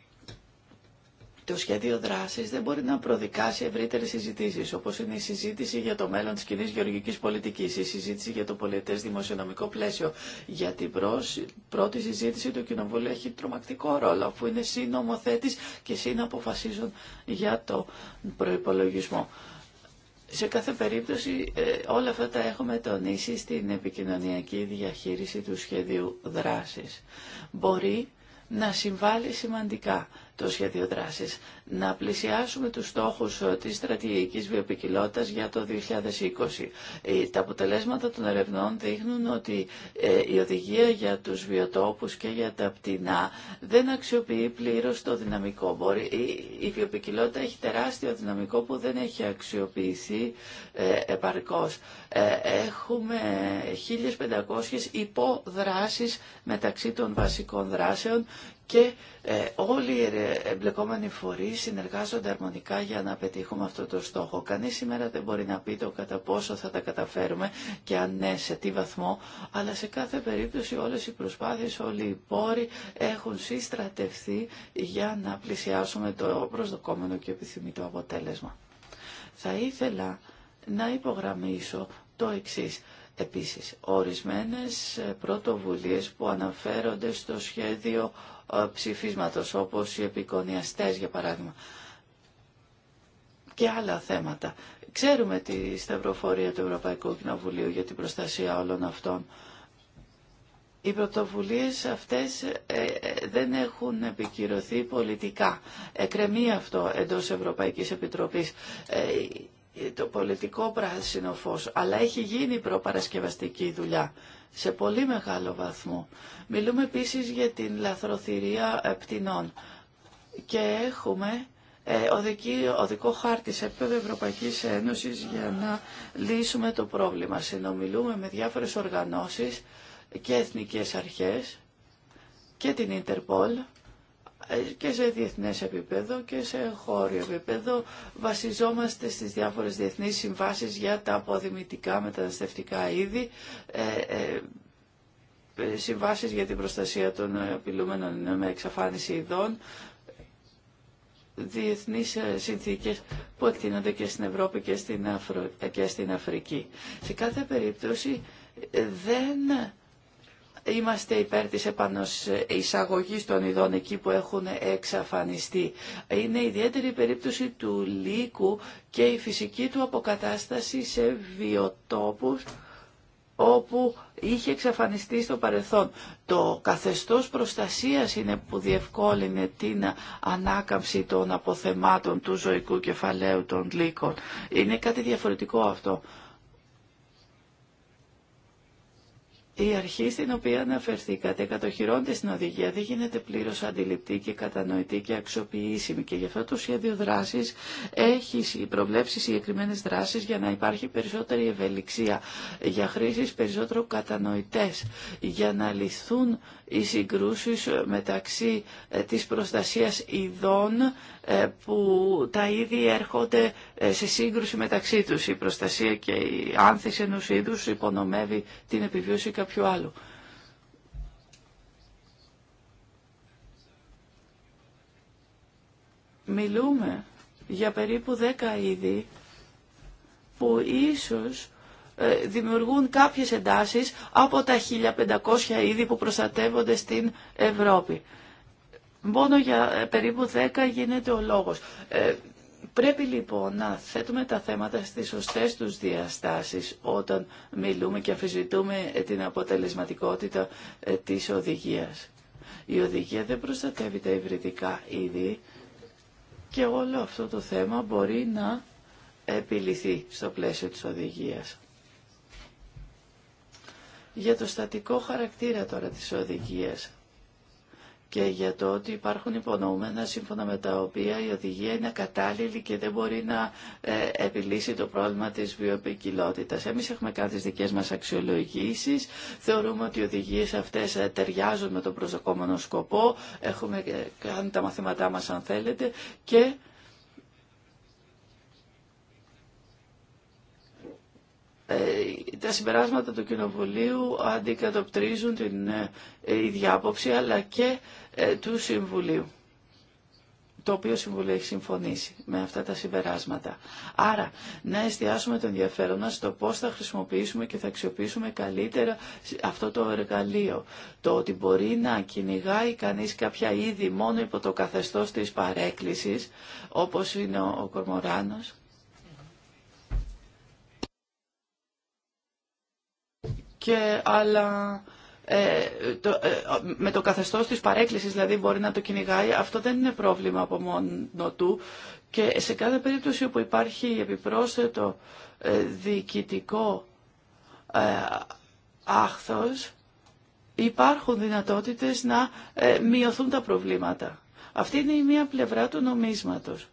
Το σχέδιο δράση δεν μπορεί να προδικάσει ευρύτερε συζητήσει όπω είναι η συζήτηση για το μέλλον τη κοινή γεωργικής Πολιτική, η συζήτηση για το πολιτέ δημοσιονομικό πλαίσιο, γιατί την πρώτη συζήτηση του Κοινοβουλίου έχει τρομακτικό ρόλο, αφού είναι συνομοθέτη και συναποφασίζουν για το προπολογισμό. Σε κάθε περίπτωση ε, όλα αυτά τα έχουμε τονίσει στην επικοινωνιακή διαχείριση του σχεδίου δράση. Μπορεί να συμβάλλει σημαντικά το σχέδιο δράση, Να πλησιάσουμε τους στόχους ε, της στρατηγικής βιοπικιλότητας για το 2020. Ε, τα αποτελέσματα των ερευνών δείχνουν ότι ε, η οδηγία για τους βιοτόπους και για τα πτηνά δεν αξιοποιεί πλήρως το δυναμικό. Η βιοπικιλότητα έχει τεράστιο δυναμικό που δεν έχει αξιοποιηθεί επαρκώς. Έχουμε 1500 υποδράσει μεταξύ των βασικών δράσεων και ε, όλοι οι εμπλεκόμενοι φορείς συνεργάζονται αρμονικά για να πετύχουμε αυτό το στόχο. Κανείς σήμερα δεν μπορεί να πει το κατά πόσο θα τα καταφέρουμε και αν ναι σε τι βαθμό, αλλά σε κάθε περίπτωση όλες οι προσπάθειες, όλοι οι πόροι έχουν σύστρατευθεί για να πλησιάσουμε το προσδοκόμενο και επιθυμητό αποτέλεσμα. Θα ήθελα να υπογραμμίσω το εξή Επίσης, ορισμένες πρωτοβουλίες που αναφέρονται στο σχέδιο ε, ψηφίσματος, όπως οι επικονιαστές για παράδειγμα και άλλα θέματα. Ξέρουμε τη σταυροφορία του Ευρωπαϊκού Κοινοβουλίου για την προστασία όλων αυτών. Οι πρωτοβουλίες αυτές ε, ε, δεν έχουν επικυρωθεί πολιτικά. Εκρεμεί αυτό εντός Ευρωπαϊκής Επιτροπής το πολιτικό πράσινο φως, αλλά έχει γίνει προπαρασκευαστική δουλειά σε πολύ μεγάλο βαθμό. Μιλούμε επίσης για την λαθροθυρία ε, πτηνών και έχουμε ε, οδικό χάρτη σε επίπεδο Ευρωπαϊκής Ένωσης για να λύσουμε το πρόβλημα. Συνομιλούμε με διάφορες οργανώσεις και εθνικές αρχές και την Ιντερπόλ και σε διεθνές επίπεδο και σε χώριο επίπεδο βασιζόμαστε στις διάφορες διεθνείς συμβάσεις για τα αποδημητικά μεταναστευτικά είδη, ε, ε, ε, συμβάσεις για την προστασία των απειλούμενων με εξαφάνιση ειδών, διεθνείς συνθήκες που εκτείνονται και στην Ευρώπη και στην, Αφρο... και στην Αφρική. Σε κάθε περίπτωση δεν Είμαστε υπέρ της εισαγωγής των ειδών εκεί που έχουν εξαφανιστεί. Είναι ιδιαίτερη η περίπτωση του λύκου και η φυσική του αποκατάσταση σε βιοτόπους όπου είχε εξαφανιστεί στο παρελθόν. Το καθεστώς προστασίας είναι που διευκόλυνε την ανάκαμψη των αποθεμάτων του ζωικού κεφαλαίου των λύκων. Είναι κάτι διαφορετικό αυτό. Η αρχή στην οποία αναφερθήκατε κατοχυρώνεται στην οδηγία δεν γίνεται πλήρως αντιληπτή και κατανοητή και αξιοποιήσιμη και γι' αυτό το σχέδιο δράσης έχει προβλέψει συγκεκριμένες δράσεις για να υπάρχει περισσότερη ευελιξία, για χρήσεις περισσότερο κατανοητές, για να λυθούν οι συγκρούσεις μεταξύ ε, της προστασίας ειδών ε, που τα είδη έρχονται ε, σε σύγκρουση μεταξύ τους. Η προστασία και η άνθηση ενός είδους υπονομεύει την επιβίωση κάποιου άλλου. Μιλούμε για περίπου 10 είδη που ίσως ε, δημιουργούν κάποιες εντάσεις από τα 1500 είδη που προστατεύονται στην Ευρώπη. Μόνο για ε, περίπου 10 γίνεται ο λόγος. Ε, πρέπει λοιπόν να θέτουμε τα θέματα στις σωστές τους διαστάσεις όταν μιλούμε και αφιζητούμε την αποτελεσματικότητα της οδηγίας. Η οδηγία δεν προστατεύει τα υβριδικά είδη και όλο αυτό το θέμα μπορεί να επιληθεί στο πλαίσιο της οδηγίας για το στατικό χαρακτήρα τώρα της οδηγίας και για το ότι υπάρχουν υπονοούμενα σύμφωνα με τα οποία η οδηγία είναι κατάλληλη και δεν μπορεί να ε, επιλύσει το πρόβλημα της βιοποικιλότητας. Εμείς έχουμε κάνει τις δικές μας αξιολογήσεις, θεωρούμε ότι οι οδηγίες αυτές ε, ταιριάζουν με τον προσδοκόμενο σκοπό, έχουμε ε, κάνει τα μαθήματά μας αν θέλετε και Ε, τα συμπεράσματα του Κοινοβουλίου αντικατοπτρίζουν την ε, ε, ίδια άποψη αλλά και του Συμβουλίου το οποίο Συμβουλίου έχει συμφωνήσει με αυτά τα συμπεράσματα. Άρα, να εστιάσουμε το ενδιαφέρον μας στο πώς θα χρησιμοποιήσουμε και θα αξιοποιήσουμε καλύτερα αυτό το εργαλείο. Το ότι μπορεί να κυνηγάει κανείς κάποια είδη μόνο υπό το καθεστώς της παρέκκλησης, όπως είναι ο, ο κορμοράνος, και άλλα... Ε, το, ε, με το καθεστώς της παρέκκλησης δηλαδή μπορεί να το κυνηγάει, αυτό δεν είναι πρόβλημα από μόνο του και σε κάθε περίπτωση όπου υπάρχει επιπρόσθετο ε, διοικητικό ε, υπάρχουν δυνατότητες να ε, μειωθούν τα προβλήματα. Αυτή είναι η μία πλευρά του νομίσματος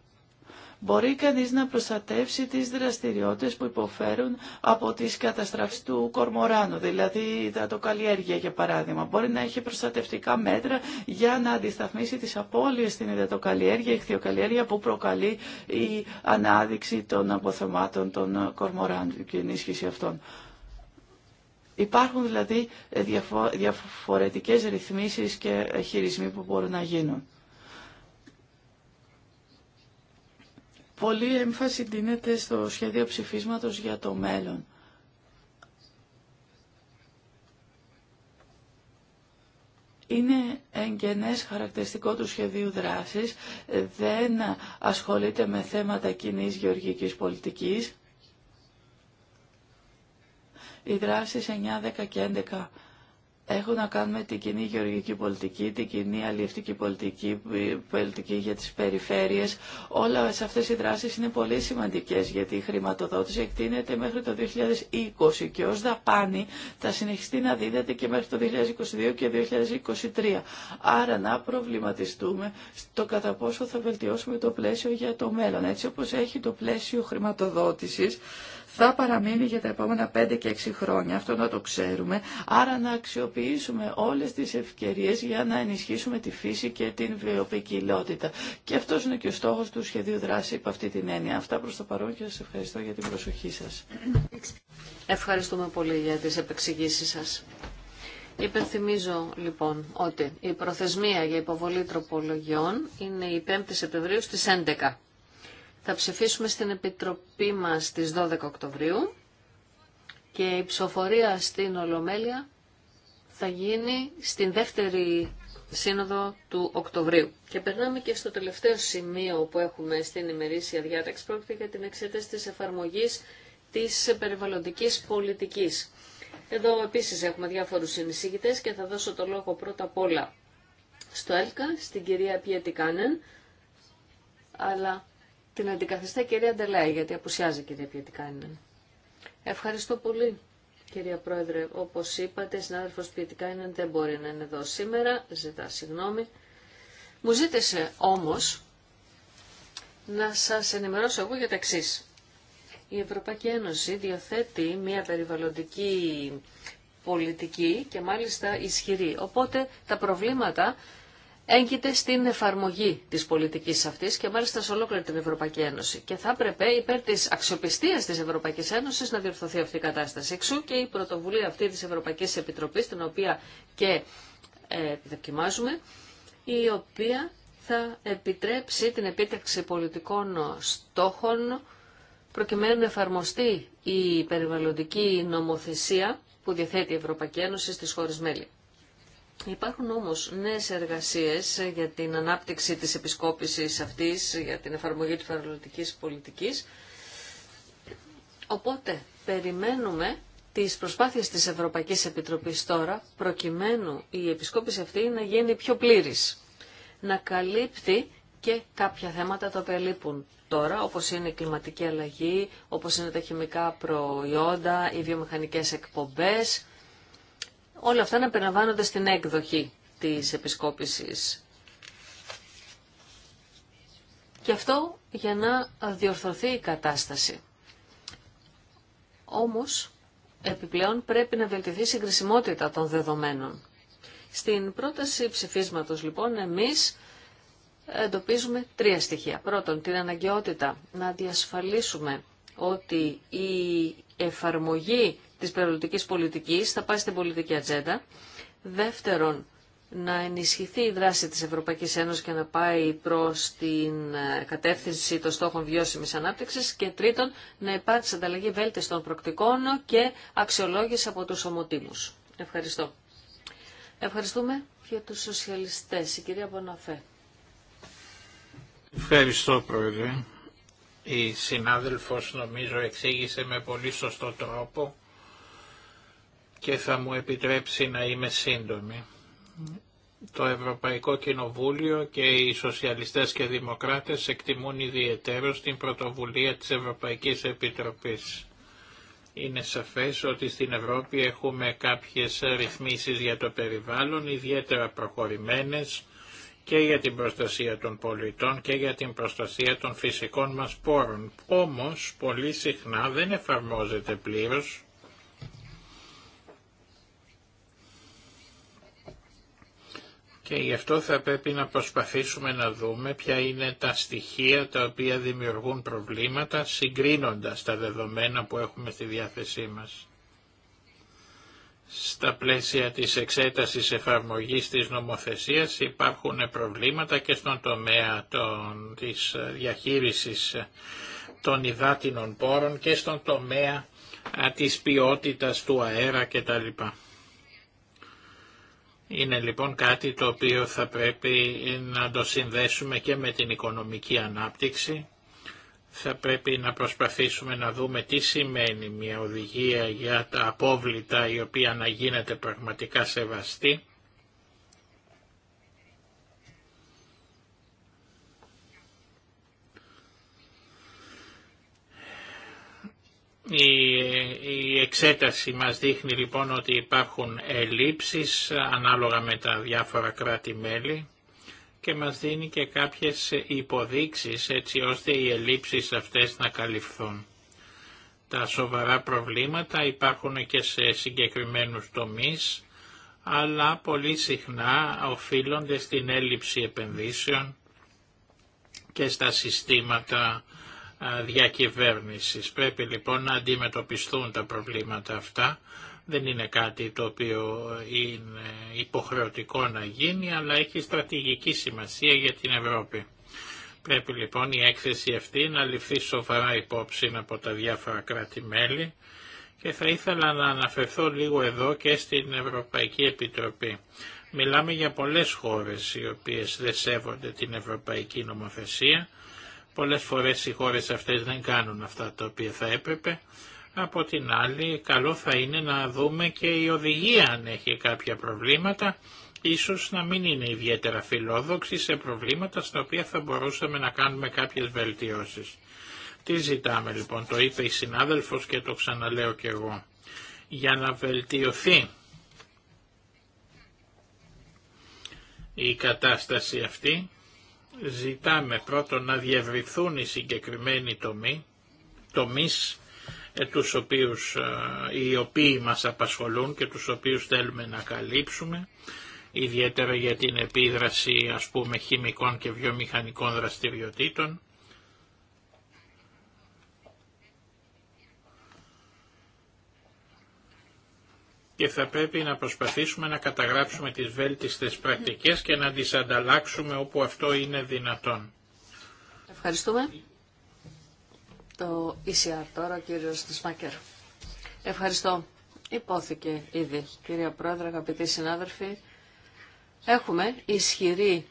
μπορεί κανείς να προστατεύσει τις δραστηριότητες που υποφέρουν από τις καταστραφές του κορμοράνου, δηλαδή η το για παράδειγμα. Μπορεί να έχει προστατευτικά μέτρα για να αντισταθμίσει τις απώλειες στην υδατοκαλλιέργεια, η χθιοκαλλιέργεια που προκαλεί η ανάδειξη των αποθεμάτων των κορμοράνων και η ενίσχυση αυτών. Υπάρχουν δηλαδή διαφορετικές ρυθμίσεις και χειρισμοί που μπορούν να γίνουν. Πολύ έμφαση δίνεται στο σχέδιο ψηφίσματος για το μέλλον. είναι εγγενές χαρακτηριστικό του σχεδίου δράσης, δεν ασχολείται με θέματα κοινή γεωργικής πολιτικής. Οι δράσεις 9, 10 και 11 έχουν να κάνουν με την κοινή γεωργική πολιτική, την κοινή αλληλευτική πολιτική, πολιτική για τις περιφέρειες. Όλα αυτές οι δράσεις είναι πολύ σημαντικές γιατί η χρηματοδότηση εκτείνεται μέχρι το 2020 και ως δαπάνη θα συνεχιστεί να δίδεται και μέχρι το 2022 και 2023. Άρα να προβληματιστούμε στο κατά πόσο θα βελτιώσουμε το πλαίσιο για το μέλλον. Έτσι όπως έχει το πλαίσιο χρηματοδότησης θα παραμείνει για τα επόμενα 5 και 6 χρόνια. Αυτό να το ξέρουμε. Άρα να αξιοποιήσουμε όλες τις ευκαιρίες για να ενισχύσουμε τη φύση και την βιοποικιλότητα. Και αυτός είναι και ο στόχος του σχεδίου δράση υπ' αυτή την έννοια. Αυτά προς το παρόν και σας ευχαριστώ για την προσοχή σας. Ευχαριστούμε πολύ για τις επεξηγήσεις σας. Υπενθυμίζω λοιπόν ότι η προθεσμία για υποβολή τροπολογιών είναι η 5η Σεπτεμβρίου στις 11. Θα ψηφίσουμε στην Επιτροπή μας στις 12 Οκτωβρίου και η ψηφοφορία στην Ολομέλεια θα γίνει στην δεύτερη σύνοδο του Οκτωβρίου. Και περνάμε και στο τελευταίο σημείο που έχουμε στην ημερήσια διάταξη, πρόκειται για την εξέταση της εφαρμογής της περιβαλλοντικής πολιτικής. Εδώ επίσης έχουμε διάφορους συνεισήγητες και θα δώσω το λόγο πρώτα απ' όλα στο ΕΛΚΑ, στην κυρία Πιέτη Κάνεν, αλλά την αντικαθιστά κυρία Ντελέ, γιατί απουσιάζει κυρία Πιετικάνη. Ευχαριστώ πολύ. Κυρία Πρόεδρε, όπως είπατε, συνάδελφος Πιετικάινεν δεν μπορεί να είναι εδώ σήμερα, ζητά συγγνώμη. Μου ζήτησε όμως να σας ενημερώσω εγώ για τα εξή. Η Ευρωπαϊκή Ένωση διαθέτει μια περιβαλλοντική πολιτική και μάλιστα ισχυρή. Οπότε τα προβλήματα έγκυται στην εφαρμογή τη πολιτική αυτή και μάλιστα σε ολόκληρη την Ευρωπαϊκή Ένωση. Και θα έπρεπε υπέρ τη αξιοπιστία τη Ευρωπαϊκή Ένωση να διορθωθεί αυτή η κατάσταση. Εξού και η πρωτοβουλία αυτή τη Ευρωπαϊκή Επιτροπή, την οποία και ε, δοκιμάζουμε, η οποία θα επιτρέψει την επίτευξη πολιτικών στόχων προκειμένου να εφαρμοστεί η περιβαλλοντική νομοθεσία που διαθέτει η Ευρωπαϊκή Ένωση στις χώρες μέλη. Υπάρχουν όμως νέες εργασίες ε, για την ανάπτυξη της επισκόπησης αυτής, για την εφαρμογή της παραλωτικής πολιτικής. Οπότε περιμένουμε τις προσπάθειες της Ευρωπαϊκής Επιτροπής τώρα, προκειμένου η επισκόπηση αυτή να γίνει πιο πλήρης, να καλύπτει και κάποια θέματα τα οποία λείπουν τώρα, όπως είναι η κλιματική αλλαγή, όπως είναι τα χημικά προϊόντα, οι βιομηχανικές εκπομπές, όλα αυτά να περιλαμβάνονται στην έκδοχη της επισκόπησης. Και αυτό για να διορθωθεί η κατάσταση. Όμως, επιπλέον πρέπει να βελτιωθεί η συγκρισιμότητα των δεδομένων. Στην πρόταση ψηφίσματος, λοιπόν, εμείς εντοπίζουμε τρία στοιχεία. Πρώτον, την αναγκαιότητα να διασφαλίσουμε ότι η εφαρμογή της περιοριστική πολιτικής θα πάει στην πολιτική ατζέντα. Δεύτερον, να ενισχυθεί η δράση της Ευρωπαϊκής Ένωσης και να πάει προς την ε, κατεύθυνση των στόχων βιώσιμης ανάπτυξης και τρίτον να υπάρξει ανταλλαγή βέλτιστων προκτικών και αξιολόγηση από τους ομοτήμους. Ευχαριστώ. Ευχαριστούμε για τους σοσιαλιστές. Η κυρία Μποναφέ. Ευχαριστώ Πρόεδρε. Η συνάδελφος νομίζω εξήγησε με πολύ σωστό τρόπο και θα μου επιτρέψει να είμαι σύντομη. Το Ευρωπαϊκό Κοινοβούλιο και οι σοσιαλιστές και δημοκράτες εκτιμούν ιδιαιτέρως την πρωτοβουλία της Ευρωπαϊκής Επιτροπής. Είναι σαφές ότι στην Ευρώπη έχουμε κάποιες ρυθμίσεις για το περιβάλλον, ιδιαίτερα προχωρημένες και για την προστασία των πολιτών και για την προστασία των φυσικών μας πόρων. Όμως, πολύ συχνά δεν εφαρμόζεται πλήρως Και γι' αυτό θα πρέπει να προσπαθήσουμε να δούμε ποια είναι τα στοιχεία τα οποία δημιουργούν προβλήματα συγκρίνοντας τα δεδομένα που έχουμε στη διάθεσή μας. Στα πλαίσια της εξέτασης εφαρμογής της νομοθεσίας υπάρχουν προβλήματα και στον τομέα των, της διαχείρισης των υδάτινων πόρων και στον τομέα της ποιότητας του αέρα κτλ. Είναι λοιπόν κάτι το οποίο θα πρέπει να το συνδέσουμε και με την οικονομική ανάπτυξη. Θα πρέπει να προσπαθήσουμε να δούμε τι σημαίνει μια οδηγία για τα απόβλητα η οποία να γίνεται πραγματικά σεβαστή Η, εξέταση μας δείχνει λοιπόν ότι υπάρχουν ελλείψεις ανάλογα με τα διάφορα κράτη-μέλη και μας δίνει και κάποιες υποδείξεις έτσι ώστε οι ελλείψεις αυτές να καλυφθούν. Τα σοβαρά προβλήματα υπάρχουν και σε συγκεκριμένους τομείς, αλλά πολύ συχνά οφείλονται στην έλλειψη επενδύσεων και στα συστήματα διακυβέρνησης. Πρέπει λοιπόν να αντιμετωπιστούν τα προβλήματα αυτά. Δεν είναι κάτι το οποίο είναι υποχρεωτικό να γίνει, αλλά έχει στρατηγική σημασία για την Ευρώπη. Πρέπει λοιπόν η έκθεση αυτή να ληφθεί σοβαρά υπόψη από τα διάφορα κράτη-μέλη και θα ήθελα να αναφερθώ λίγο εδώ και στην Ευρωπαϊκή Επιτροπή. Μιλάμε για πολλές χώρες οι οποίες δεν σέβονται την Ευρωπαϊκή Νομοθεσία Πολλές φορές οι χώρες αυτές δεν κάνουν αυτά τα οποία θα έπρεπε. Από την άλλη, καλό θα είναι να δούμε και η οδηγία αν έχει κάποια προβλήματα, ίσως να μην είναι ιδιαίτερα φιλόδοξη σε προβλήματα στα οποία θα μπορούσαμε να κάνουμε κάποιες βελτιώσεις. Τι ζητάμε λοιπόν, το είπε η συνάδελφος και το ξαναλέω και εγώ. Για να βελτιωθεί η κατάσταση αυτή, Ζητάμε πρώτον να διευρυθούν οι συγκεκριμένοι τομεί, τομείς ε, τους οποίους, ε, οι οποίοι μας απασχολούν και τους οποίους θέλουμε να καλύψουμε, ιδιαίτερα για την επίδραση ας πούμε χημικών και βιομηχανικών δραστηριοτήτων και θα πρέπει να προσπαθήσουμε να καταγράψουμε τις βέλτιστες πρακτικές και να τις ανταλλάξουμε όπου αυτό είναι δυνατόν. Ευχαριστούμε. Το ECR τώρα, ο κύριος Τσμάκερ. Ευχαριστώ. Υπόθηκε ήδη, κυρία Πρόεδρε, αγαπητοί συνάδελφοι. Έχουμε ισχυρή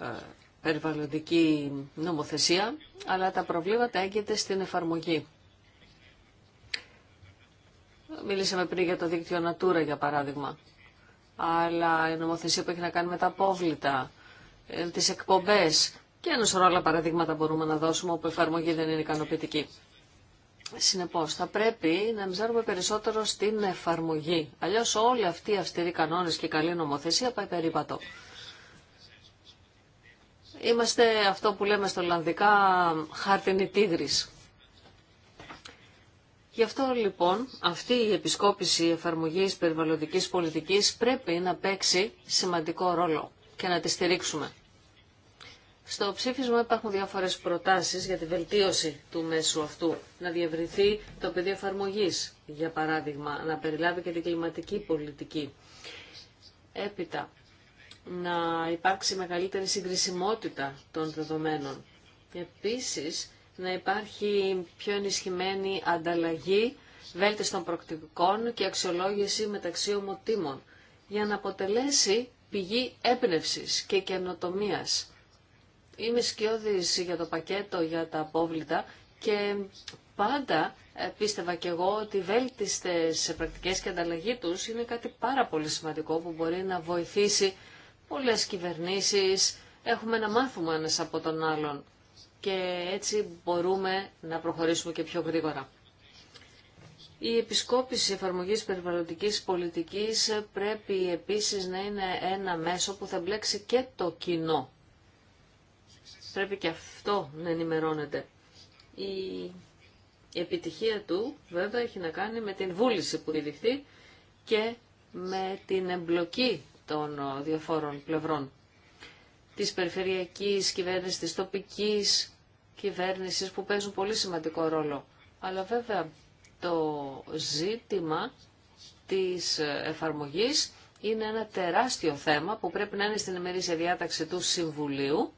ε, περιβαλλοντική νομοθεσία, αλλά τα προβλήματα έγκυται στην εφαρμογή. Μιλήσαμε πριν για το δίκτυο Natura, για παράδειγμα. Αλλά η νομοθεσία που έχει να κάνει με τα απόβλητα, ε, τις εκπομπές και ένα σωρό άλλα παραδείγματα μπορούμε να δώσουμε όπου η εφαρμογή δεν είναι ικανοποιητική. Συνεπώς, θα πρέπει να μιζάρουμε περισσότερο στην εφαρμογή. Αλλιώς όλοι αυτοί οι αυστηροί κανόνες και η καλή νομοθεσία πάει περίπατο. Είμαστε αυτό που λέμε στο Ολλανδικά χάρτινοι τίγρης. Γι' αυτό λοιπόν αυτή η επισκόπηση εφαρμογής περιβαλλοντικής πολιτικής πρέπει να παίξει σημαντικό ρόλο και να τη στηρίξουμε. Στο ψήφισμα υπάρχουν διάφορες προτάσεις για τη βελτίωση του μέσου αυτού. Να διευρυνθεί το πεδίο εφαρμογή, για παράδειγμα, να περιλάβει και την κλιματική πολιτική. Έπειτα, να υπάρξει μεγαλύτερη συγκρισιμότητα των δεδομένων. Επίσης, να υπάρχει πιο ενισχυμένη ανταλλαγή βέλτιστων προκτικών και αξιολόγηση μεταξύ ομοτήμων για να αποτελέσει πηγή έπνευσης και καινοτομίας. Είμαι σκιώδης για το πακέτο για τα απόβλητα και πάντα ε, πίστευα και εγώ ότι βέλτιστες πρακτικές και ανταλλαγή τους είναι κάτι πάρα πολύ σημαντικό που μπορεί να βοηθήσει πολλές κυβερνήσεις. Έχουμε να μάθουμε ένας από τον άλλον και έτσι μπορούμε να προχωρήσουμε και πιο γρήγορα. Η επισκόπηση εφαρμογής περιβαλλοντικής πολιτικής πρέπει επίσης να είναι ένα μέσο που θα μπλέξει και το κοινό. Πρέπει και αυτό να ενημερώνεται. Η επιτυχία του βέβαια έχει να κάνει με την βούληση που διδειχθεί και με την εμπλοκή των διαφόρων πλευρών της περιφερειακής κυβέρνησης, της τοπικής κυβέρνησης που παίζουν πολύ σημαντικό ρόλο. Αλλά βέβαια το ζήτημα της εφαρμογής είναι ένα τεράστιο θέμα που πρέπει να είναι στην ημερήσια διάταξη του Συμβουλίου.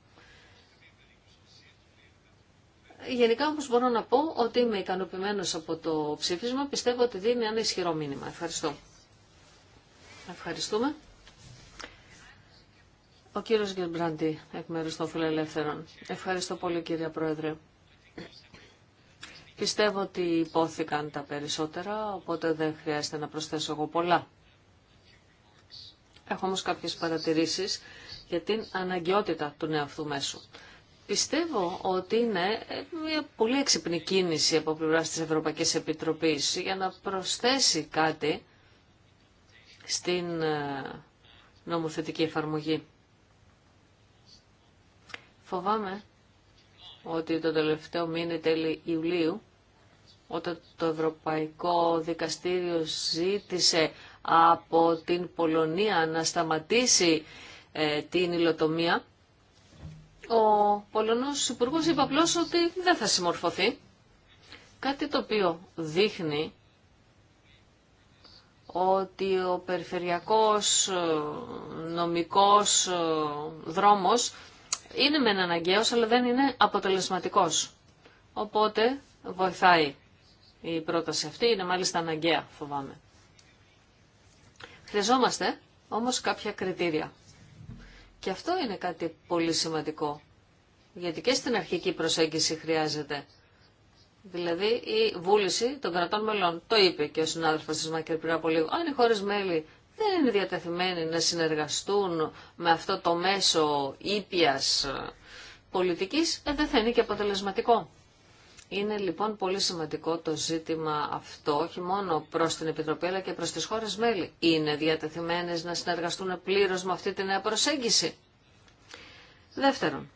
Γενικά όμως μπορώ να πω ότι είμαι ικανοποιημένος από το ψήφισμα. Πιστεύω ότι δίνει ένα ισχυρό μήνυμα. Ευχαριστώ. Ευχαριστούμε. Ο κύριος Γερμπραντή, εκ μέρους των Φιλελεύθερων. Ευχαριστώ πολύ κύριε Πρόεδρε. Πιστεύω ότι υπόθηκαν τα περισσότερα, οπότε δεν χρειάζεται να προσθέσω εγώ πολλά. Έχω όμως κάποιες παρατηρήσεις για την αναγκαιότητα του νέου αυτού μέσου. Πιστεύω ότι είναι ε, μια πολύ έξυπνη κίνηση από πλευρά της Ευρωπαϊκής Επιτροπής για να προσθέσει κάτι στην ε, νομοθετική εφαρμογή. Φοβάμαι ότι το τελευταίο μήνα τέλη Ιουλίου, όταν το Ευρωπαϊκό Δικαστήριο ζήτησε από την Πολωνία να σταματήσει ε, την υλοτομία, ο Πολωνός υπουργό είπε απλώ ότι δεν θα συμμορφωθεί. Κάτι το οποίο δείχνει ότι ο περιφερειακός ε, νομικός ε, δρόμος είναι μεν αναγκαίο αλλά δεν είναι αποτελεσματικό. Οπότε βοηθάει η πρόταση αυτή, είναι μάλιστα αναγκαία, φοβάμαι. Χρειαζόμαστε όμω κάποια κριτήρια. Και αυτό είναι κάτι πολύ σημαντικό, γιατί και στην αρχική προσέγγιση χρειάζεται. Δηλαδή η βούληση των κρατών μελών. Το είπε και ο συνάδελφο τη Μακερ πριν από λίγο. Αν οι χώρε μέλη δεν είναι διατεθειμένοι να συνεργαστούν με αυτό το μέσο ήπιας πολιτικής, ε, δεν θα είναι και αποτελεσματικό. Είναι λοιπόν πολύ σημαντικό το ζήτημα αυτό, όχι μόνο προς την Επιτροπή, αλλά και προς τις χώρες μέλη. Είναι διατεθειμένες να συνεργαστούν πλήρω με αυτή τη νέα προσέγγιση. Δεύτερον,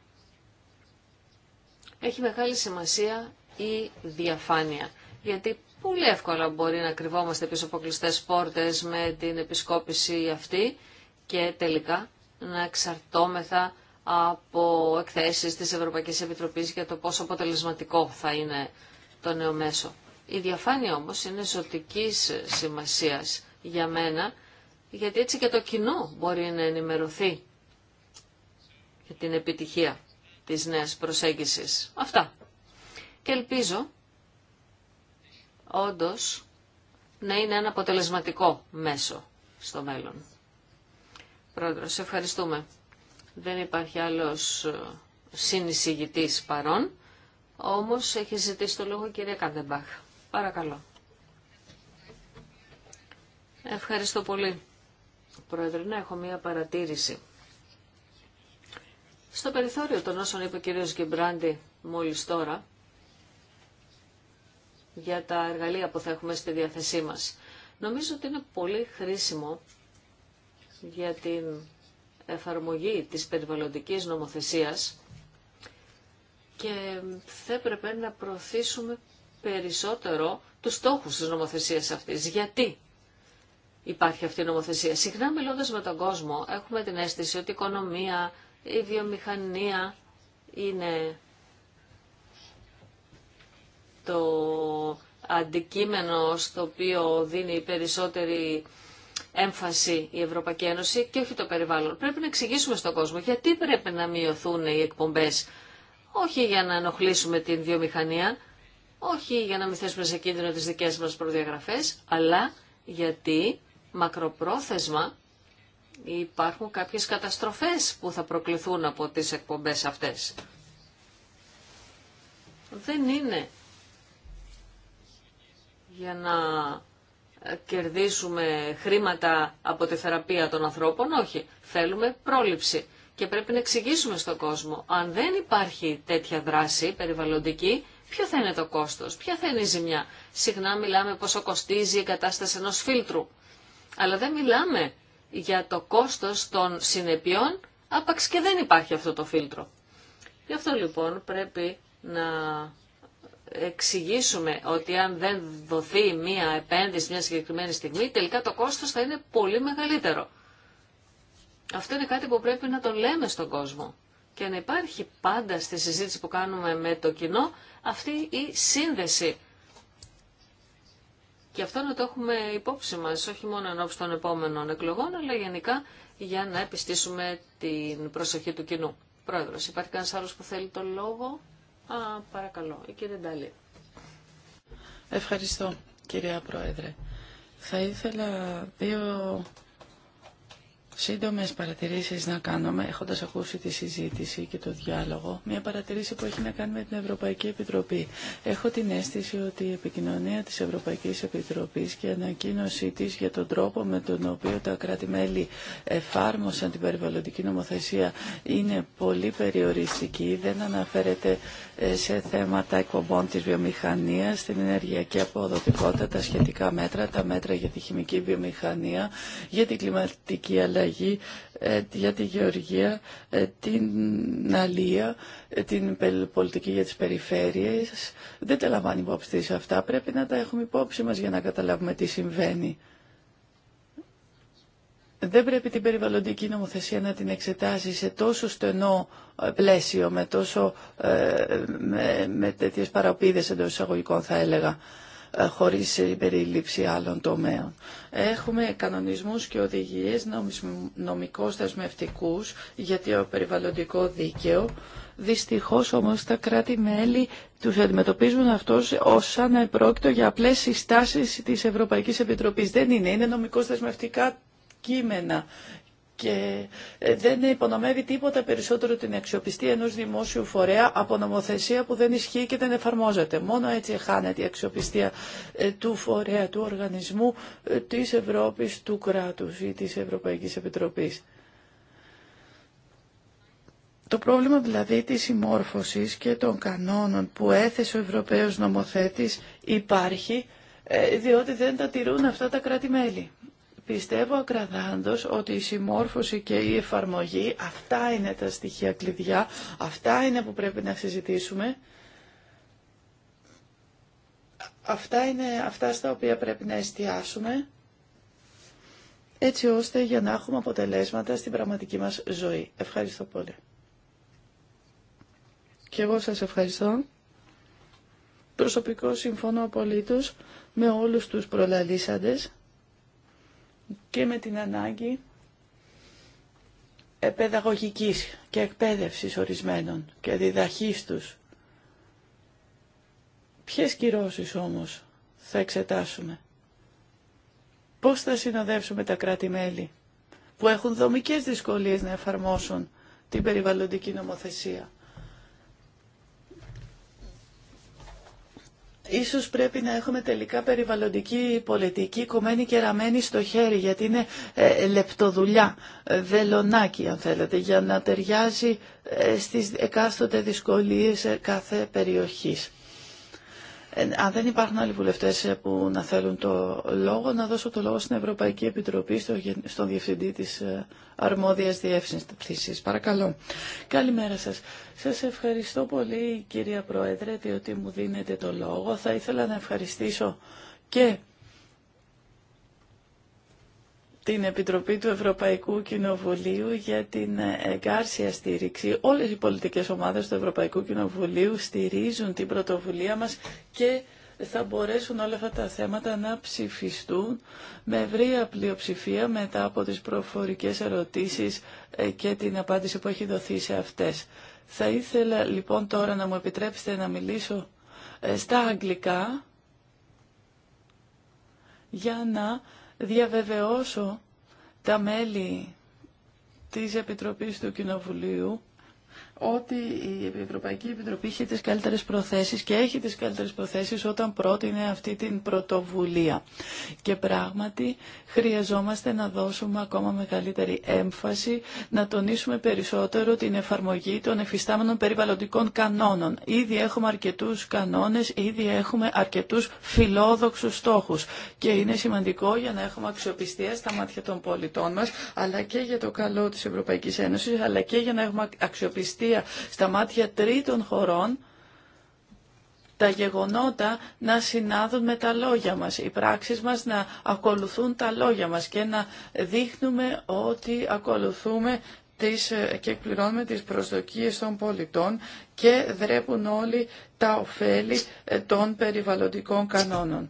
έχει μεγάλη σημασία η διαφάνεια, γιατί Πολύ εύκολα μπορεί να κρυβόμαστε πίσω από κλειστέ πόρτες με την επισκόπηση αυτή και τελικά να εξαρτώμεθα από εκθέσεις της Ευρωπαϊκής Επιτροπής για το πόσο αποτελεσματικό θα είναι το νέο μέσο. Η διαφάνεια όμως είναι ζωτικής σημασίας για μένα, γιατί έτσι και το κοινό μπορεί να ενημερωθεί για την επιτυχία της νέας προσέγγισης. Αυτά. Και ελπίζω όντως να είναι ένα αποτελεσματικό μέσο στο μέλλον. Πρόεδρο, σε ευχαριστούμε. Δεν υπάρχει άλλος ε, συνεισηγητής παρόν, όμως έχει ζητήσει το λόγο η κυρία Κάντεμπαχ. Παρακαλώ. Ευχαριστώ πολύ. Πρόεδρε, να έχω μία παρατήρηση. Στο περιθώριο των όσων είπε ο κύριος μόλις τώρα, για τα εργαλεία που θα έχουμε στη διάθεσή μας. Νομίζω ότι είναι πολύ χρήσιμο για την εφαρμογή της περιβαλλοντικής νομοθεσίας και θα έπρεπε να προωθήσουμε περισσότερο τους στόχους της νομοθεσίας αυτής. Γιατί υπάρχει αυτή η νομοθεσία. Συχνά μιλώντας με τον κόσμο έχουμε την αίσθηση ότι η οικονομία, η βιομηχανία είναι το αντικείμενο στο οποίο δίνει περισσότερη έμφαση η Ευρωπαϊκή Ένωση και όχι το περιβάλλον. Πρέπει να εξηγήσουμε στον κόσμο γιατί πρέπει να μειωθούν οι εκπομπές. Όχι για να ενοχλήσουμε την βιομηχανία, όχι για να μην θέσουμε σε κίνδυνο τις δικές μας προδιαγραφές, αλλά γιατί μακροπρόθεσμα υπάρχουν κάποιες καταστροφές που θα προκληθούν από τις εκπομπές αυτές. Δεν είναι για να ε, κερδίσουμε χρήματα από τη θεραπεία των ανθρώπων. Όχι, θέλουμε πρόληψη. Και πρέπει να εξηγήσουμε στον κόσμο, αν δεν υπάρχει τέτοια δράση περιβαλλοντική, ποιο θα είναι το κόστος, ποια θα είναι η ζημιά. Συχνά μιλάμε πόσο κοστίζει η κατάσταση ενός φίλτρου. Αλλά δεν μιλάμε για το κόστος των συνεπειών, άπαξ και δεν υπάρχει αυτό το φίλτρο. Γι' αυτό λοιπόν πρέπει να εξηγήσουμε ότι αν δεν δοθεί μία επένδυση μια συγκεκριμένη στιγμή, τελικά το κόστος θα είναι πολύ μεγαλύτερο. Αυτό είναι κάτι που πρέπει να το λέμε στον κόσμο και να υπάρχει πάντα στη συζήτηση που κάνουμε με το κοινό αυτή η σύνδεση. Και αυτό να το έχουμε υπόψη μας, όχι μόνο ενώπιση των επόμενων εκλογών, αλλά γενικά για να επιστήσουμε την προσοχή του κοινού. Πρόεδρος, υπάρχει κανένας άλλος που θέλει το λόγο. Α, παρακαλώ, η κύριε Ντάλη. Ευχαριστώ, κυρία Πρόεδρε. Θα ήθελα δύο σύντομες παρατηρήσεις να κάνουμε, έχοντας ακούσει τη συζήτηση και το διάλογο, μια παρατηρήση που έχει να κάνει με την Ευρωπαϊκή Επιτροπή. Έχω την αίσθηση ότι η επικοινωνία της Ευρωπαϊκής Επιτροπής και η ανακοίνωσή της για τον τρόπο με τον οποίο τα κράτη-μέλη εφάρμοσαν την περιβαλλοντική νομοθεσία είναι πολύ περιοριστική, δεν αναφέρεται ε, σε θέματα εκπομπών της βιομηχανίας, στην ενεργειακή αποδοτικότητα, τα σχετικά μέτρα, τα μέτρα για τη χημική βιομηχανία, για την κλιματική αλλαγή ε, για τη γεωργία, ε, την αλία, ε, την πολιτική για τις περιφέρειες. Δεν τα λαμβάνει υπόψη σε αυτά. Πρέπει να τα έχουμε υπόψη μας για να καταλάβουμε τι συμβαίνει. Δεν πρέπει την περιβαλλοντική νομοθεσία να την εξετάσει σε τόσο στενό πλαίσιο, με, τόσο, με, με τέτοιες παραπίδες εντός εισαγωγικών θα έλεγα. Ε, χωρίς περίληψη άλλων τομέων. Έχουμε κανονισμούς και οδηγίες νομικώς δεσμευτικούς για το περιβαλλοντικό δίκαιο. Δυστυχώς όμως τα κράτη-μέλη τους αντιμετωπίζουν αυτός ως σαν να πρόκειται για απλές συστάσεις της Ευρωπαϊκής Επιτροπής. Δεν είναι, είναι νομικώς δεσμευτικά κείμενα και ε, δεν υπονομεύει τίποτα περισσότερο την αξιοπιστία ενός δημόσιου φορέα από νομοθεσία που δεν ισχύει και δεν εφαρμόζεται. Μόνο έτσι χάνεται η αξιοπιστία ε, του φορέα, του οργανισμού ε, της Ευρώπης, του κράτους ή της Ευρωπαϊκής Επιτροπής. Το πρόβλημα δηλαδή της συμμόρφωσης και των κανόνων που έθεσε ο Ευρωπαίος νομοθέτης υπάρχει διότι δεν τα τηρούν αυτά τα κράτη-μέλη. Πιστεύω ακραδάντως ότι η συμμόρφωση και η εφαρμογή, αυτά είναι τα στοιχεία κλειδιά, αυτά είναι που πρέπει να συζητήσουμε. Αυτά είναι αυτά στα οποία πρέπει να εστιάσουμε, έτσι ώστε για να έχουμε αποτελέσματα στην πραγματική μας ζωή. Ευχαριστώ πολύ. Και εγώ σας ευχαριστώ. Προσωπικό συμφωνώ απολύτως με όλους τους προλαλήσαντες και με την ανάγκη επαιδαγωγικής και εκπαίδευσης ορισμένων και διδαχής τους. Ποιες κυρώσεις όμως θα εξετάσουμε. Πώς θα συνοδεύσουμε τα κράτη-μέλη που έχουν δομικές δυσκολίες να εφαρμόσουν την περιβαλλοντική νομοθεσία. Ίσως πρέπει να έχουμε τελικά περιβαλλοντική πολιτική κομμένη και ραμμένη στο χέρι γιατί είναι ε, λεπτοδουλιά, ε, βελονάκι αν θέλετε για να ταιριάζει ε, στις εκάστοτε δυσκολίες κάθε περιοχής. Ε, αν δεν υπάρχουν άλλοι βουλευτέ ε, που να θέλουν το λόγο, να δώσω το λόγο στην Ευρωπαϊκή Επιτροπή, στο, στον Διευθυντή της ε, Αρμόδιας Διεύθυνσης. Παρακαλώ. Καλημέρα σας. Σας ευχαριστώ πολύ κυρία Πρόεδρε, διότι μου δίνετε το λόγο. Θα ήθελα να ευχαριστήσω και την Επιτροπή του Ευρωπαϊκού Κοινοβουλίου για την εγκάρσια στήριξη. Όλες οι πολιτικές ομάδες του Ευρωπαϊκού Κοινοβουλίου στηρίζουν την πρωτοβουλία μας και θα μπορέσουν όλα αυτά τα θέματα να ψηφιστούν με ευρία πλειοψηφία μετά από τις προφορικές ερωτήσεις ε, και την απάντηση που έχει δοθεί σε αυτές. Θα ήθελα λοιπόν τώρα να μου επιτρέψετε να μιλήσω ε, στα αγγλικά για να διαβεβαιώσω τα μέλη της Επιτροπής του Κοινοβουλίου ότι η Ευρωπαϊκή Επιτροπή είχε τις καλύτερες προθέσεις και έχει τις καλύτερες προθέσεις όταν πρότεινε αυτή την πρωτοβουλία. Και πράγματι χρειαζόμαστε να δώσουμε ακόμα μεγαλύτερη έμφαση, να τονίσουμε περισσότερο την εφαρμογή των εφιστάμενων περιβαλλοντικών κανόνων. Ήδη έχουμε αρκετούς κανόνες, ήδη έχουμε αρκετούς φιλόδοξους στόχους και είναι σημαντικό για να έχουμε αξιοπιστία στα μάτια των πολιτών μας, αλλά και για το καλό της Ευρωπαϊκής Ένωσης, αλλά και για να έχουμε αξιοπιστία στα μάτια τρίτων χωρών, τα γεγονότα να συνάδουν με τα λόγια μας, οι πράξεις μας να ακολουθούν τα λόγια μας και να δείχνουμε ότι ακολουθούμε τις, και εκπληρώνουμε τις προσδοκίες των πολιτών και δρέπουν όλοι τα ωφέλη των περιβαλλοντικών κανόνων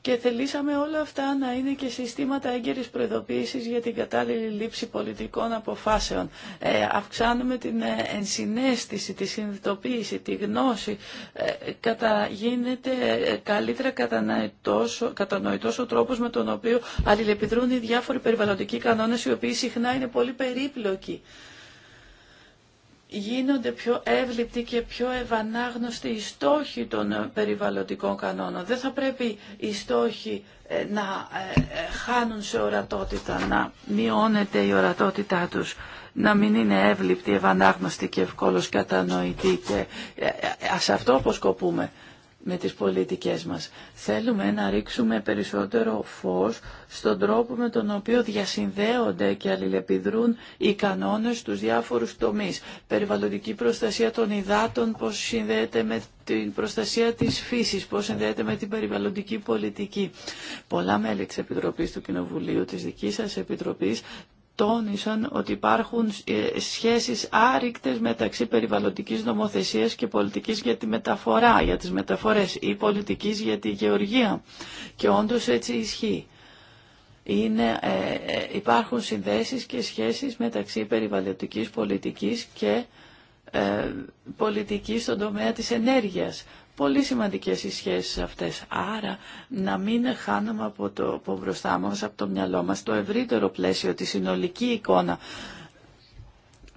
και θελήσαμε όλα αυτά να είναι και συστήματα έγκαιρης προειδοποίησης για την κατάλληλη λήψη πολιτικών αποφάσεων. Ε, αυξάνουμε την ε, ενσυναίσθηση, τη συνειδητοποίηση, τη γνώση. Ε, κατα, γίνεται ε, καλύτερα κατανοητός, κατανοητός ο τρόπος με τον οποίο αλληλεπιδρούν οι διάφοροι περιβαλλοντικοί κανόνες, οι οποίοι συχνά είναι πολύ περίπλοκοι γίνονται πιο εύληπτοι και πιο ευανάγνωστοι οι στόχοι των ε, περιβαλλοντικών κανόνων. Δεν θα πρέπει οι στόχοι ε, να ε, χάνουν σε ορατότητα, να μειώνεται η ορατότητά τους, να μην είναι εύληπτοι, ευανάγνωστοι και ευκόλως κατανοητοί και σε αυτό αποσκοπούμε με τις πολιτικές μας. Θέλουμε να ρίξουμε περισσότερο φως στον τρόπο με τον οποίο διασυνδέονται και αλληλεπιδρούν οι κανόνες στους διάφορους τομείς. Περιβαλλοντική προστασία των υδάτων, πώς συνδέεται με την προστασία της φύσης, πώς συνδέεται με την περιβαλλοντική πολιτική. Πολλά μέλη της Επιτροπής του Κοινοβουλίου, της δικής σας Επιτροπής, τόνισαν ότι υπάρχουν ε, σχέσεις άρρηκτες μεταξύ περιβαλλοντικής νομοθεσίας και πολιτικής για τη μεταφορά, για τις μεταφορές ή πολιτικής για τη γεωργία. Και όντως έτσι ισχύει. Ε, ε, υπάρχουν συνδέσεις και σχέσεις μεταξύ περιβαλλοντικής πολιτικής και ε, πολιτικής στον τομέα της ενέργειας. Πολύ σημαντικές οι σχέσεις αυτές. Άρα να μην χάνουμε από, το, από μπροστά μας, από το μυαλό μας, το ευρύτερο πλαίσιο, τη συνολική εικόνα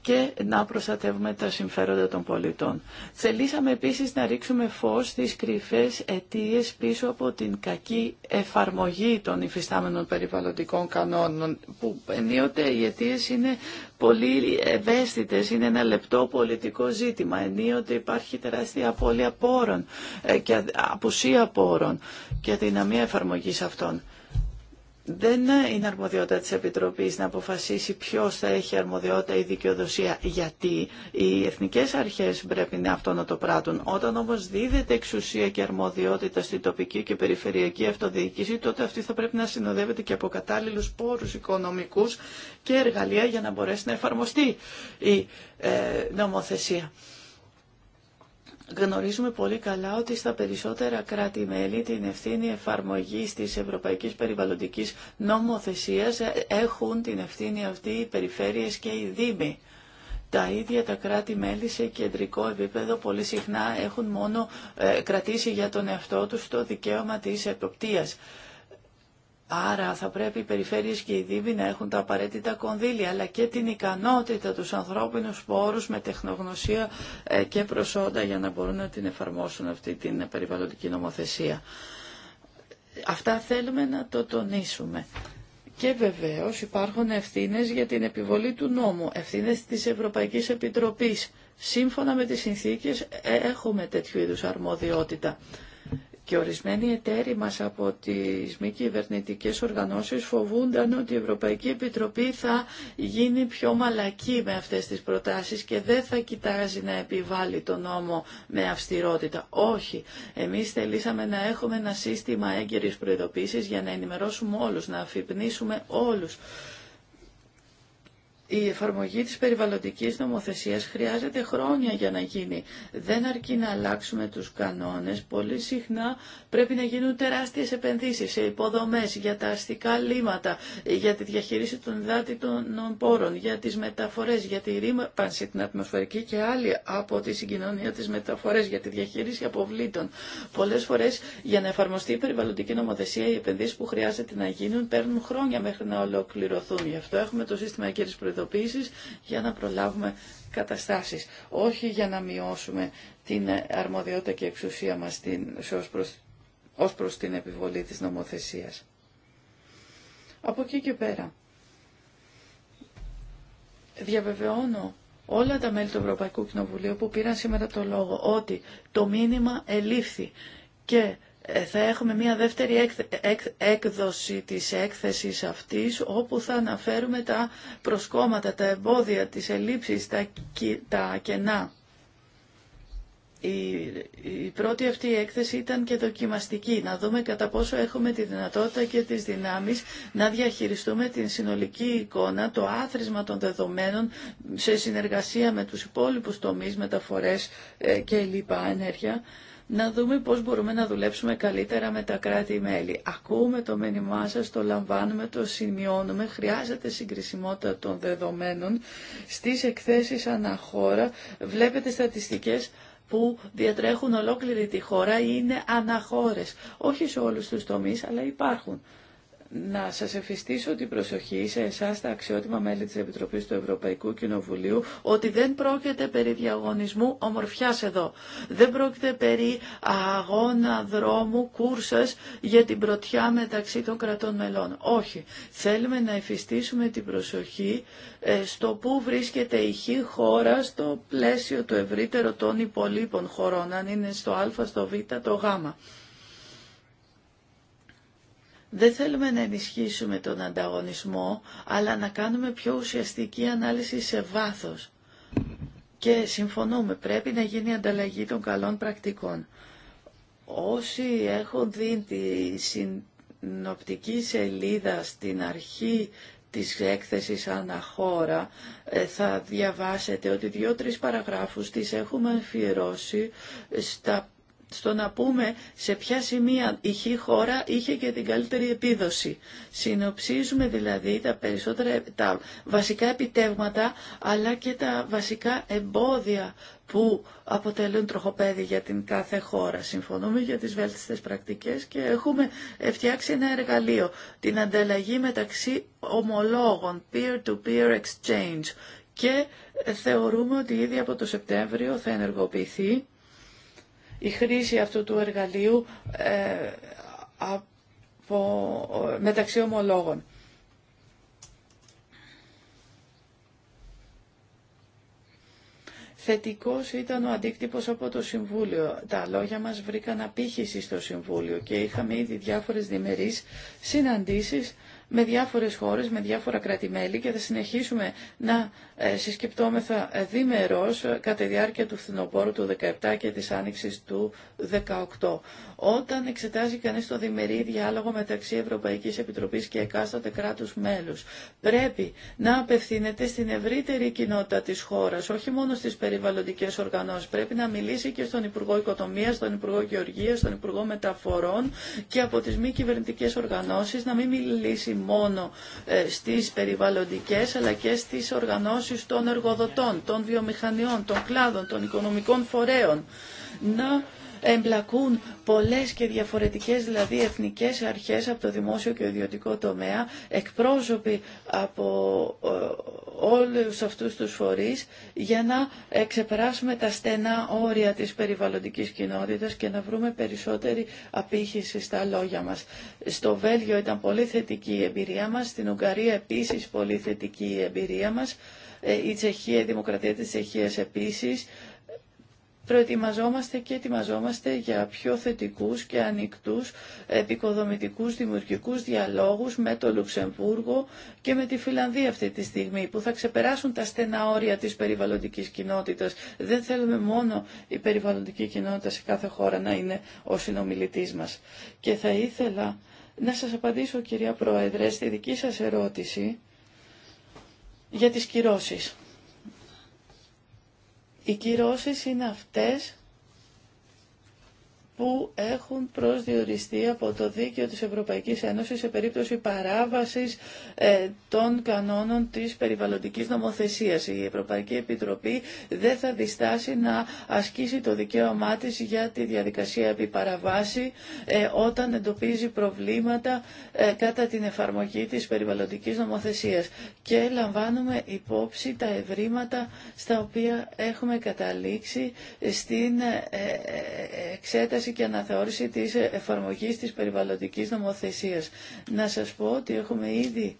και να προστατεύουμε τα συμφέροντα των πολιτών. Θελήσαμε επίσης να ρίξουμε φως στις κρυφές αιτίες πίσω από την κακή εφαρμογή των υφιστάμενων περιβαλλοντικών κανόνων, που ενίοτε οι αιτίε είναι πολύ ευαίσθητες, είναι ένα λεπτό πολιτικό ζήτημα, ενίοτε υπάρχει τεράστια απώλεια πόρων ε, και απουσία πόρων και δυναμία εφαρμογής αυτών δεν είναι αρμοδιότητα της Επιτροπής να αποφασίσει ποιος θα έχει αρμοδιότητα ή δικαιοδοσία γιατί οι εθνικές αρχές πρέπει να αυτό να το πράττουν. Όταν όμως δίδεται εξουσία και αρμοδιότητα στην τοπική και περιφερειακή αυτοδιοίκηση τότε αυτή θα πρέπει να συνοδεύεται και από κατάλληλους πόρους οικονομικούς και εργαλεία για να μπορέσει να εφαρμοστεί η ε, νομοθεσία. Γνωρίζουμε πολύ καλά ότι στα περισσότερα κράτη-μέλη την ευθύνη εφαρμογής της Ευρωπαϊκής Περιβαλλοντικής Νομοθεσίας έχουν την ευθύνη αυτή οι περιφέρειες και οι δήμοι. Τα ίδια τα κράτη-μέλη σε κεντρικό επίπεδο πολύ συχνά έχουν μόνο ε, κρατήσει για τον εαυτό τους το δικαίωμα της εποπτείας Άρα θα πρέπει οι περιφέρειες και οι δήμοι να έχουν τα απαραίτητα κονδύλια, αλλά και την ικανότητα, τους ανθρώπινους πόρους με τεχνογνωσία ε, και προσόντα για να μπορούν να την εφαρμόσουν αυτή την περιβαλλοντική νομοθεσία. Αυτά θέλουμε να το τονίσουμε. Και βεβαίως υπάρχουν ευθύνες για την επιβολή του νόμου, ευθύνες της Ευρωπαϊκής Επιτροπής. Σύμφωνα με τις συνθήκες ε, έχουμε τέτοιου είδους αρμοδιότητα. Και ορισμένοι εταίροι μας από τις μη κυβερνητικέ οργανώσεις φοβούνταν ότι η Ευρωπαϊκή Επιτροπή θα γίνει πιο μαλακή με αυτές τις προτάσεις και δεν θα κοιτάζει να επιβάλλει τον νόμο με αυστηρότητα. Όχι. Εμείς θελήσαμε να έχουμε ένα σύστημα έγκαιρης προειδοποίησης για να ενημερώσουμε όλους, να αφυπνίσουμε όλους η εφαρμογή της περιβαλλοντικής νομοθεσίας χρειάζεται χρόνια για να γίνει. Δεν αρκεί να αλλάξουμε τους κανόνες. Πολύ συχνά πρέπει να γίνουν τεράστιες επενδύσεις σε υποδομές για τα αστικά λίματα, για τη διαχείριση των υδάτιτων πόρων, για τις μεταφορές, για τη ρήμανση την ατμοσφαιρική και άλλη από τη συγκοινωνία της μεταφορές, για τη διαχείριση αποβλήτων. Πολλές φορές για να εφαρμοστεί η περιβαλλοντική νομοθεσία οι επενδύσεις που χρειάζεται να γίνουν παίρνουν χρόνια μέχρι να ολοκληρωθούν. Γι' αυτό έχουμε το σύστημα κύριε προειδοποίησης για να προλάβουμε καταστάσεις, όχι για να μειώσουμε την αρμοδιότητα και εξουσία μας την, ως, προς, την επιβολή της νομοθεσίας. Από εκεί και πέρα, διαβεβαιώνω όλα τα μέλη του Ευρωπαϊκού Κοινοβουλίου που πήραν σήμερα το λόγο ότι το μήνυμα ελήφθη και ε, θα έχουμε μια δεύτερη έκδοση της έκθεσης αυτής όπου θα αναφέρουμε τα προσκόμματα, τα εμπόδια, τις ελλείψεις, τα κενά. Η πρώτη αυτή έκθεση ήταν και δοκιμαστική, να δούμε κατά πόσο έχουμε τη δυνατότητα και τις δυνάμεις να διαχειριστούμε την συνολική εικόνα, το άθροισμα των δεδομένων σε συνεργασία με τους υπόλοιπους τομείς, μεταφορές ε, και λοιπά ενέργεια να δούμε πώς μπορούμε να δουλέψουμε καλύτερα με τα κράτη-μέλη. Ακούμε το μήνυμά σας, το λαμβάνουμε, το σημειώνουμε. Χρειάζεται συγκρισιμότητα των δεδομένων στις εκθέσεις αναχώρα. Βλέπετε στατιστικές που διατρέχουν ολόκληρη τη χώρα είναι αναχώρες. Όχι σε όλους τους τομείς, αλλά υπάρχουν να σας εφιστήσω την προσοχή σε εσάς τα αξιότιμα μέλη της Επιτροπής του Ευρωπαϊκού Κοινοβουλίου ότι δεν πρόκειται περί διαγωνισμού ομορφιάς εδώ. Δεν πρόκειται περί αγώνα δρόμου κούρσας για την πρωτιά μεταξύ των κρατών μελών. Όχι. Θέλουμε να εφιστήσουμε την προσοχή ε, στο πού βρίσκεται η χή χώρα στο πλαίσιο το ευρύτερο των υπολείπων χωρών, αν είναι στο α, στο β, το γ. Δεν θέλουμε να ενισχύσουμε τον ανταγωνισμό, αλλά να κάνουμε πιο ουσιαστική ανάλυση σε βάθος. Και συμφωνούμε, πρέπει να γίνει ανταλλαγή των καλών πρακτικών. Όσοι έχουν δει τη συνοπτική σελίδα στην αρχή της έκθεσης αναχώρα ε, θα διαβάσετε ότι δύο-τρεις παραγράφους τις έχουμε αφιερώσει στα στο να πούμε σε ποια σημεία η χώρα είχε και την καλύτερη επίδοση. Συνοψίζουμε δηλαδή τα περισσότερα, βασικά επιτεύγματα, αλλά και τα βασικά εμπόδια που αποτελούν τροχοπέδι για την κάθε χώρα. Συμφωνούμε για τις βέλτιστες πρακτικές και έχουμε φτιάξει ένα εργαλείο, την ανταλλαγή μεταξύ ομολόγων, -peer exchange και θεωρούμε ότι ήδη από το Σεπτέμβριο θα ενεργοποιηθεί η χρήση αυτού του εργαλείου ε, μεταξύ ομολόγων. Θετικός ήταν ο αντίκτυπος από το Συμβούλιο. Τα λόγια μας βρήκαν απήχηση στο Συμβούλιο και είχαμε ήδη διάφορες διμερείς συναντήσεις με διάφορες χώρες, με διάφορα κράτη-μέλη και θα συνεχίσουμε να ε, συσκεπτόμεθα ε, διμερώς ε, κατά τη διάρκεια του φθινοπόρου του 17 και της άνοιξης του 18. Όταν εξετάζει κανείς το διμερή διάλογο μεταξύ Ευρωπαϊκής Επιτροπής και εκάστοτε κράτους μέλους, πρέπει να απευθύνεται στην ευρύτερη κοινότητα της χώρας, όχι μόνο στις περιβαλλοντικές οργανώσεις. Πρέπει να μιλήσει και στον Υπουργό Οικοτομίας, στον Υπουργό Γεωργίας, στον Υπουργό Μεταφορών και από τις μη κυβερνητικές οργανώσεις να μην μιλήσει μόνο ε, στις περιβαλλοντικές αλλά και στις οργανώσεις των εργοδοτών, των βιομηχανιών, των κλάδων, των οικονομικών φορέων να εμπλακούν πολλές και διαφορετικές δηλαδή εθνικές αρχές από το δημόσιο και ιδιωτικό τομέα, εκπρόσωποι από ε, όλους αυτούς τους φορείς για να ε, ξεπεράσουμε τα στενά όρια της περιβαλλοντικής κοινότητας και να βρούμε περισσότερη απήχηση στα λόγια μας. Στο Βέλγιο ήταν πολύ θετική η εμπειρία μας, στην Ουγγαρία επίσης πολύ θετική η εμπειρία μας, ε, η Τσεχία, η Δημοκρατία της Τσεχίας επίσης, προετοιμαζόμαστε και ετοιμαζόμαστε για πιο θετικούς και ανοιχτούς επικοδομητικούς δημιουργικούς διαλόγους με το Λουξεμβούργο και με τη Φιλανδία αυτή τη στιγμή που θα ξεπεράσουν τα στενά όρια της περιβαλλοντικής κοινότητας. Δεν θέλουμε μόνο η περιβαλλοντική κοινότητα σε κάθε χώρα να είναι ο συνομιλητής μας. Και θα ήθελα να σας απαντήσω κυρία Πρόεδρε στη δική σας ερώτηση για τις κυρώσεις. Οι κυρώσεις είναι αυτές που έχουν προσδιοριστεί από το Δίκαιο της Ευρωπαϊκής Ένωσης σε περίπτωση παράβασης ε, των κανόνων της περιβαλλοντικής νομοθεσίας. Η Ευρωπαϊκή Επιτροπή δεν θα διστάσει να ασκήσει το δικαίωμά της για τη διαδικασία επιπαραβάση ε, όταν εντοπίζει προβλήματα ε, κατά την εφαρμογή της περιβαλλοντικής νομοθεσίας. Και λαμβάνουμε υπόψη τα ευρήματα στα οποία έχουμε καταλήξει στην εξέταση και αναθεώρηση της εφαρμογής της περιβαλλοντικής νομοθεσίας. Να σας πω ότι έχουμε ήδη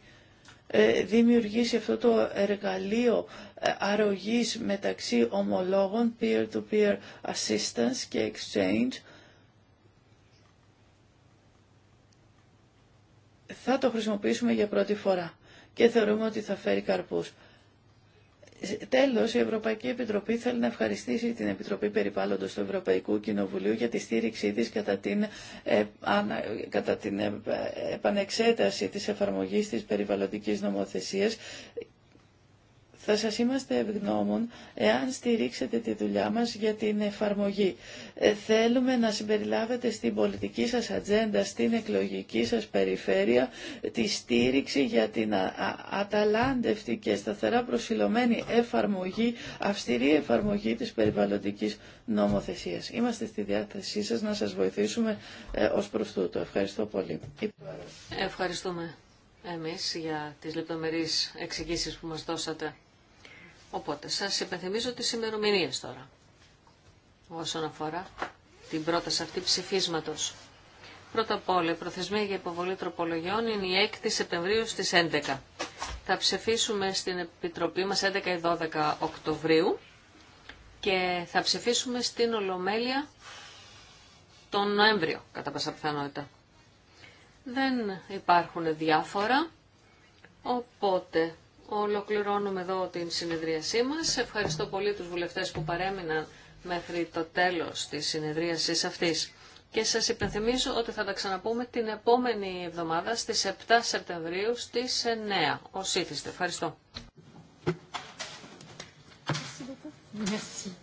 ε, δημιουργήσει αυτό το εργαλείο ε, αρρωγής μεταξύ ομολόγων, peer-to-peer -peer assistance και exchange. Θα το χρησιμοποιήσουμε για πρώτη φορά και θεωρούμε ότι θα φέρει καρπούς. Τέλος, η Ευρωπαϊκή Επιτροπή θέλει να ευχαριστήσει την Επιτροπή Περιβάλλοντος του Ευρωπαϊκού Κοινοβουλίου για τη στήριξή της κατά την, ε, κατά την ε, επανεξέταση της εφαρμογής της περιβαλλοντικής νομοθεσίας θα σας είμαστε ευγνώμων εάν στηρίξετε τη δουλειά μας για την εφαρμογή. Ε, θέλουμε να συμπεριλάβετε στην πολιτική σας ατζέντα, στην εκλογική σας περιφέρεια, τη στήριξη για την αταλάντευτη και σταθερά προσιλωμένη εφαρμογή, αυστηρή εφαρμογή της περιβαλλοντικής νομοθεσίας. Είμαστε στη διάθεσή σας να σας βοηθήσουμε ε, ως προς τούτο. Ευχαριστώ πολύ. Ευχαριστούμε εμείς για τις λεπτομερείς εξηγήσεις που μας δώσατε. Οπότε σας υπενθυμίζω τις ημερομηνίε τώρα όσον αφορά την πρόταση αυτή ψηφίσματος. Πρώτα απ' όλα, η προθεσμία για υποβολή τροπολογιών είναι η 6η Σεπτεμβρίου στις 11. Θα ψηφίσουμε στην Επιτροπή μας 11 ή 12 Οκτωβρίου και θα ψηφίσουμε στην Ολομέλεια τον Νοέμβριο, κατά πάσα πιθανότητα. Δεν υπάρχουν διάφορα, οπότε Ολοκληρώνουμε εδώ την συνεδρίασή μας. Ευχαριστώ πολύ τους βουλευτές που παρέμειναν μέχρι το τέλος της συνεδρίασης αυτής. Και σας υπενθυμίζω ότι θα τα ξαναπούμε την επόμενη εβδομάδα στις 7 Σεπτεμβρίου στις 9. Ως ήθιστε. Ευχαριστώ. Merci.